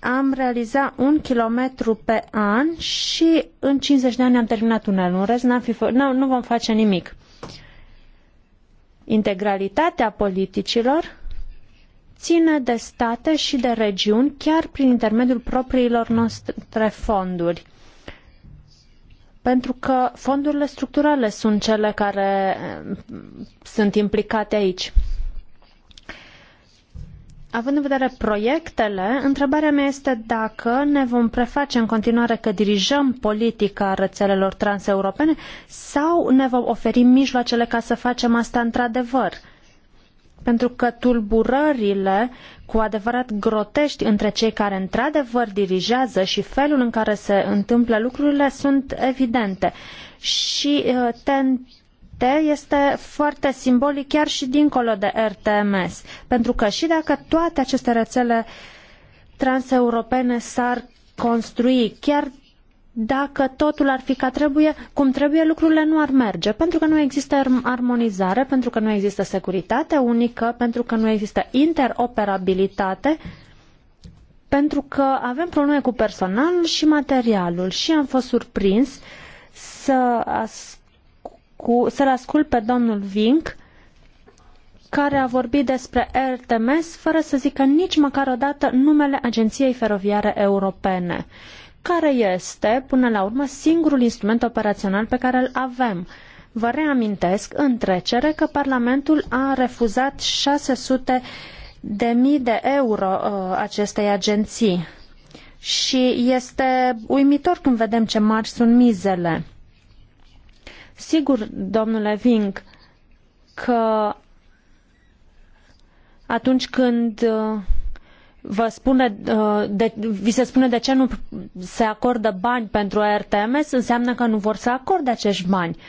am realizat un kilometru pe an și în 50 de ani am terminat tunelul. În rest, n-am fi fă- nu, nu vom face nimic. Integralitatea politicilor ține de state și de regiuni, chiar prin intermediul propriilor noastre fonduri. Pentru că fondurile structurale sunt cele care mm, sunt implicate aici. Având în vedere proiectele, întrebarea mea este dacă ne vom preface în continuare că dirijăm politica rețelelor transeuropene sau ne vom oferi mijloacele ca să facem asta într-adevăr. Pentru că tulburările cu adevărat grotești între cei care într-adevăr dirigează și felul în care se întâmplă lucrurile sunt evidente. Și uh, TNT este foarte simbolic chiar și dincolo de RTMS, pentru că și dacă toate aceste rețele transeuropene s-ar construi, chiar dacă totul ar fi ca trebuie, cum trebuie, lucrurile nu ar merge, pentru că nu există armonizare, pentru că nu există securitate unică, pentru că nu există interoperabilitate, pentru că avem probleme cu personalul și materialul și am fost surprins să ascult cu, să-l ascult pe domnul Vink, care a vorbit despre RTMS fără să zică nici măcar o dată numele Agenției Feroviare Europene, care este, până la urmă, singurul instrument operațional pe care îl avem. Vă reamintesc în trecere că Parlamentul a refuzat 600 de mii de euro uh, acestei agenții. Și este uimitor când vedem ce mari sunt mizele. Sigur, domnule Ving, că atunci când uh, vă spune, uh, de, vi se spune de ce nu se acordă bani pentru RTMS, înseamnă că nu vor să acorde acești bani. Uh,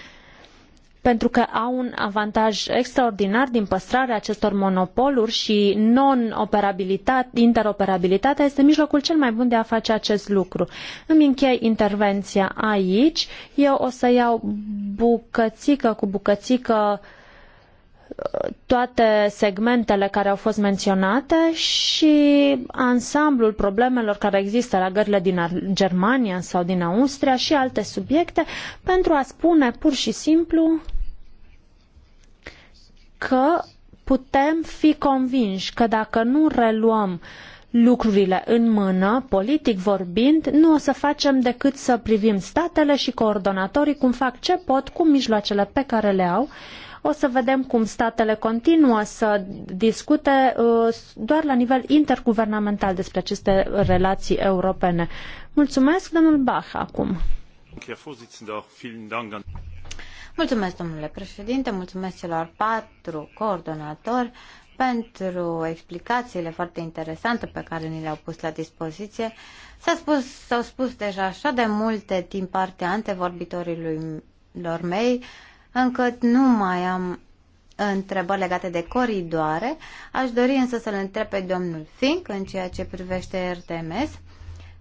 pentru că au un avantaj extraordinar din păstrarea acestor monopoluri și non-operabilitate, interoperabilitatea este mijlocul cel mai bun de a face acest lucru. Îmi închei intervenția aici. Eu o să iau bucățică cu bucățică toate segmentele care au fost menționate și ansamblul problemelor care există la gările din Germania sau din Austria și alte subiecte pentru a spune pur și simplu că putem fi convinși că dacă nu reluăm lucrurile în mână, politic vorbind, nu o să facem decât să privim statele și coordonatorii cum fac ce pot cu mijloacele pe care le au. O să vedem cum statele continuă să discute uh, doar la nivel interguvernamental despre aceste relații europene. Mulțumesc, domnul Bach, acum. Mulțumesc, domnule președinte, mulțumesc celor patru coordonatori pentru explicațiile foarte interesante pe care ni le-au pus la dispoziție. S-a spus, s-au spus deja așa de multe din partea antevorbitorilor lor mei, încât nu mai am întrebări legate de coridoare. Aș dori însă să-l întreb pe domnul Fink în ceea ce privește RTMS.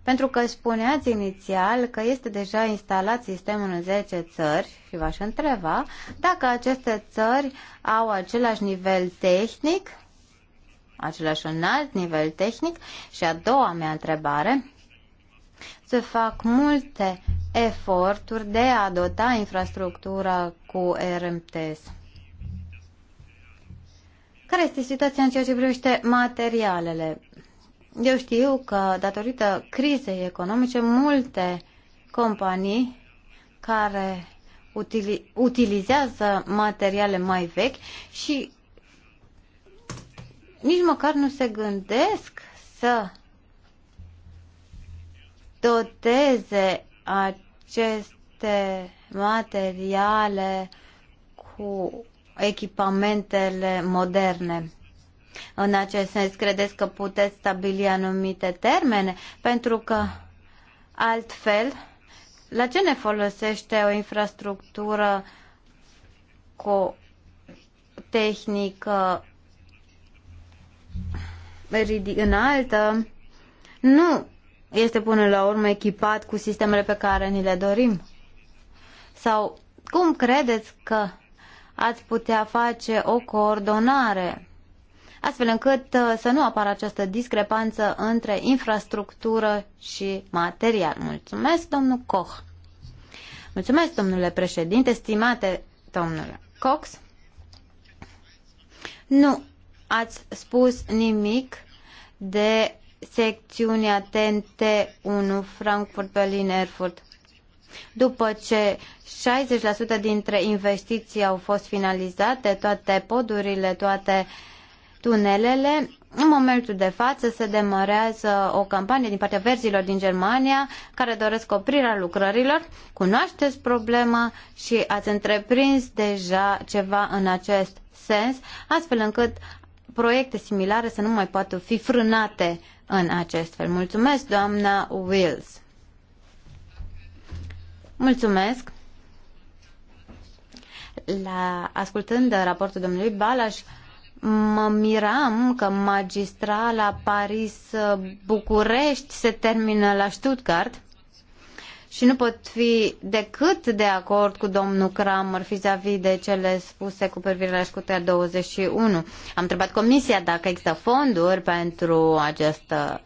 Pentru că spuneați inițial că este deja instalat sistemul în 10 țări și v-aș întreba dacă aceste țări au același nivel tehnic, același înalt nivel tehnic și a doua mea întrebare, se fac multe eforturi de a dota infrastructura cu RMTS. Care este situația în ceea ce privește materialele? Eu știu că, datorită crizei economice, multe companii care utili- utilizează materiale mai vechi și nici măcar nu se gândesc să doteze aceste materiale cu echipamentele moderne în acest sens? Credeți că puteți stabili anumite termene? Pentru că altfel, la ce ne folosește o infrastructură cu tehnică înaltă? Nu este până la urmă echipat cu sistemele pe care ni le dorim? Sau cum credeți că ați putea face o coordonare astfel încât uh, să nu apară această discrepanță între infrastructură și material. Mulțumesc, domnul Koch. Mulțumesc, domnule președinte, stimate domnule Cox. Nu ați spus nimic de secțiunea TNT 1 Frankfurt-Berlin-Erfurt. După ce 60% dintre investiții au fost finalizate, toate podurile, toate uh, tunelele. În momentul de față se demarează o campanie din partea verzilor din Germania care doresc oprirea lucrărilor. Cunoașteți problema și ați întreprins deja ceva în acest sens, astfel încât proiecte similare să nu mai poată fi frânate în acest fel. Mulțumesc, doamna Wills. Mulțumesc. La, ascultând raportul domnului Balaș, mă miram că magistrala Paris-București se termină la Stuttgart și nu pot fi decât de acord cu domnul Kramer vis-a-vis de cele spuse cu privire la scutea 21. Am întrebat comisia dacă există fonduri pentru această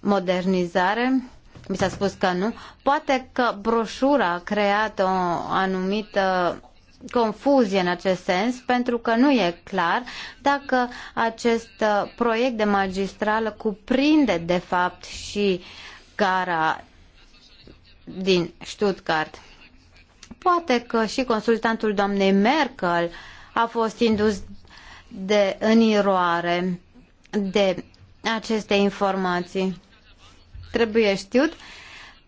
modernizare. Mi s-a spus că nu. Poate că broșura a creat o anumită confuzie în acest sens, pentru că nu e clar dacă acest uh, proiect de magistrală cuprinde, de fapt, și gara din Stuttgart. Poate că și consultantul doamnei Merkel a fost indus de, în iroare de aceste informații. Trebuie știut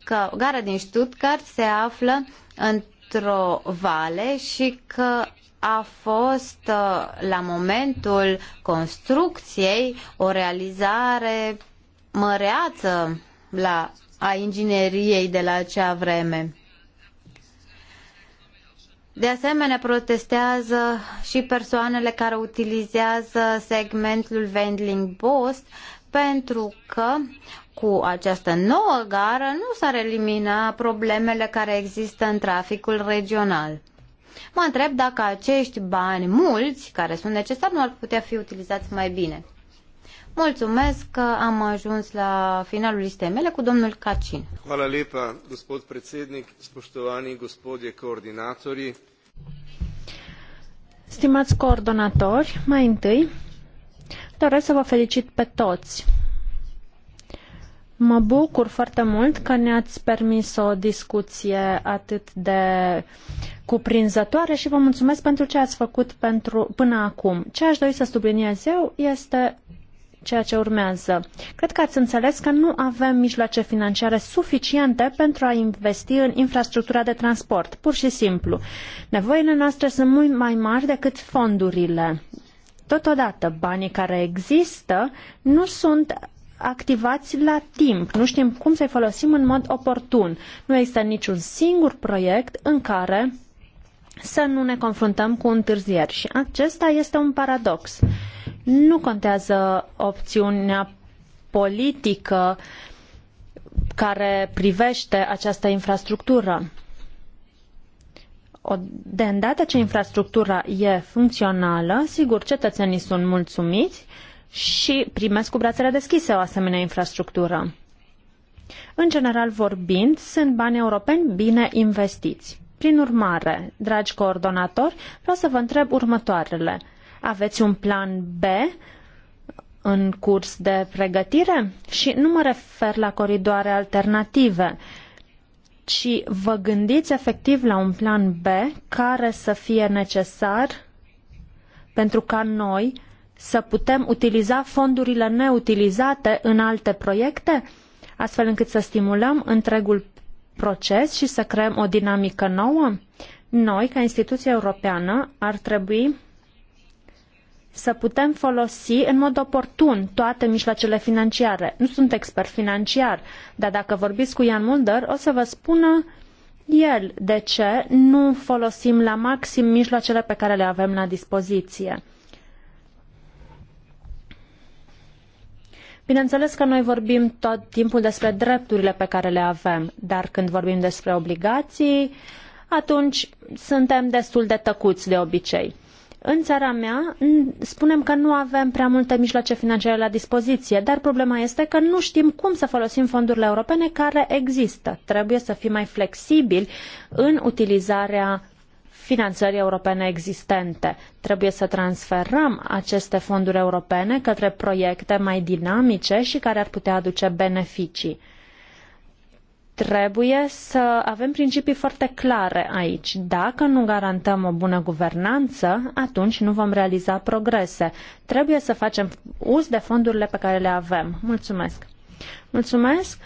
că gara din Stuttgart se află în într-o vale și că a fost uh, la momentul construcției o realizare măreață la, a ingineriei de la acea vreme. De asemenea, protestează și persoanele care utilizează segmentul Wendling Bost pentru că cu această nouă gară nu s-ar elimina problemele care există în traficul regional. Mă întreb dacă acești bani mulți care sunt necesari nu ar putea fi utilizați mai bine. Mulțumesc că am ajuns la finalul listei mele cu domnul Cacin. Hvala lepa, gospod predsednik, spoštovani gospodje coordinatori. Stimați coordonatori, mai întâi doresc să vă felicit pe toți Mă bucur foarte mult că ne-ați permis o discuție atât de cuprinzătoare și vă mulțumesc pentru ce ați făcut pentru, până acum. Ce aș dori să subliniez eu este ceea ce urmează. Cred că ați înțeles că nu avem mijloace financiare suficiente pentru a investi în infrastructura de transport, pur și simplu. Nevoile noastre sunt mult mai mari decât fondurile. Totodată, banii care există nu sunt activați la timp. Nu știm cum să-i folosim în mod oportun. Nu există niciun singur proiect în care să nu ne confruntăm cu întârzieri. Și acesta este un paradox. Nu contează opțiunea politică care privește această infrastructură. De îndată ce infrastructura e funcțională, sigur, cetățenii sunt mulțumiți, și primesc cu brațele deschise o asemenea infrastructură. În general vorbind, sunt bani europeni bine investiți. Prin urmare, dragi coordonatori, vreau să vă întreb următoarele. Aveți un plan B în curs de pregătire? Și nu mă refer la coridoare alternative, ci vă gândiți efectiv la un plan B care să fie necesar pentru ca noi să putem utiliza fondurile neutilizate în alte proiecte, astfel încât să stimulăm întregul proces și să creăm o dinamică nouă? Noi, ca instituție europeană, ar trebui să putem folosi în mod oportun toate mijloacele financiare. Nu sunt expert financiar, dar dacă vorbiți cu Ian Mulder, o să vă spună el de ce nu folosim la maxim mijloacele pe care le avem la dispoziție. Bineînțeles că noi vorbim tot timpul despre drepturile pe care le avem, dar când vorbim despre obligații, atunci suntem destul de tăcuți de obicei. În țara mea spunem că nu avem prea multe mijloace financiare la dispoziție, dar problema este că nu știm cum să folosim fondurile europene care există. Trebuie să fim mai flexibili în utilizarea finanțării europene existente. Trebuie să transferăm aceste fonduri europene către proiecte mai dinamice și care ar putea aduce beneficii. Trebuie să avem principii foarte clare aici. Dacă nu garantăm o bună guvernanță, atunci nu vom realiza progrese. Trebuie să facem uz de fondurile pe care le avem. Mulțumesc! Mulțumesc!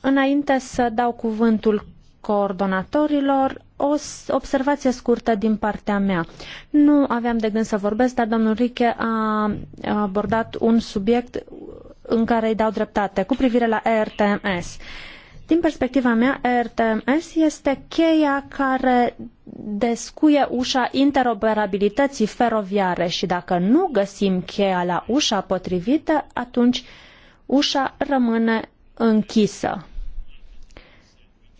Înainte să dau cuvântul coordonatorilor, o observație scurtă din partea mea. Nu aveam de gând să vorbesc, dar domnul Riche a abordat un subiect în care îi dau dreptate cu privire la RTMS. Din perspectiva mea, RTMS este cheia care descuie ușa interoperabilității feroviare și dacă nu găsim cheia la ușa potrivită, atunci ușa rămâne închisă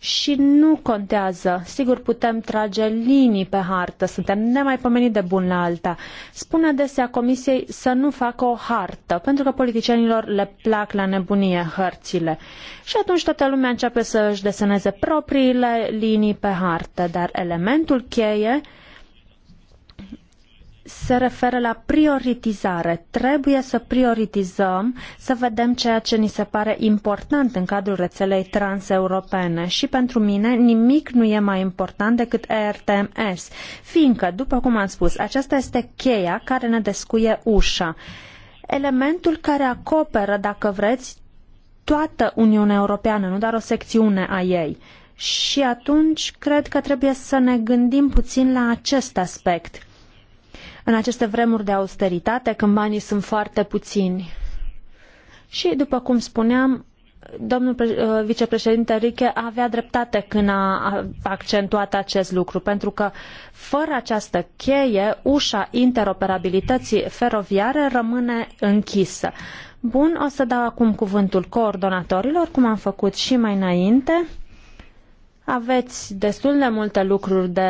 și nu contează. Sigur, putem trage linii pe hartă, suntem nemaipomenit de bun la alta. Spune adesea Comisiei să nu facă o hartă, pentru că politicienilor le plac la nebunie hărțile. Și atunci toată lumea începe să își deseneze propriile linii pe hartă, dar elementul cheie se referă la prioritizare. Trebuie să prioritizăm, să vedem ceea ce ni se pare important în cadrul rețelei transeuropene și pentru mine nimic nu e mai important decât ERTMS, fiindcă, după cum am spus, aceasta este cheia care ne descuie ușa. Elementul care acoperă, dacă vreți, toată Uniunea Europeană, nu doar o secțiune a ei. Și atunci cred că trebuie să ne gândim puțin la acest aspect în aceste vremuri de austeritate, când banii sunt foarte puțini. Și, după cum spuneam, domnul uh, vicepreședinte Riche avea dreptate când a accentuat acest lucru, pentru că fără această cheie, ușa interoperabilității feroviare rămâne închisă. Bun, o să dau acum cuvântul coordonatorilor, cum am făcut și mai înainte. Aveți destul de multe lucruri de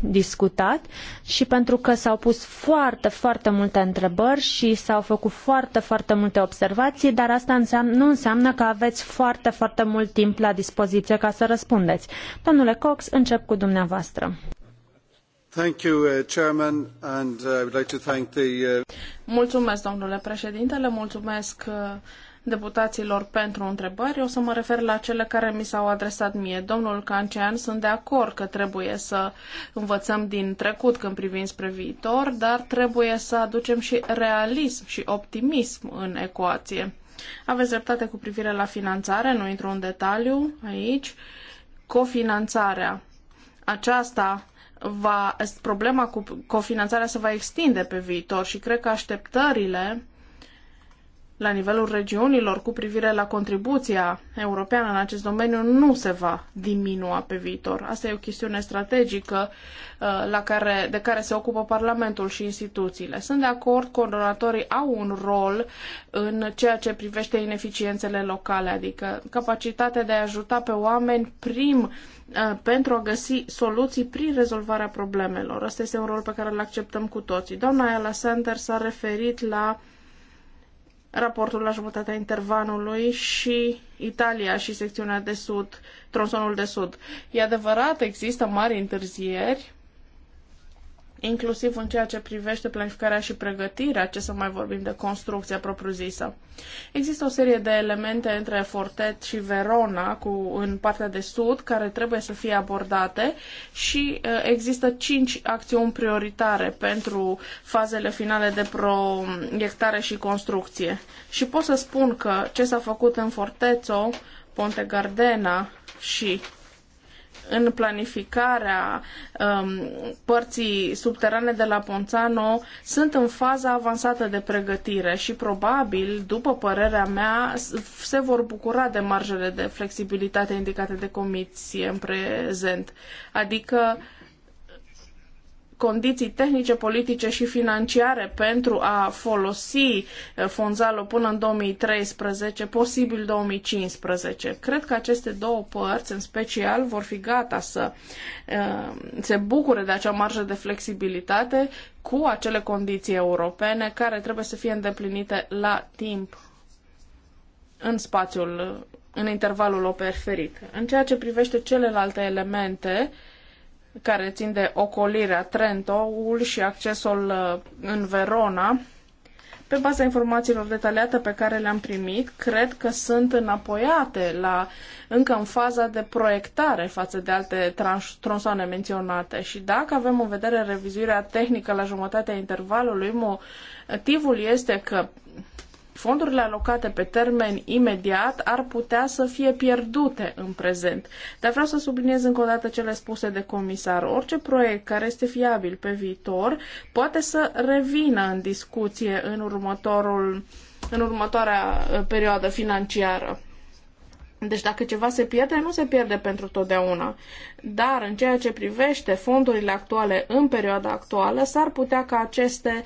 discutat și pentru că s-au pus foarte, foarte multe întrebări și s-au făcut foarte, foarte multe observații, dar asta înseamnă, nu înseamnă că aveți foarte, foarte mult timp la dispoziție ca să răspundeți. Domnule Cox, încep cu dumneavoastră. Mulțumesc, domnule președinte, le mulțumesc uh, deputaților pentru întrebări. O să mă refer la cele care mi s-au adresat mie. Domnul Cancean, sunt de acord că trebuie să învățăm din trecut când privim spre viitor, dar trebuie să aducem și realism și optimism în ecuație. Aveți dreptate cu privire la finanțare, nu intru în detaliu aici. Cofinanțarea. Aceasta va, problema cu cofinanțarea se va extinde pe viitor și cred că așteptările la nivelul regiunilor cu privire la contribuția europeană în acest domeniu nu se va diminua pe viitor. Asta e o chestiune strategică uh, la care, de care se ocupă Parlamentul și instituțiile. Sunt de acord, coordonatorii au un rol în ceea ce privește ineficiențele locale, adică capacitatea de a ajuta pe oameni prim uh, pentru a găsi soluții prin rezolvarea problemelor. Asta este un rol pe care îl acceptăm cu toții. Doamna Ayala Sanders s-a referit la raportul la jumătatea intervanului și Italia și secțiunea de sud, tronsonul de sud. E adevărat, există mari întârzieri, inclusiv în ceea ce privește planificarea și pregătirea, ce să mai vorbim de construcția propriu-zisă. Există o serie de elemente între Fortet și Verona, cu, în partea de sud, care trebuie să fie abordate și uh, există cinci acțiuni prioritare pentru fazele finale de proiectare și construcție. Și pot să spun că ce s-a făcut în Fortețo, Ponte Gardena și în planificarea um, părții subterane de la Ponțano sunt în faza avansată de pregătire și probabil, după părerea mea, se vor bucura de marjele de flexibilitate indicate de comisie în prezent. Adică uh, condiții tehnice, politice și financiare pentru a folosi eh, Fonzalo până în 2013, posibil 2015. Cred că aceste două părți, în special, vor fi gata să eh, se bucure de acea marjă de flexibilitate cu acele condiții europene care trebuie să fie îndeplinite la timp în spațiul, în intervalul oferit. În ceea ce privește celelalte elemente, uh, care țin de ocolirea Trento-ul și accesul uh, în Verona. Pe baza informațiilor detaliate pe care le-am primit, cred că sunt înapoiate la, încă în faza de proiectare față de alte tronsoane menționate și dacă avem în vedere revizuirea tehnică la jumătatea intervalului, motivul este că fondurile alocate pe termen imediat ar putea să fie pierdute în prezent. Dar vreau să subliniez încă o dată cele spuse de comisar. Orice proiect care este fiabil pe viitor poate să revină în discuție în, următorul, în următoarea uh, perioadă financiară. Deci dacă ceva se pierde, nu se pierde pentru totdeauna. Dar în ceea ce privește fondurile actuale în perioada actuală, s-ar putea ca aceste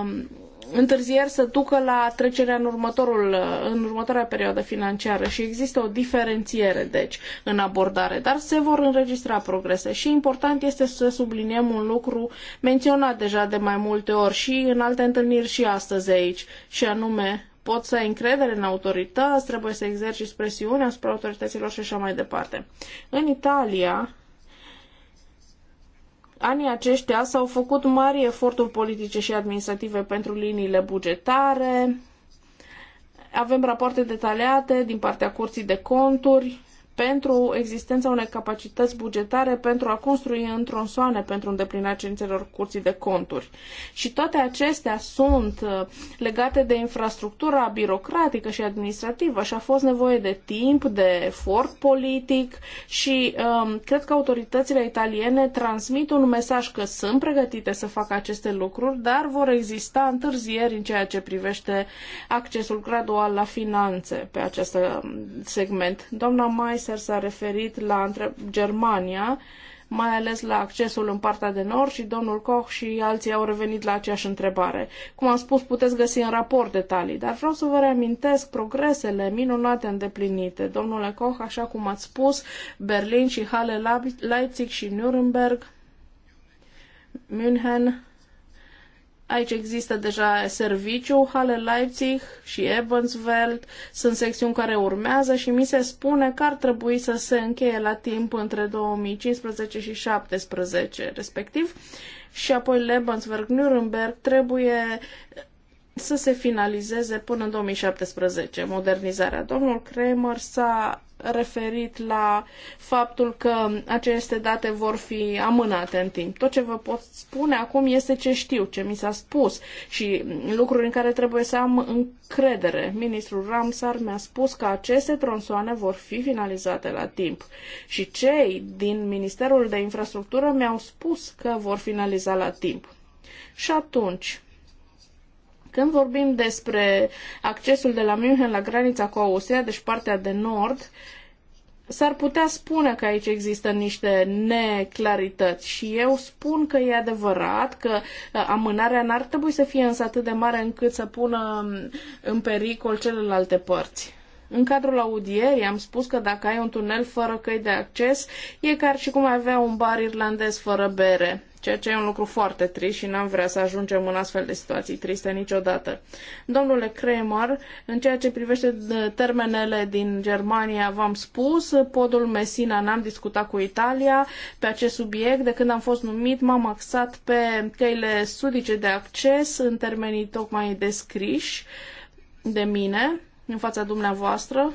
um, întârzieri să ducă la trecerea în, următorul, în următoarea perioadă financiară și există o diferențiere, deci, în abordare, dar se vor înregistra progrese și important este să subliniem un lucru menționat deja de mai multe ori și în alte întâlniri și astăzi aici, și anume pot să ai încredere în autorități, trebuie să exerciți presiune asupra autorităților și așa mai departe. În Italia, anii aceștia s-au făcut mari eforturi politice și administrative pentru liniile bugetare. Avem rapoarte detaliate din partea Curții de Conturi pentru existența unei capacități bugetare pentru a construi în tronsoane pentru îndeplinirea cerințelor curții de conturi. Și toate acestea sunt uh, legate de infrastructura birocratică și administrativă și a fost nevoie de timp, de efort politic și um, cred că autoritățile italiene transmit un mesaj că sunt pregătite să facă aceste lucruri, dar vor exista întârzieri în ceea ce privește accesul gradual la finanțe pe acest um, segment. Doamna Mai Kaiser s-a referit la Germania, mai ales la accesul în partea de nord și domnul Koch și alții au revenit la aceeași întrebare. Cum am spus, puteți găsi în raport detalii, dar vreau să vă reamintesc progresele minunate îndeplinite. Domnule Koch, așa cum ați spus, Berlin și Halle, Leipzig și Nuremberg, München, Aici există deja serviciu Halle Leipzig și Ebensfeld sunt secțiuni care urmează și mi se spune că ar trebui să se încheie la timp între 2015 și 2017 respectiv și apoi Lebensberg Nuremberg trebuie să se finalizeze până în 2017 modernizarea. Domnul Kramer s-a referit la faptul că aceste date vor fi amânate în timp. Tot ce vă pot spune acum este ce știu, ce mi s-a spus și lucruri în care trebuie să am încredere. Ministrul Ramsar mi-a spus că aceste tronsoane vor fi finalizate la timp și cei din Ministerul de Infrastructură mi-au spus că vor finaliza la timp. Și atunci, când vorbim despre accesul de la München la granița cu Austria, deci partea de nord, s-ar putea spune că aici există niște neclarități și eu spun că e adevărat că uh, amânarea n-ar trebui să fie însă atât de mare încât să pună um, în pericol celelalte părți. În cadrul audierii am spus că dacă ai un tunel fără căi de acces, e ca și cum ai avea un bar irlandez fără bere, ceea ce e un lucru foarte trist și n-am vrea să ajungem în astfel de situații triste niciodată. Domnule Kramer, în ceea ce privește uh, termenele din Germania, v-am spus, podul Messina n-am discutat cu Italia pe acest subiect. De când am fost numit, m-am axat pe căile sudice de acces în termenii tocmai descriși de mine în fața dumneavoastră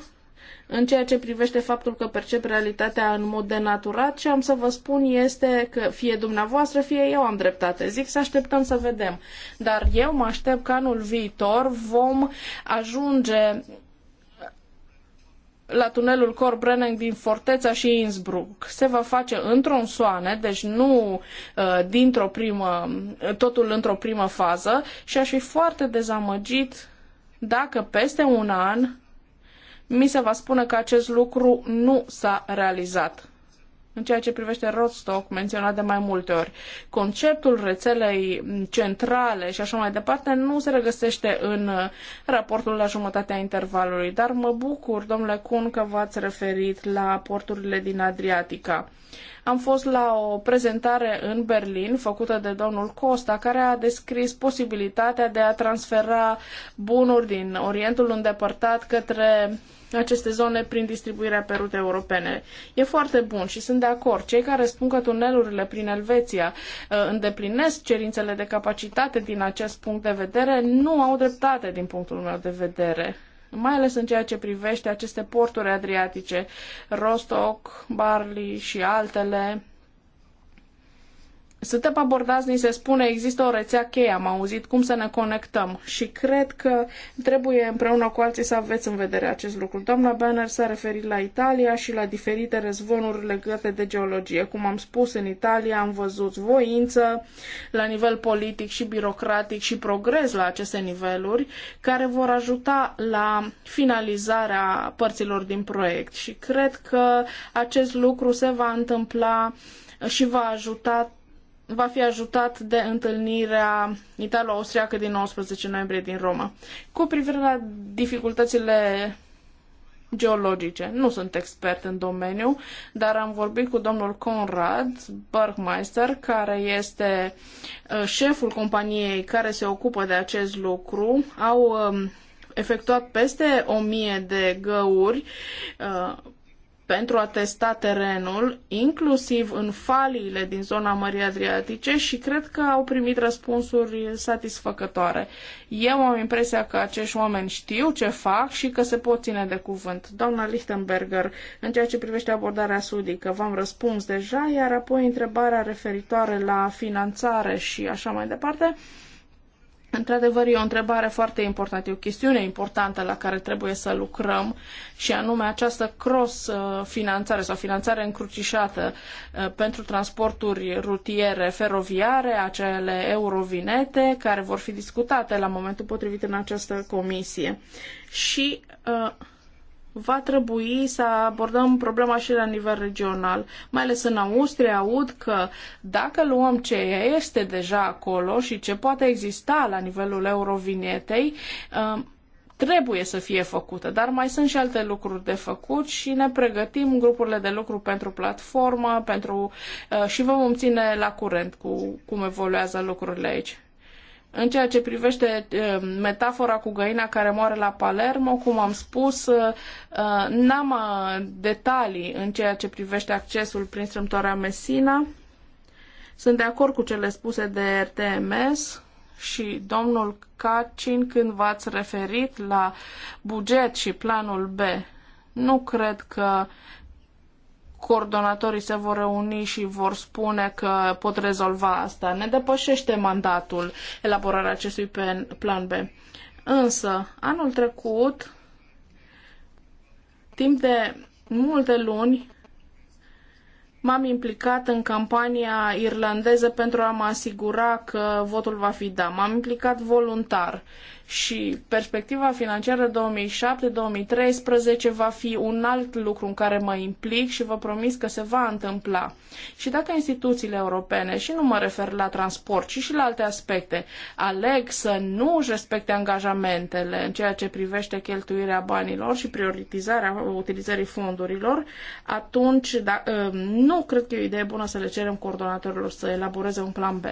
în ceea ce privește faptul că percep realitatea în mod denaturat ce am să vă spun este că fie dumneavoastră, fie eu am dreptate. Zic să așteptăm să vedem. Dar eu mă aștept că anul viitor vom ajunge la tunelul Corbrenning din Forteța și Innsbruck. Se va face într-un soane, deci nu uh, dintr-o primă, totul într-o primă fază și aș fi foarte dezamăgit dacă peste un an mi se va spune că acest lucru nu s-a realizat în ceea ce privește Rostock, menționat de mai multe ori. Conceptul rețelei centrale și așa mai departe nu se regăsește în uh, raportul la jumătatea intervalului, dar mă bucur, domnule Cun, că v-ați referit la porturile din Adriatica. Am fost la o prezentare în Berlin făcută de domnul Costa, care a descris posibilitatea de a transfera bunuri din Orientul îndepărtat către aceste zone prin distribuirea pe rute europene. E foarte bun și sunt de acord. Cei care spun că tunelurile prin Elveția uh, îndeplinesc cerințele de capacitate din acest punct de vedere nu au dreptate din punctul meu de vedere mai ales în ceea ce privește aceste porturi adriatice, Rostock, Barley și altele, suntem abordați, ni se spune, există o rețea cheie, am auzit cum să ne conectăm și cred că trebuie împreună cu alții să aveți în vedere acest lucru. Doamna Banner s-a referit la Italia și la diferite răzvonuri legate de geologie. Cum am spus, în Italia am văzut voință la nivel politic și birocratic și progres la aceste niveluri care vor ajuta la finalizarea părților din proiect și cred că acest lucru se va întâmpla și va ajuta va fi ajutat de întâlnirea italo-austriacă din 19 noiembrie din Roma. Cu privire la dificultățile geologice, nu sunt expert în domeniu, dar am vorbit cu domnul Conrad Bergmeister, care este uh, șeful companiei care se ocupă de acest lucru. Au um, efectuat peste o mie de găuri uh, pentru a testa terenul, inclusiv în faliile din zona Mării Adriatice și cred că au primit răspunsuri satisfăcătoare. Eu am impresia că acești oameni știu ce fac și că se pot ține de cuvânt. Doamna Lichtenberger, în ceea ce privește abordarea sudică, v-am răspuns deja, iar apoi întrebarea referitoare la finanțare și așa mai departe. Într-adevăr, e o întrebare foarte importantă, e o chestiune importantă la care trebuie să lucrăm și anume această cross-finanțare sau finanțare încrucișată uh, pentru transporturi rutiere, feroviare, acele eurovinete care vor fi discutate la momentul potrivit în această comisie. Și uh, va trebui să abordăm problema și la nivel regional. Mai ales în Austria aud că dacă luăm ce este deja acolo și ce poate exista la nivelul eurovinietei, um, trebuie să fie făcută, dar mai sunt și alte lucruri de făcut și ne pregătim grupurile de lucru pentru platformă pentru, uh, și vom ține la curent cu cum evoluează lucrurile aici. În ceea ce privește eh, metafora cu găina care moare la Palermo, cum am spus, eh, eh, n-am detalii în ceea ce privește accesul prin strâmtoarea Messina. Sunt de acord cu cele spuse de RTMS și domnul Cacin când v-ați referit la buget și planul B. Nu cred că coordonatorii se vor reuni și vor spune că pot rezolva asta. Ne depășește mandatul elaborarea acestui plan B. Însă, anul trecut, timp de multe luni, m-am implicat în campania irlandeză pentru a mă asigura că votul va fi da. M-am implicat voluntar și perspectiva financiară 2007-2013 va fi un alt lucru în care mă implic și vă promis că se va întâmpla. Și dacă instituțiile europene, și nu mă refer la transport, ci și la alte aspecte, aleg să nu își respecte angajamentele în ceea ce privește cheltuirea banilor și prioritizarea utilizării fondurilor, atunci da, ă, nu cred că e o idee bună să le cerem coordonatorilor să elaboreze un plan B.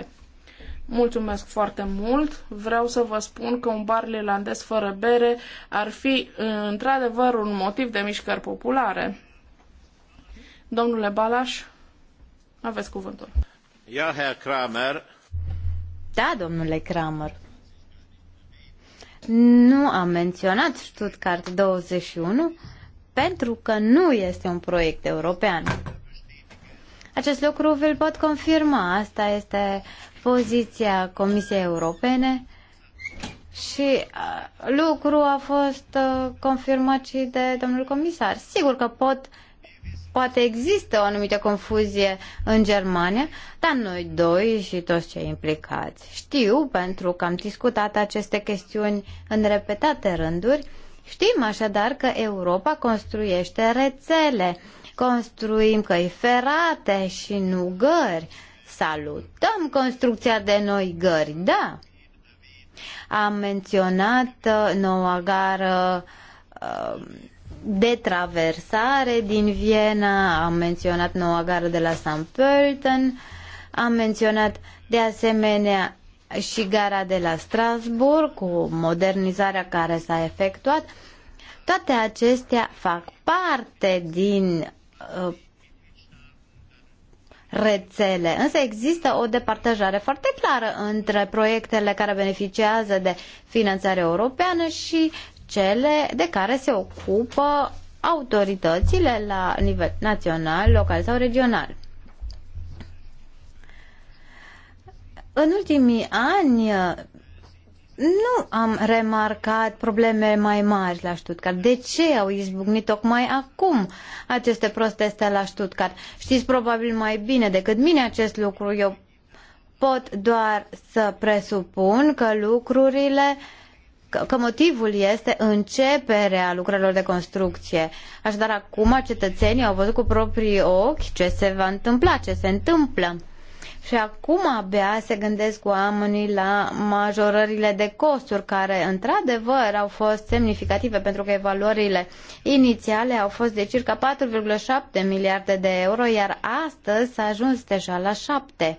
Mulțumesc foarte mult. Vreau să vă spun că un bar irlandez fără bere ar fi într-adevăr un motiv de mișcări populare. Domnule Balaș, aveți cuvântul. Ja, Herr Kramer. Da, domnule Kramer. Nu am menționat Stuttgart 21 pentru că nu este un proiect european. Acest lucru vi-l pot confirma. Asta este poziția Comisiei Europene și uh, lucru a fost uh, confirmat și de domnul comisar. Sigur că pot, poate există o anumită confuzie în Germania, dar noi doi și toți cei implicați știu, pentru că am discutat aceste chestiuni în repetate rânduri, știm așadar că Europa construiește rețele, construim căi ferate și nu gări salutăm construcția de noi gări, da. Am menționat uh, noua gară uh, de traversare din Viena, am menționat noua gară de la St. Pölten, am menționat de asemenea și gara de la Strasburg cu modernizarea care s-a efectuat. Toate acestea fac parte din uh, rețele. Însă există o departajare foarte clară între proiectele care beneficiază de finanțare europeană și cele de care se ocupă autoritățile la nivel național, local sau regional. În ultimii ani, nu am remarcat probleme mai mari la Stuttgart. De ce au izbucnit tocmai acum aceste proteste la Stuttgart? Știți probabil mai bine decât mine acest lucru. Eu pot doar să presupun că lucrurile că, că motivul este începerea lucrărilor de construcție. Așadar, acum cetățenii au văzut cu proprii ochi ce se va întâmpla, ce se întâmplă. Și acum abia se gândesc oamenii la majorările de costuri, care într-adevăr au fost semnificative, pentru că evaluările inițiale au fost de circa 4,7 miliarde de euro, iar astăzi s-a ajuns deja la 7.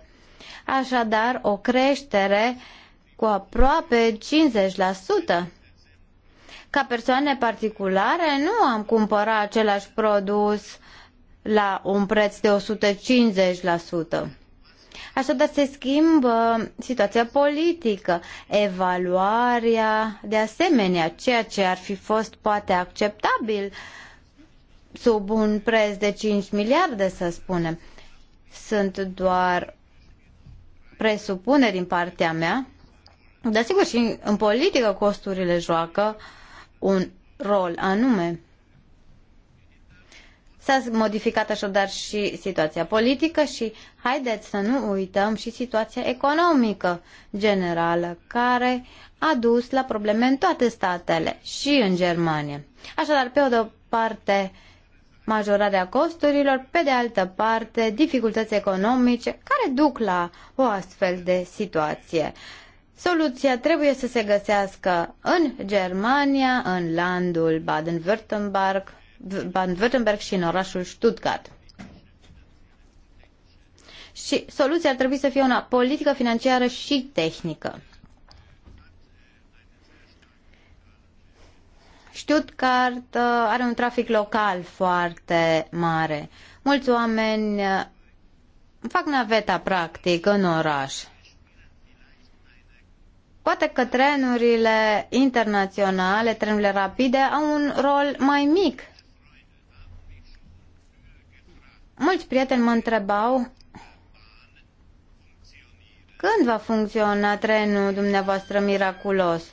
Așadar, o creștere cu aproape 50%. Ca persoane particulare nu am cumpărat același produs la un preț de 150%. Așadar se schimbă situația politică, evaluarea de asemenea, ceea ce ar fi fost poate acceptabil sub un preț de 5 miliarde, să spunem. Sunt doar presupuneri din partea mea, dar sigur și în politică costurile joacă un rol anume. S-a modificat așadar și situația politică și haideți să nu uităm și situația economică generală, care a dus la probleme în toate statele și în Germania. Așadar, pe o de parte, majorarea costurilor, pe de altă parte, dificultăți economice care duc la o astfel de situație. Soluția trebuie să se găsească în Germania, în landul Baden-Württemberg, Baden-Württemberg și în orașul Stuttgart. Și soluția ar trebui să fie una politică, financiară și tehnică. Stuttgart uh, are un trafic local foarte mare. Mulți oameni uh, fac naveta practic în oraș. Poate că trenurile internaționale, trenurile rapide, au un rol mai mic Mulți prieteni mă întrebau când va funcționa trenul dumneavoastră miraculos?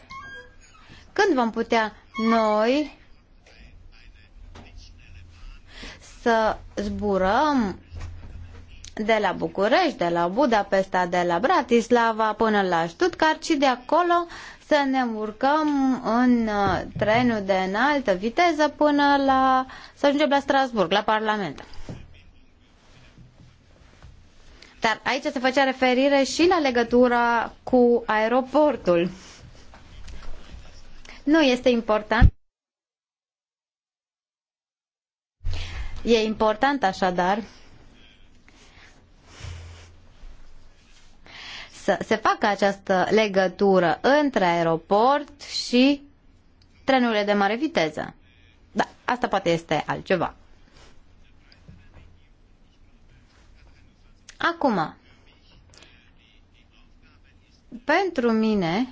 Când vom putea noi să zburăm de la București, de la Budapesta, de la Bratislava până la Stuttgart și de acolo să ne urcăm în uh, trenul de înaltă viteză până la să ajungem la Strasburg, la Parlament. Dar aici se făcea referire și la legătura cu aeroportul. Nu este important. E important așadar să se facă această legătură între aeroport și trenurile de mare viteză. Da, asta poate este altceva. Acum, pentru mine,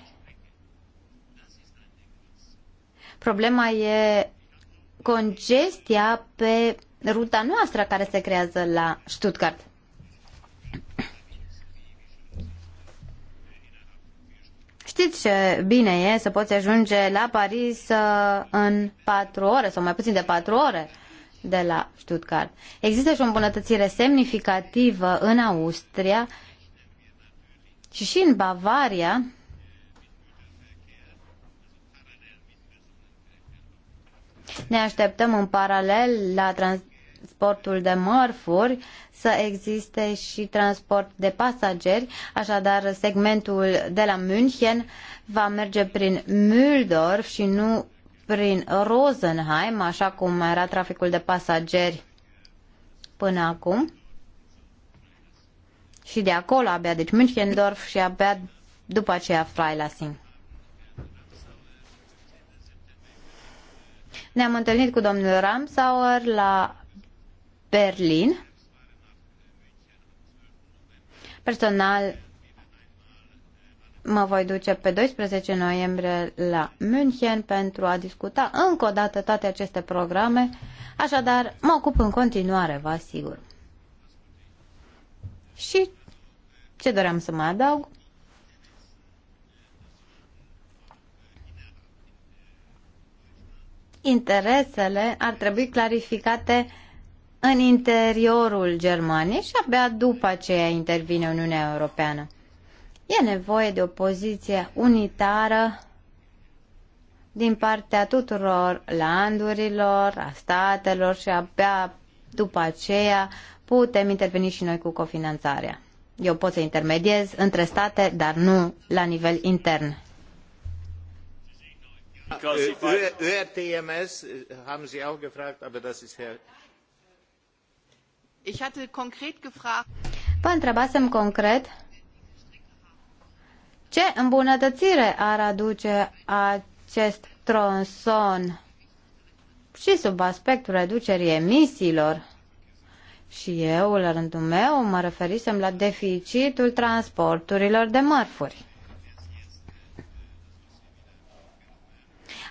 problema e congestia pe ruta noastră care se creează la Stuttgart. Știți ce bine e să poți ajunge la Paris uh, în patru ore sau mai puțin de patru ore de la Stuttgart. Există și o îmbunătățire semnificativă în Austria și și în Bavaria, Ne așteptăm în paralel la transportul de mărfuri să existe și transport de pasageri, așadar segmentul de la München va merge prin Mühldorf și nu prin Rosenheim, așa cum era traficul de pasageri până acum. Și de acolo abia, deci Münchendorf și abia după aceea Freilassing. Ne-am întâlnit cu domnul Ramsauer la Berlin. Personal mă voi duce pe 12 noiembrie la München pentru a discuta încă o dată toate aceste programe, așadar mă ocup în continuare, vă asigur. Și ce doream să mai adaug? Interesele ar trebui clarificate în interiorul Germaniei și abia după aceea intervine Uniunea Europeană. E nevoie de o poziție unitară din partea tuturor landurilor, a statelor și abia după aceea putem interveni și noi cu cofinanțarea. Eu pot să intermediez între state, dar nu la nivel intern. ÖRTMS haben Sie auch gefragt, aber das ist Herr. Ich hatte konkret gefragt. Vă întrebasem concret ce îmbunătățire ar aduce acest tronson și sub aspectul reducerii emisiilor? Și eu, la rândul meu, mă referisem la deficitul transporturilor de mărfuri.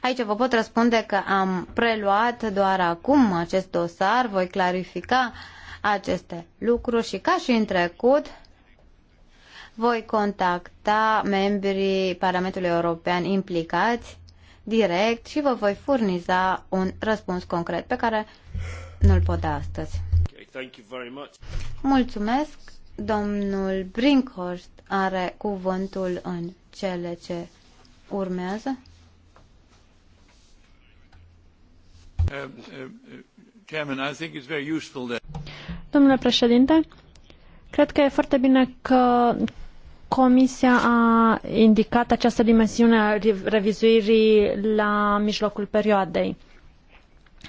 Aici vă pot răspunde că am preluat doar acum acest dosar, voi clarifica aceste lucruri și ca și în trecut voi contacta membrii Parlamentului European implicați direct și vă voi furniza un răspuns concret pe care nu-l pot da astăzi. Mulțumesc. Domnul Brinkhorst are cuvântul în cele ce urmează. Domnule președinte, cred că e foarte bine că Comisia a indicat această dimensiune a revizuirii la mijlocul perioadei.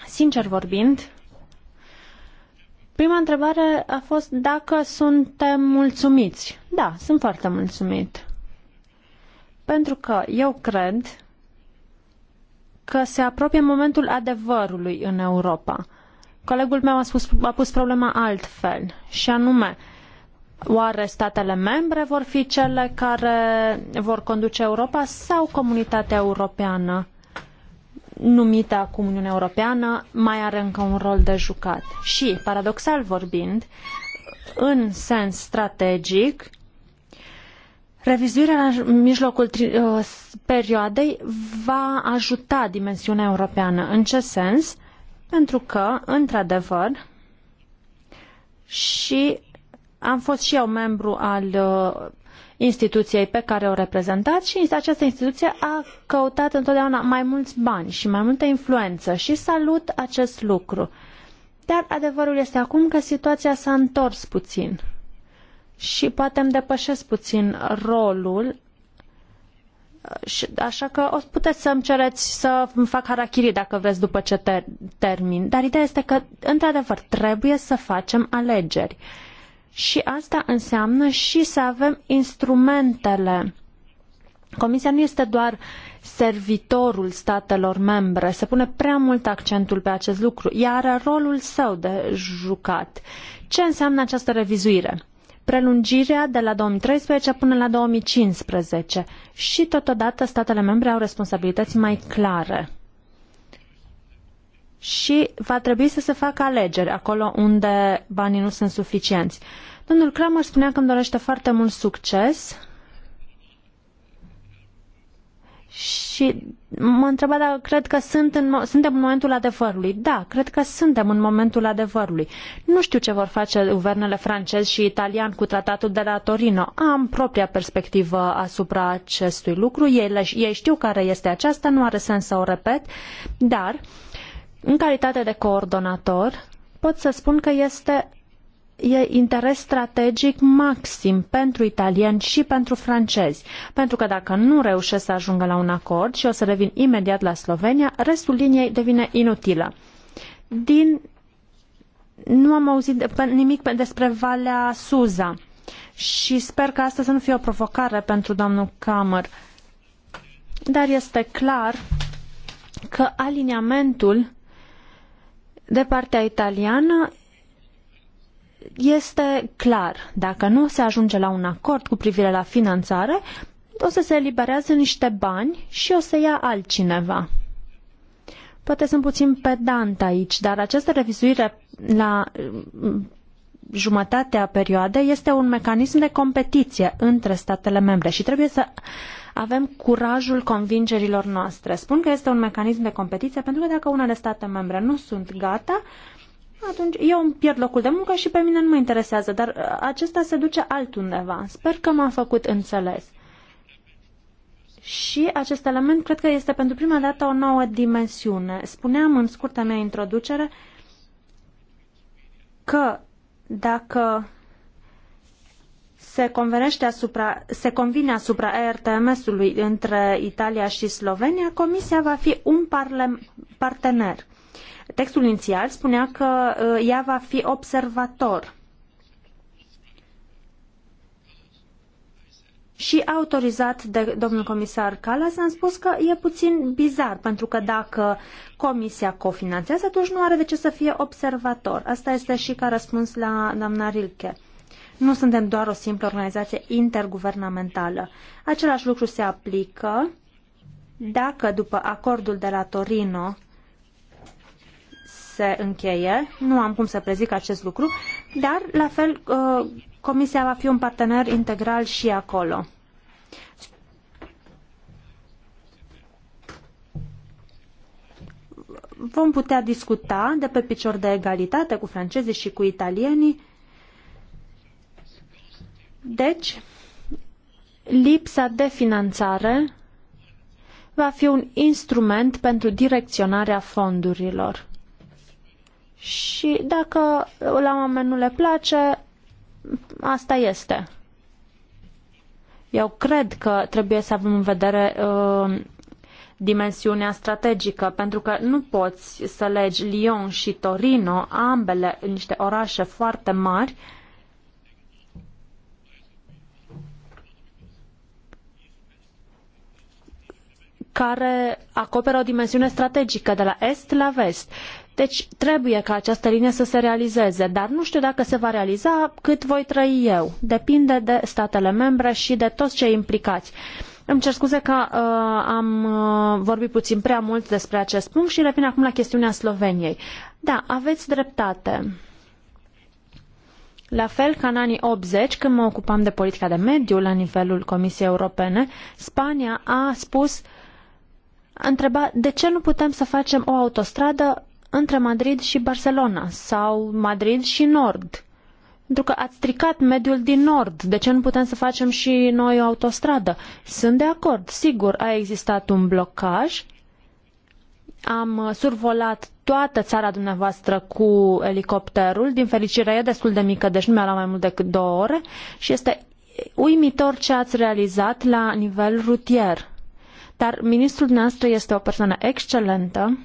Sincer vorbind, prima întrebare a fost dacă suntem mulțumiți. Da, sunt foarte mulțumit. Pentru că eu cred că se apropie momentul adevărului în Europa. Colegul meu a, spus, a pus problema altfel, și anume, uh, Oare statele membre vor fi cele care vor conduce Europa sau comunitatea europeană? numită acum Uniunea Europeană mai are încă un rol de jucat. Și, paradoxal vorbind, în sens strategic, revizuirea la mijlocul uh, perioadei va ajuta dimensiunea europeană. În ce sens? Pentru că, într-adevăr, și am fost și eu membru al uh, instituției pe care o reprezentați și această instituție a căutat întotdeauna mai mulți bani și mai multă influență și salut acest lucru. Dar adevărul este acum că situația s-a întors puțin și poate îmi depășesc puțin rolul uh, așa că o puteți să-mi cereți să îmi fac harakiri dacă vreți după ce ter- termin. Dar ideea este că, într-adevăr, trebuie să facem alegeri și asta înseamnă și să avem instrumentele. Comisia nu este doar servitorul statelor membre, se pune prea mult accentul pe acest lucru, iar rolul său de jucat. Ce înseamnă această revizuire? prelungirea de la 2013 până la 2015 și totodată statele membre au responsabilități mai clare și va trebui să se facă alegeri acolo unde banii nu sunt suficienți. Domnul Kramer spunea că îmi dorește foarte mult succes și mă întreba dacă cred că sunt în, suntem în momentul adevărului. Da, cred că suntem în momentul adevărului. Nu știu ce vor face guvernele francez și italian cu tratatul de la Torino. Am propria perspectivă asupra acestui lucru. Ei, ei știu care este aceasta, nu are sens să o repet, dar uh, în calitate de coordonator, pot să spun că este e interes strategic maxim pentru italieni și pentru francezi, pentru că dacă nu reușesc să ajungă la un acord și o să revin imediat la Slovenia, restul liniei devine inutilă. Din nu am auzit nimic despre Valea Suza și sper că asta să nu fie o provocare pentru domnul Camer. Dar este clar că aliniamentul de partea italiană este clar, dacă nu se ajunge la un acord cu privire la finanțare, o să se eliberează niște bani și o să ia altcineva. Poate sunt puțin pedant aici, dar această revizuire la jumătate a perioadei este un mecanism de competiție între statele membre și trebuie să avem curajul convingerilor noastre. Spun că este un mecanism de competiție pentru că dacă unele state membre nu sunt gata, atunci eu îmi pierd locul de muncă și pe mine nu mă interesează, dar uh, acesta se duce altundeva. Sper că m-am făcut înțeles. Și acest element cred că este pentru prima dată o nouă dimensiune. Spuneam în scurta mea introducere că dacă se, convenește asupra, se convine asupra ERTMS-ului între Italia și Slovenia, Comisia va fi un partener. Textul inițial spunea că uh, ea va fi observator. și autorizat de domnul comisar Calas, am spus că e puțin bizar, pentru că dacă comisia cofinanțează, atunci nu are de ce să fie observator. Asta este și ca răspuns la doamna Rilke. Nu suntem doar o simplă organizație interguvernamentală. Același lucru se aplică dacă după acordul de la Torino se încheie, nu am cum să prezic acest lucru, dar la fel uh, Comisia va fi un partener integral și acolo. Vom putea discuta de pe picior de egalitate cu francezii și cu italienii. Deci, lipsa de finanțare va fi un instrument pentru direcționarea fondurilor. Și dacă la oameni nu le place, asta este. Eu cred că trebuie să avem în vedere uh, dimensiunea strategică, pentru că nu poți să legi Lyon și Torino, ambele niște orașe foarte mari, care acoperă o dimensiune strategică de la est la vest. Deci trebuie ca această linie să se realizeze, dar nu știu dacă se va realiza cât voi trăi eu. Depinde de statele membre și de toți cei implicați. Îmi cer scuze că uh, am uh, vorbit puțin prea mult despre acest punct și revin acum la chestiunea Sloveniei. Da, aveți dreptate. La fel ca în anii 80, când mă ocupam de politica de mediu la nivelul Comisiei Europene, Spania a spus, a întrebat de ce nu putem să facem o autostradă între Madrid și Barcelona sau Madrid și Nord. Pentru că ați stricat mediul din nord, de ce nu putem să facem și noi o autostradă? Sunt de acord, sigur, a existat un blocaj, am survolat toată țara dumneavoastră cu elicopterul, din fericire e destul de mică, deci nu mi-a luat mai mult decât două ore și este uimitor ce ați realizat la nivel rutier. Dar ministrul dumneavoastră este o persoană excelentă,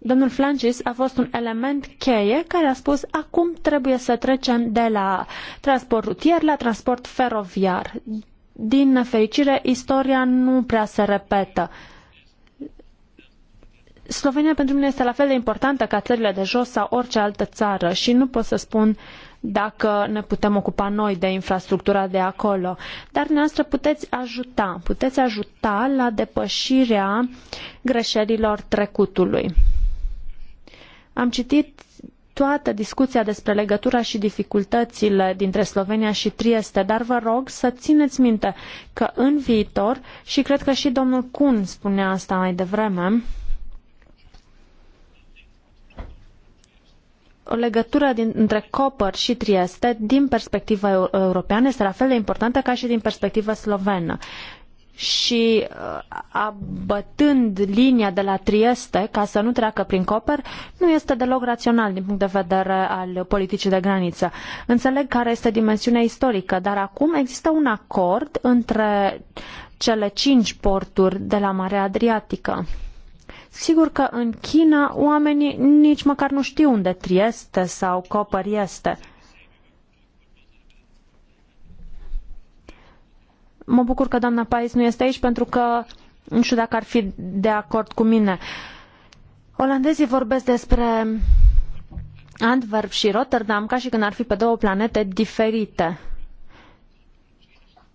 Domnul Flancis a fost un element cheie care a spus acum trebuie să trecem de la transport rutier la transport feroviar. Din nefericire, istoria nu prea se repetă. Slovenia pentru mine este la fel de importantă ca țările de jos sau orice altă țară și nu pot să spun dacă ne putem ocupa noi de infrastructura de acolo. Dar noastră puteți ajuta, puteți ajuta la depășirea greșelilor trecutului. Am citit toată discuția despre legătura și dificultățile dintre Slovenia și Trieste, dar vă rog să țineți minte că în viitor, și cred că și domnul Kun spunea asta mai devreme, o legătură din, între Copăr și Trieste din perspectiva europeană este la fel de importantă ca și din perspectiva slovenă și uh, abătând linia de la Trieste ca să nu treacă prin Coper nu este deloc rațional din punct de vedere al politicii de graniță. Înțeleg care este dimensiunea istorică, dar acum există un acord între cele cinci porturi de la Marea Adriatică. Sigur că în China oamenii nici măcar nu știu unde Trieste sau Coper este. Mă bucur că doamna Pais nu este aici pentru că nu știu dacă ar fi de acord cu mine. Olandezii vorbesc despre Antwerp și Rotterdam ca și când ar fi pe două planete diferite.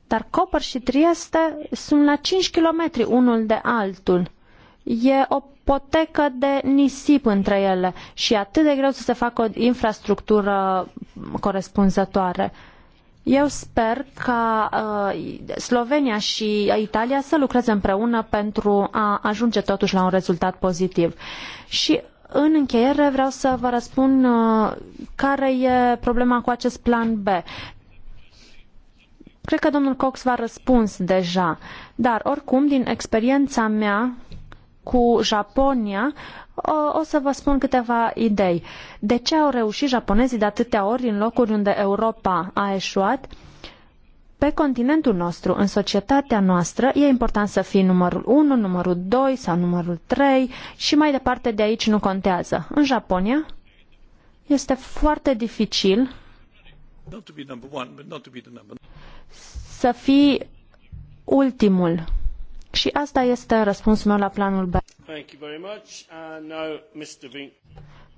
Dar Copăr și Trieste sunt la 5 km unul de altul. E o potecă de nisip între ele și e atât de greu să se facă o infrastructură corespunzătoare. Eu sper ca uh, Slovenia și Italia să lucreze împreună pentru a ajunge totuși la un rezultat pozitiv. Și în încheiere vreau să vă răspund uh, care e problema cu acest plan B. Cred că domnul Cox v-a răspuns deja, dar oricum din experiența mea cu Japonia, uh, o, o să vă spun câteva idei. De ce au reușit japonezii de atâtea ori în locuri unde Europa a eșuat? Pe continentul nostru, în societatea noastră, e important să fii numărul 1, numărul 2 sau numărul 3 și mai departe de aici nu contează. În Japonia este foarte dificil să fii ultimul și asta este răspunsul meu la planul B.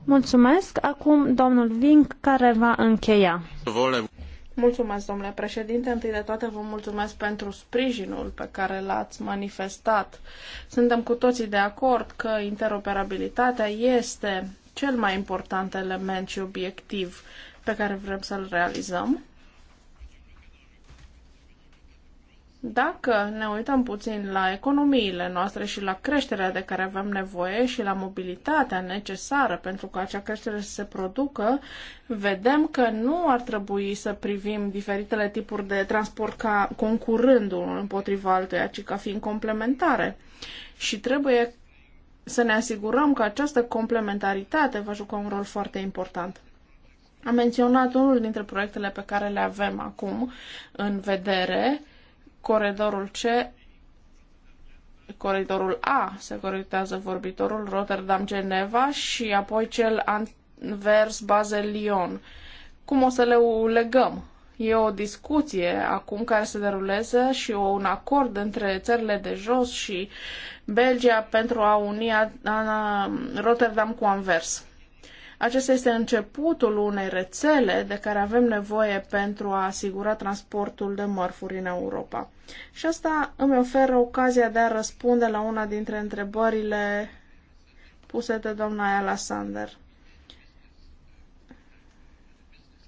Mulțumesc. Acum domnul Vink care va încheia. Mulțumesc, domnule președinte. Întâi de toate vă mulțumesc pentru sprijinul pe care l-ați manifestat. Suntem cu toții de acord că interoperabilitatea este cel mai important element și obiectiv pe care vrem să-l realizăm Dacă ne uităm puțin la economiile noastre și la creșterea de care avem nevoie și la mobilitatea necesară pentru ca acea creștere să se producă, vedem că nu ar trebui să privim diferitele tipuri de transport ca concurând unul împotriva altuia, ci ca fiind complementare. Și trebuie să ne asigurăm că această complementaritate va juca un rol foarte important. Am menționat unul dintre proiectele pe care le avem acum în vedere, Coridorul C, coridorul A, se corectează vorbitorul, Rotterdam-Geneva și apoi cel Anvers-Basel-Lyon. Cum o să le legăm? E o discuție acum care se derulează și un acord între țările de jos și Belgia pentru a uni Rotterdam cu Anvers. Acesta este începutul unei rețele de care avem nevoie pentru a asigura transportul de mărfuri în Europa. Și asta îmi oferă ocazia de a răspunde la una dintre întrebările puse de doamna Ayala Sander.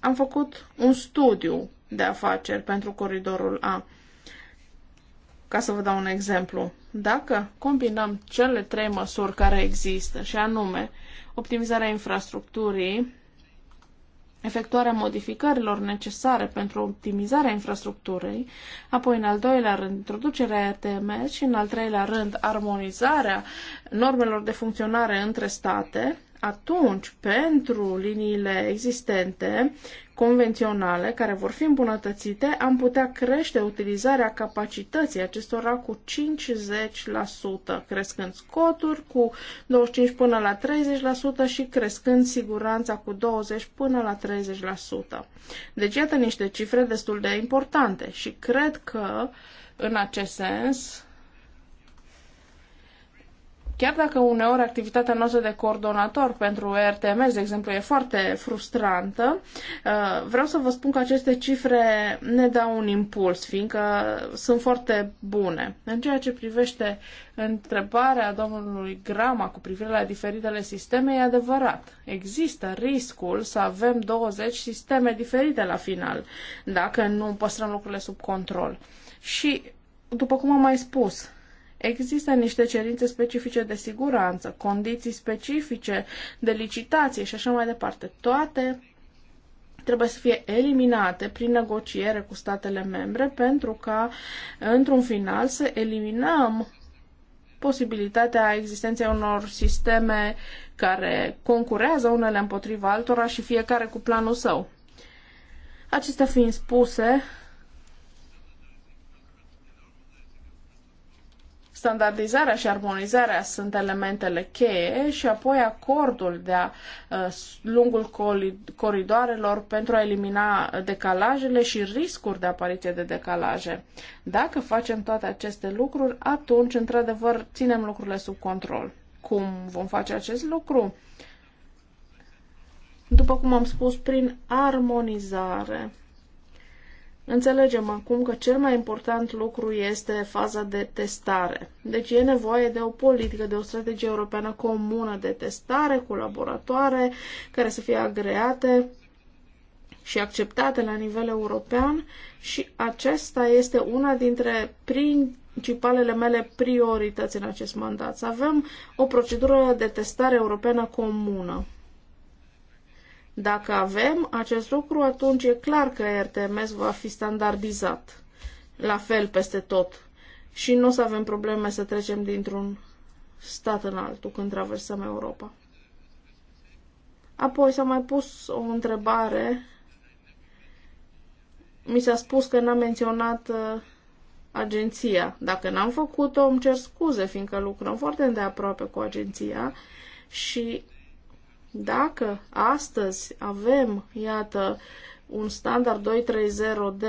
Am făcut un studiu de afaceri pentru coridorul A. Ca să vă dau un exemplu, dacă combinăm cele trei măsuri care există, și anume optimizarea infrastructurii, efectuarea modificărilor necesare pentru optimizarea infrastructurii, apoi în al doilea rând introducerea RTMS și în al treilea rând armonizarea normelor de funcționare între state, atunci pentru liniile existente convenționale care vor fi îmbunătățite, am putea crește utilizarea capacității acestora cu 50%, crescând scoturi cu 25 până la 30% și crescând siguranța cu 20 până la 30%. Deci iată niște cifre destul de importante și cred că în acest sens Chiar dacă uneori activitatea noastră de coordonator pentru RTMS, de exemplu, e foarte frustrantă, uh, vreau să vă spun că aceste cifre ne dau un impuls, fiindcă sunt foarte bune. În ceea ce privește întrebarea domnului Grama cu privire la diferitele sisteme, e adevărat. Există riscul să avem 20 sisteme diferite la final, dacă nu păstrăm lucrurile sub control. Și, după cum am mai spus, Există niște cerințe specifice de siguranță, condiții specifice de licitație și așa mai departe. Toate trebuie să fie eliminate prin negociere cu statele membre pentru ca, într-un final, să eliminăm posibilitatea existenței unor sisteme care concurează unele împotriva altora și fiecare cu planul său. Acestea fiind spuse, Standardizarea și armonizarea sunt elementele cheie și apoi acordul de-a uh, lungul coridoarelor pentru a elimina decalajele și riscuri de apariție de decalaje. Dacă facem toate aceste lucruri, atunci, într-adevăr, ținem lucrurile sub control. Cum vom face acest lucru? După cum am spus, prin armonizare. Înțelegem acum că cel mai important lucru este faza de testare. Deci e nevoie de o politică, de o strategie europeană comună de testare cu laboratoare care să fie agreate și acceptate la nivel european și acesta este una dintre principalele mele priorități în acest mandat. Să avem o procedură de testare europeană comună. Dacă avem acest lucru, atunci e clar că RTMS va fi standardizat la fel peste tot și nu o să avem probleme să trecem dintr-un stat în altul când traversăm Europa. Apoi s-a mai pus o întrebare. Mi s-a spus că n-am menționat uh, agenția. Dacă n-am făcut-o, îmi cer scuze, fiindcă lucrăm foarte îndeaproape cu agenția și dacă astăzi avem, iată, un standard 230D,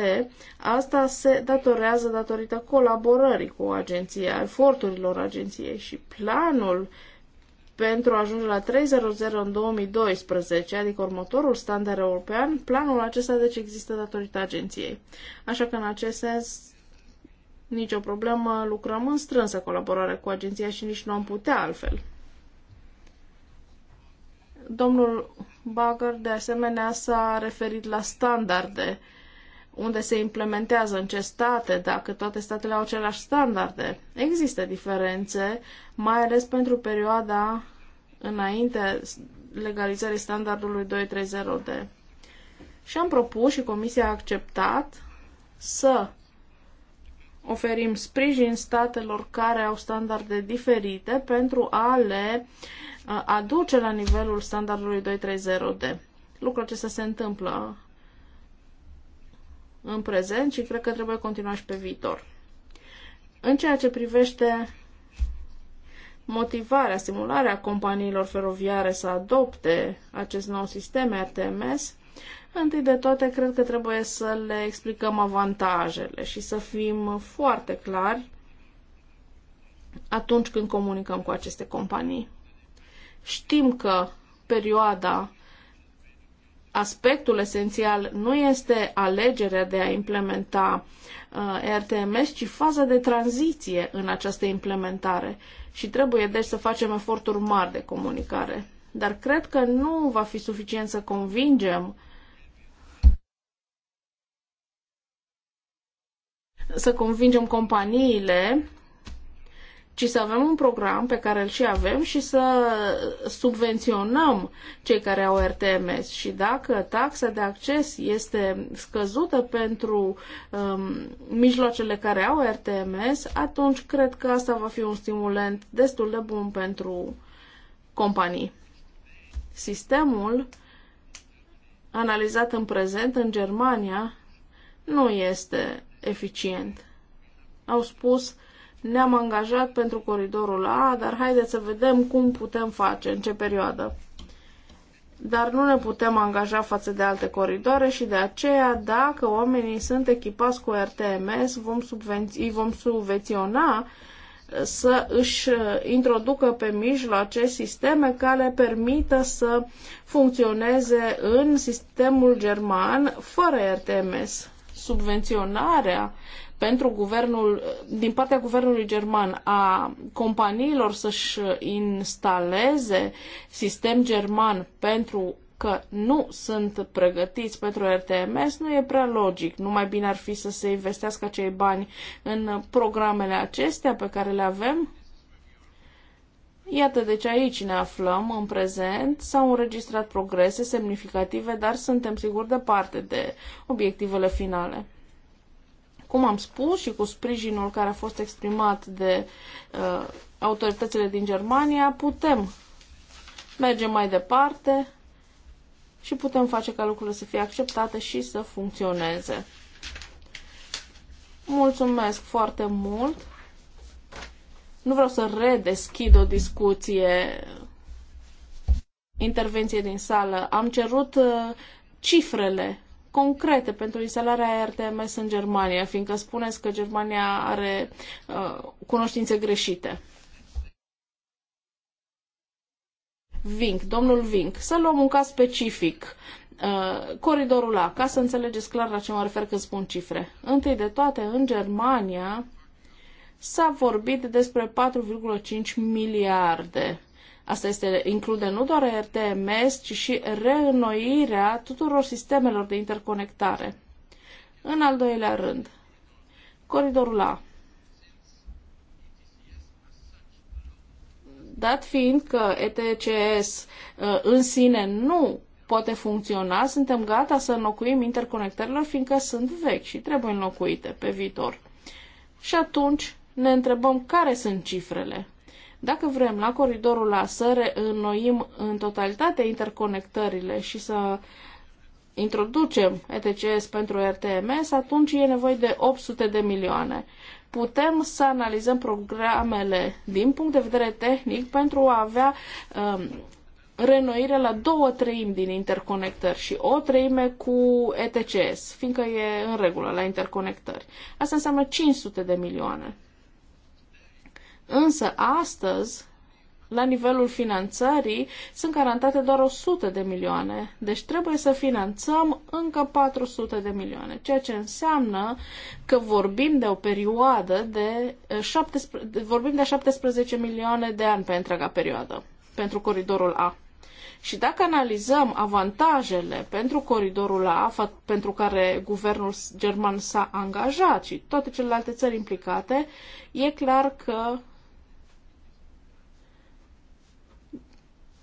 asta se datorează datorită colaborării cu agenția, eforturilor agenției și planul pentru a ajunge la 3.00 în 2012, adică următorul standard european, planul acesta deci există datorită agenției. Așa că în acest sens nicio problemă, lucrăm în strânsă colaborare cu agenția și nici nu am putea altfel. Domnul Bagger, de asemenea, s-a referit la standarde, unde se implementează, în ce state, dacă toate statele au aceleași standarde. Există diferențe, mai ales pentru perioada înainte legalizării standardului 230D. Și am propus și Comisia a acceptat să oferim sprijin statelor care au standarde diferite pentru a le aduce la nivelul standardului 230D. Lucrul acesta se întâmplă în prezent și cred că trebuie continuat și pe viitor. În ceea ce privește motivarea, stimularea companiilor feroviare să adopte acest nou sistem RTMS, întâi de toate cred că trebuie să le explicăm avantajele și să fim foarte clari atunci când comunicăm cu aceste companii. Știm că perioada, aspectul esențial nu este alegerea de a implementa uh, RTMS, ci faza de tranziție în această implementare și trebuie deci să facem eforturi mari de comunicare. Dar cred că nu va fi suficient să convingem să convingem companiile ci să avem un program pe care îl și avem și să subvenționăm cei care au RTMS. Și dacă taxa de acces este scăzută pentru um, mijloacele care au RTMS, atunci cred că asta va fi un stimulant destul de bun pentru companii. Sistemul analizat în prezent în Germania nu este eficient. Au spus ne-am angajat pentru coridorul A, dar haideți să vedem cum putem face, în ce perioadă. Dar nu ne putem angaja față de alte coridoare și de aceea, dacă oamenii sunt echipați cu RTMS, vom îi vom subvenționa uh, să își uh, introducă pe mijloace sisteme care permită să funcționeze în sistemul german fără RTMS. Subvenționarea pentru guvernul, din partea guvernului german a companiilor să-și instaleze sistem german pentru că nu sunt pregătiți pentru RTMS nu e prea logic. Nu mai bine ar fi să se investească acei bani în programele acestea pe care le avem? Iată, deci aici ne aflăm în prezent, s-au înregistrat progrese semnificative, dar suntem sigur departe de obiectivele finale. Cum am spus și cu sprijinul care a fost exprimat de uh, autoritățile din Germania, putem merge mai departe și putem face ca lucrurile să fie acceptate și să funcționeze. Mulțumesc foarte mult! Nu vreau să redeschid o discuție, intervenție din sală. Am cerut uh, cifrele concrete pentru instalarea RTMS în Germania, fiindcă spuneți că Germania are uh, cunoștințe greșite. Vink, domnul Vink, să luăm un caz specific. Uh, coridorul A, ca să înțelegeți clar la ce mă refer când spun cifre. Întâi de toate, în Germania s-a vorbit despre 4,5 miliarde Asta este, include nu doar RTMS, ci și reînnoirea tuturor sistemelor de interconectare. În al doilea rând, coridorul A. Dat fiind că ETCS uh, în sine nu poate funcționa, suntem gata să înlocuim interconectările, fiindcă sunt vechi și trebuie înlocuite pe viitor. Și atunci ne întrebăm care sunt cifrele dacă vrem la coridorul la să reînnoim în totalitate interconectările și să introducem ETCS pentru RTMS, atunci e nevoie de 800 de milioane. Putem să analizăm programele din punct de vedere tehnic pentru a avea um, renoire la două treimi din interconectări și o treime cu ETCS, fiindcă e în regulă la interconectări. Asta înseamnă 500 de milioane. Însă astăzi, la nivelul finanțării, sunt garantate doar 100 de milioane, deci trebuie să finanțăm încă 400 de milioane, ceea ce înseamnă că vorbim de o perioadă de 17, eh, vorbim de 17 milioane de ani pe întreaga perioadă, pentru coridorul A. Și dacă analizăm avantajele pentru coridorul A, pentru care guvernul german s-a angajat și toate celelalte țări implicate, e clar că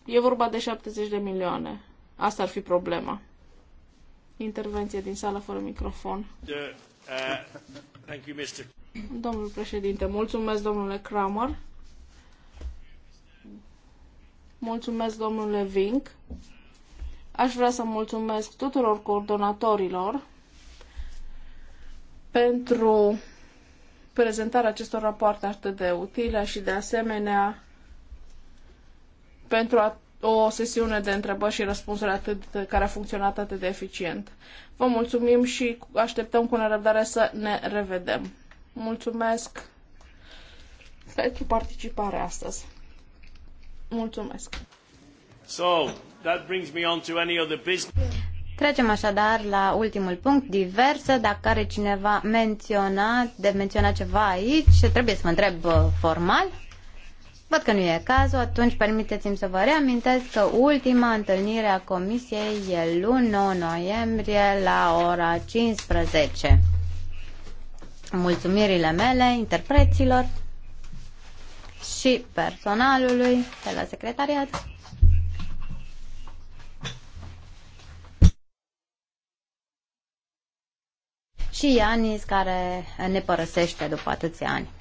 E vorba de 70 de milioane. Asta ar fi problema. Intervenție din sală fără microfon. De, uh, thank you, Mr. Domnul președinte, mulțumesc domnule Kramer. Mulțumesc domnule Vink. Aș vrea să mulțumesc tuturor coordonatorilor pentru prezentarea acestor rapoarte atât de utile și de asemenea pentru a, o sesiune de întrebări și răspunsuri atât care a funcționat atât de eficient. Vă mulțumim și așteptăm cu nerăbdare să ne revedem. Mulțumesc pentru participare astăzi. Mulțumesc. So, that brings me on to any other business. Trecem așadar la ultimul punct, diverse. Dacă are cineva menționat, de menționat ceva aici, trebuie să mă întreb uh, formal. Văd că nu e cazul, atunci permiteți-mi să vă reamintesc că ultima întâlnire a comisiei e luni 9 noiembrie la ora 15. Mulțumirile mele interpreților și personalului de la secretariat. Și Ianis care ne părăsește după atâția ani.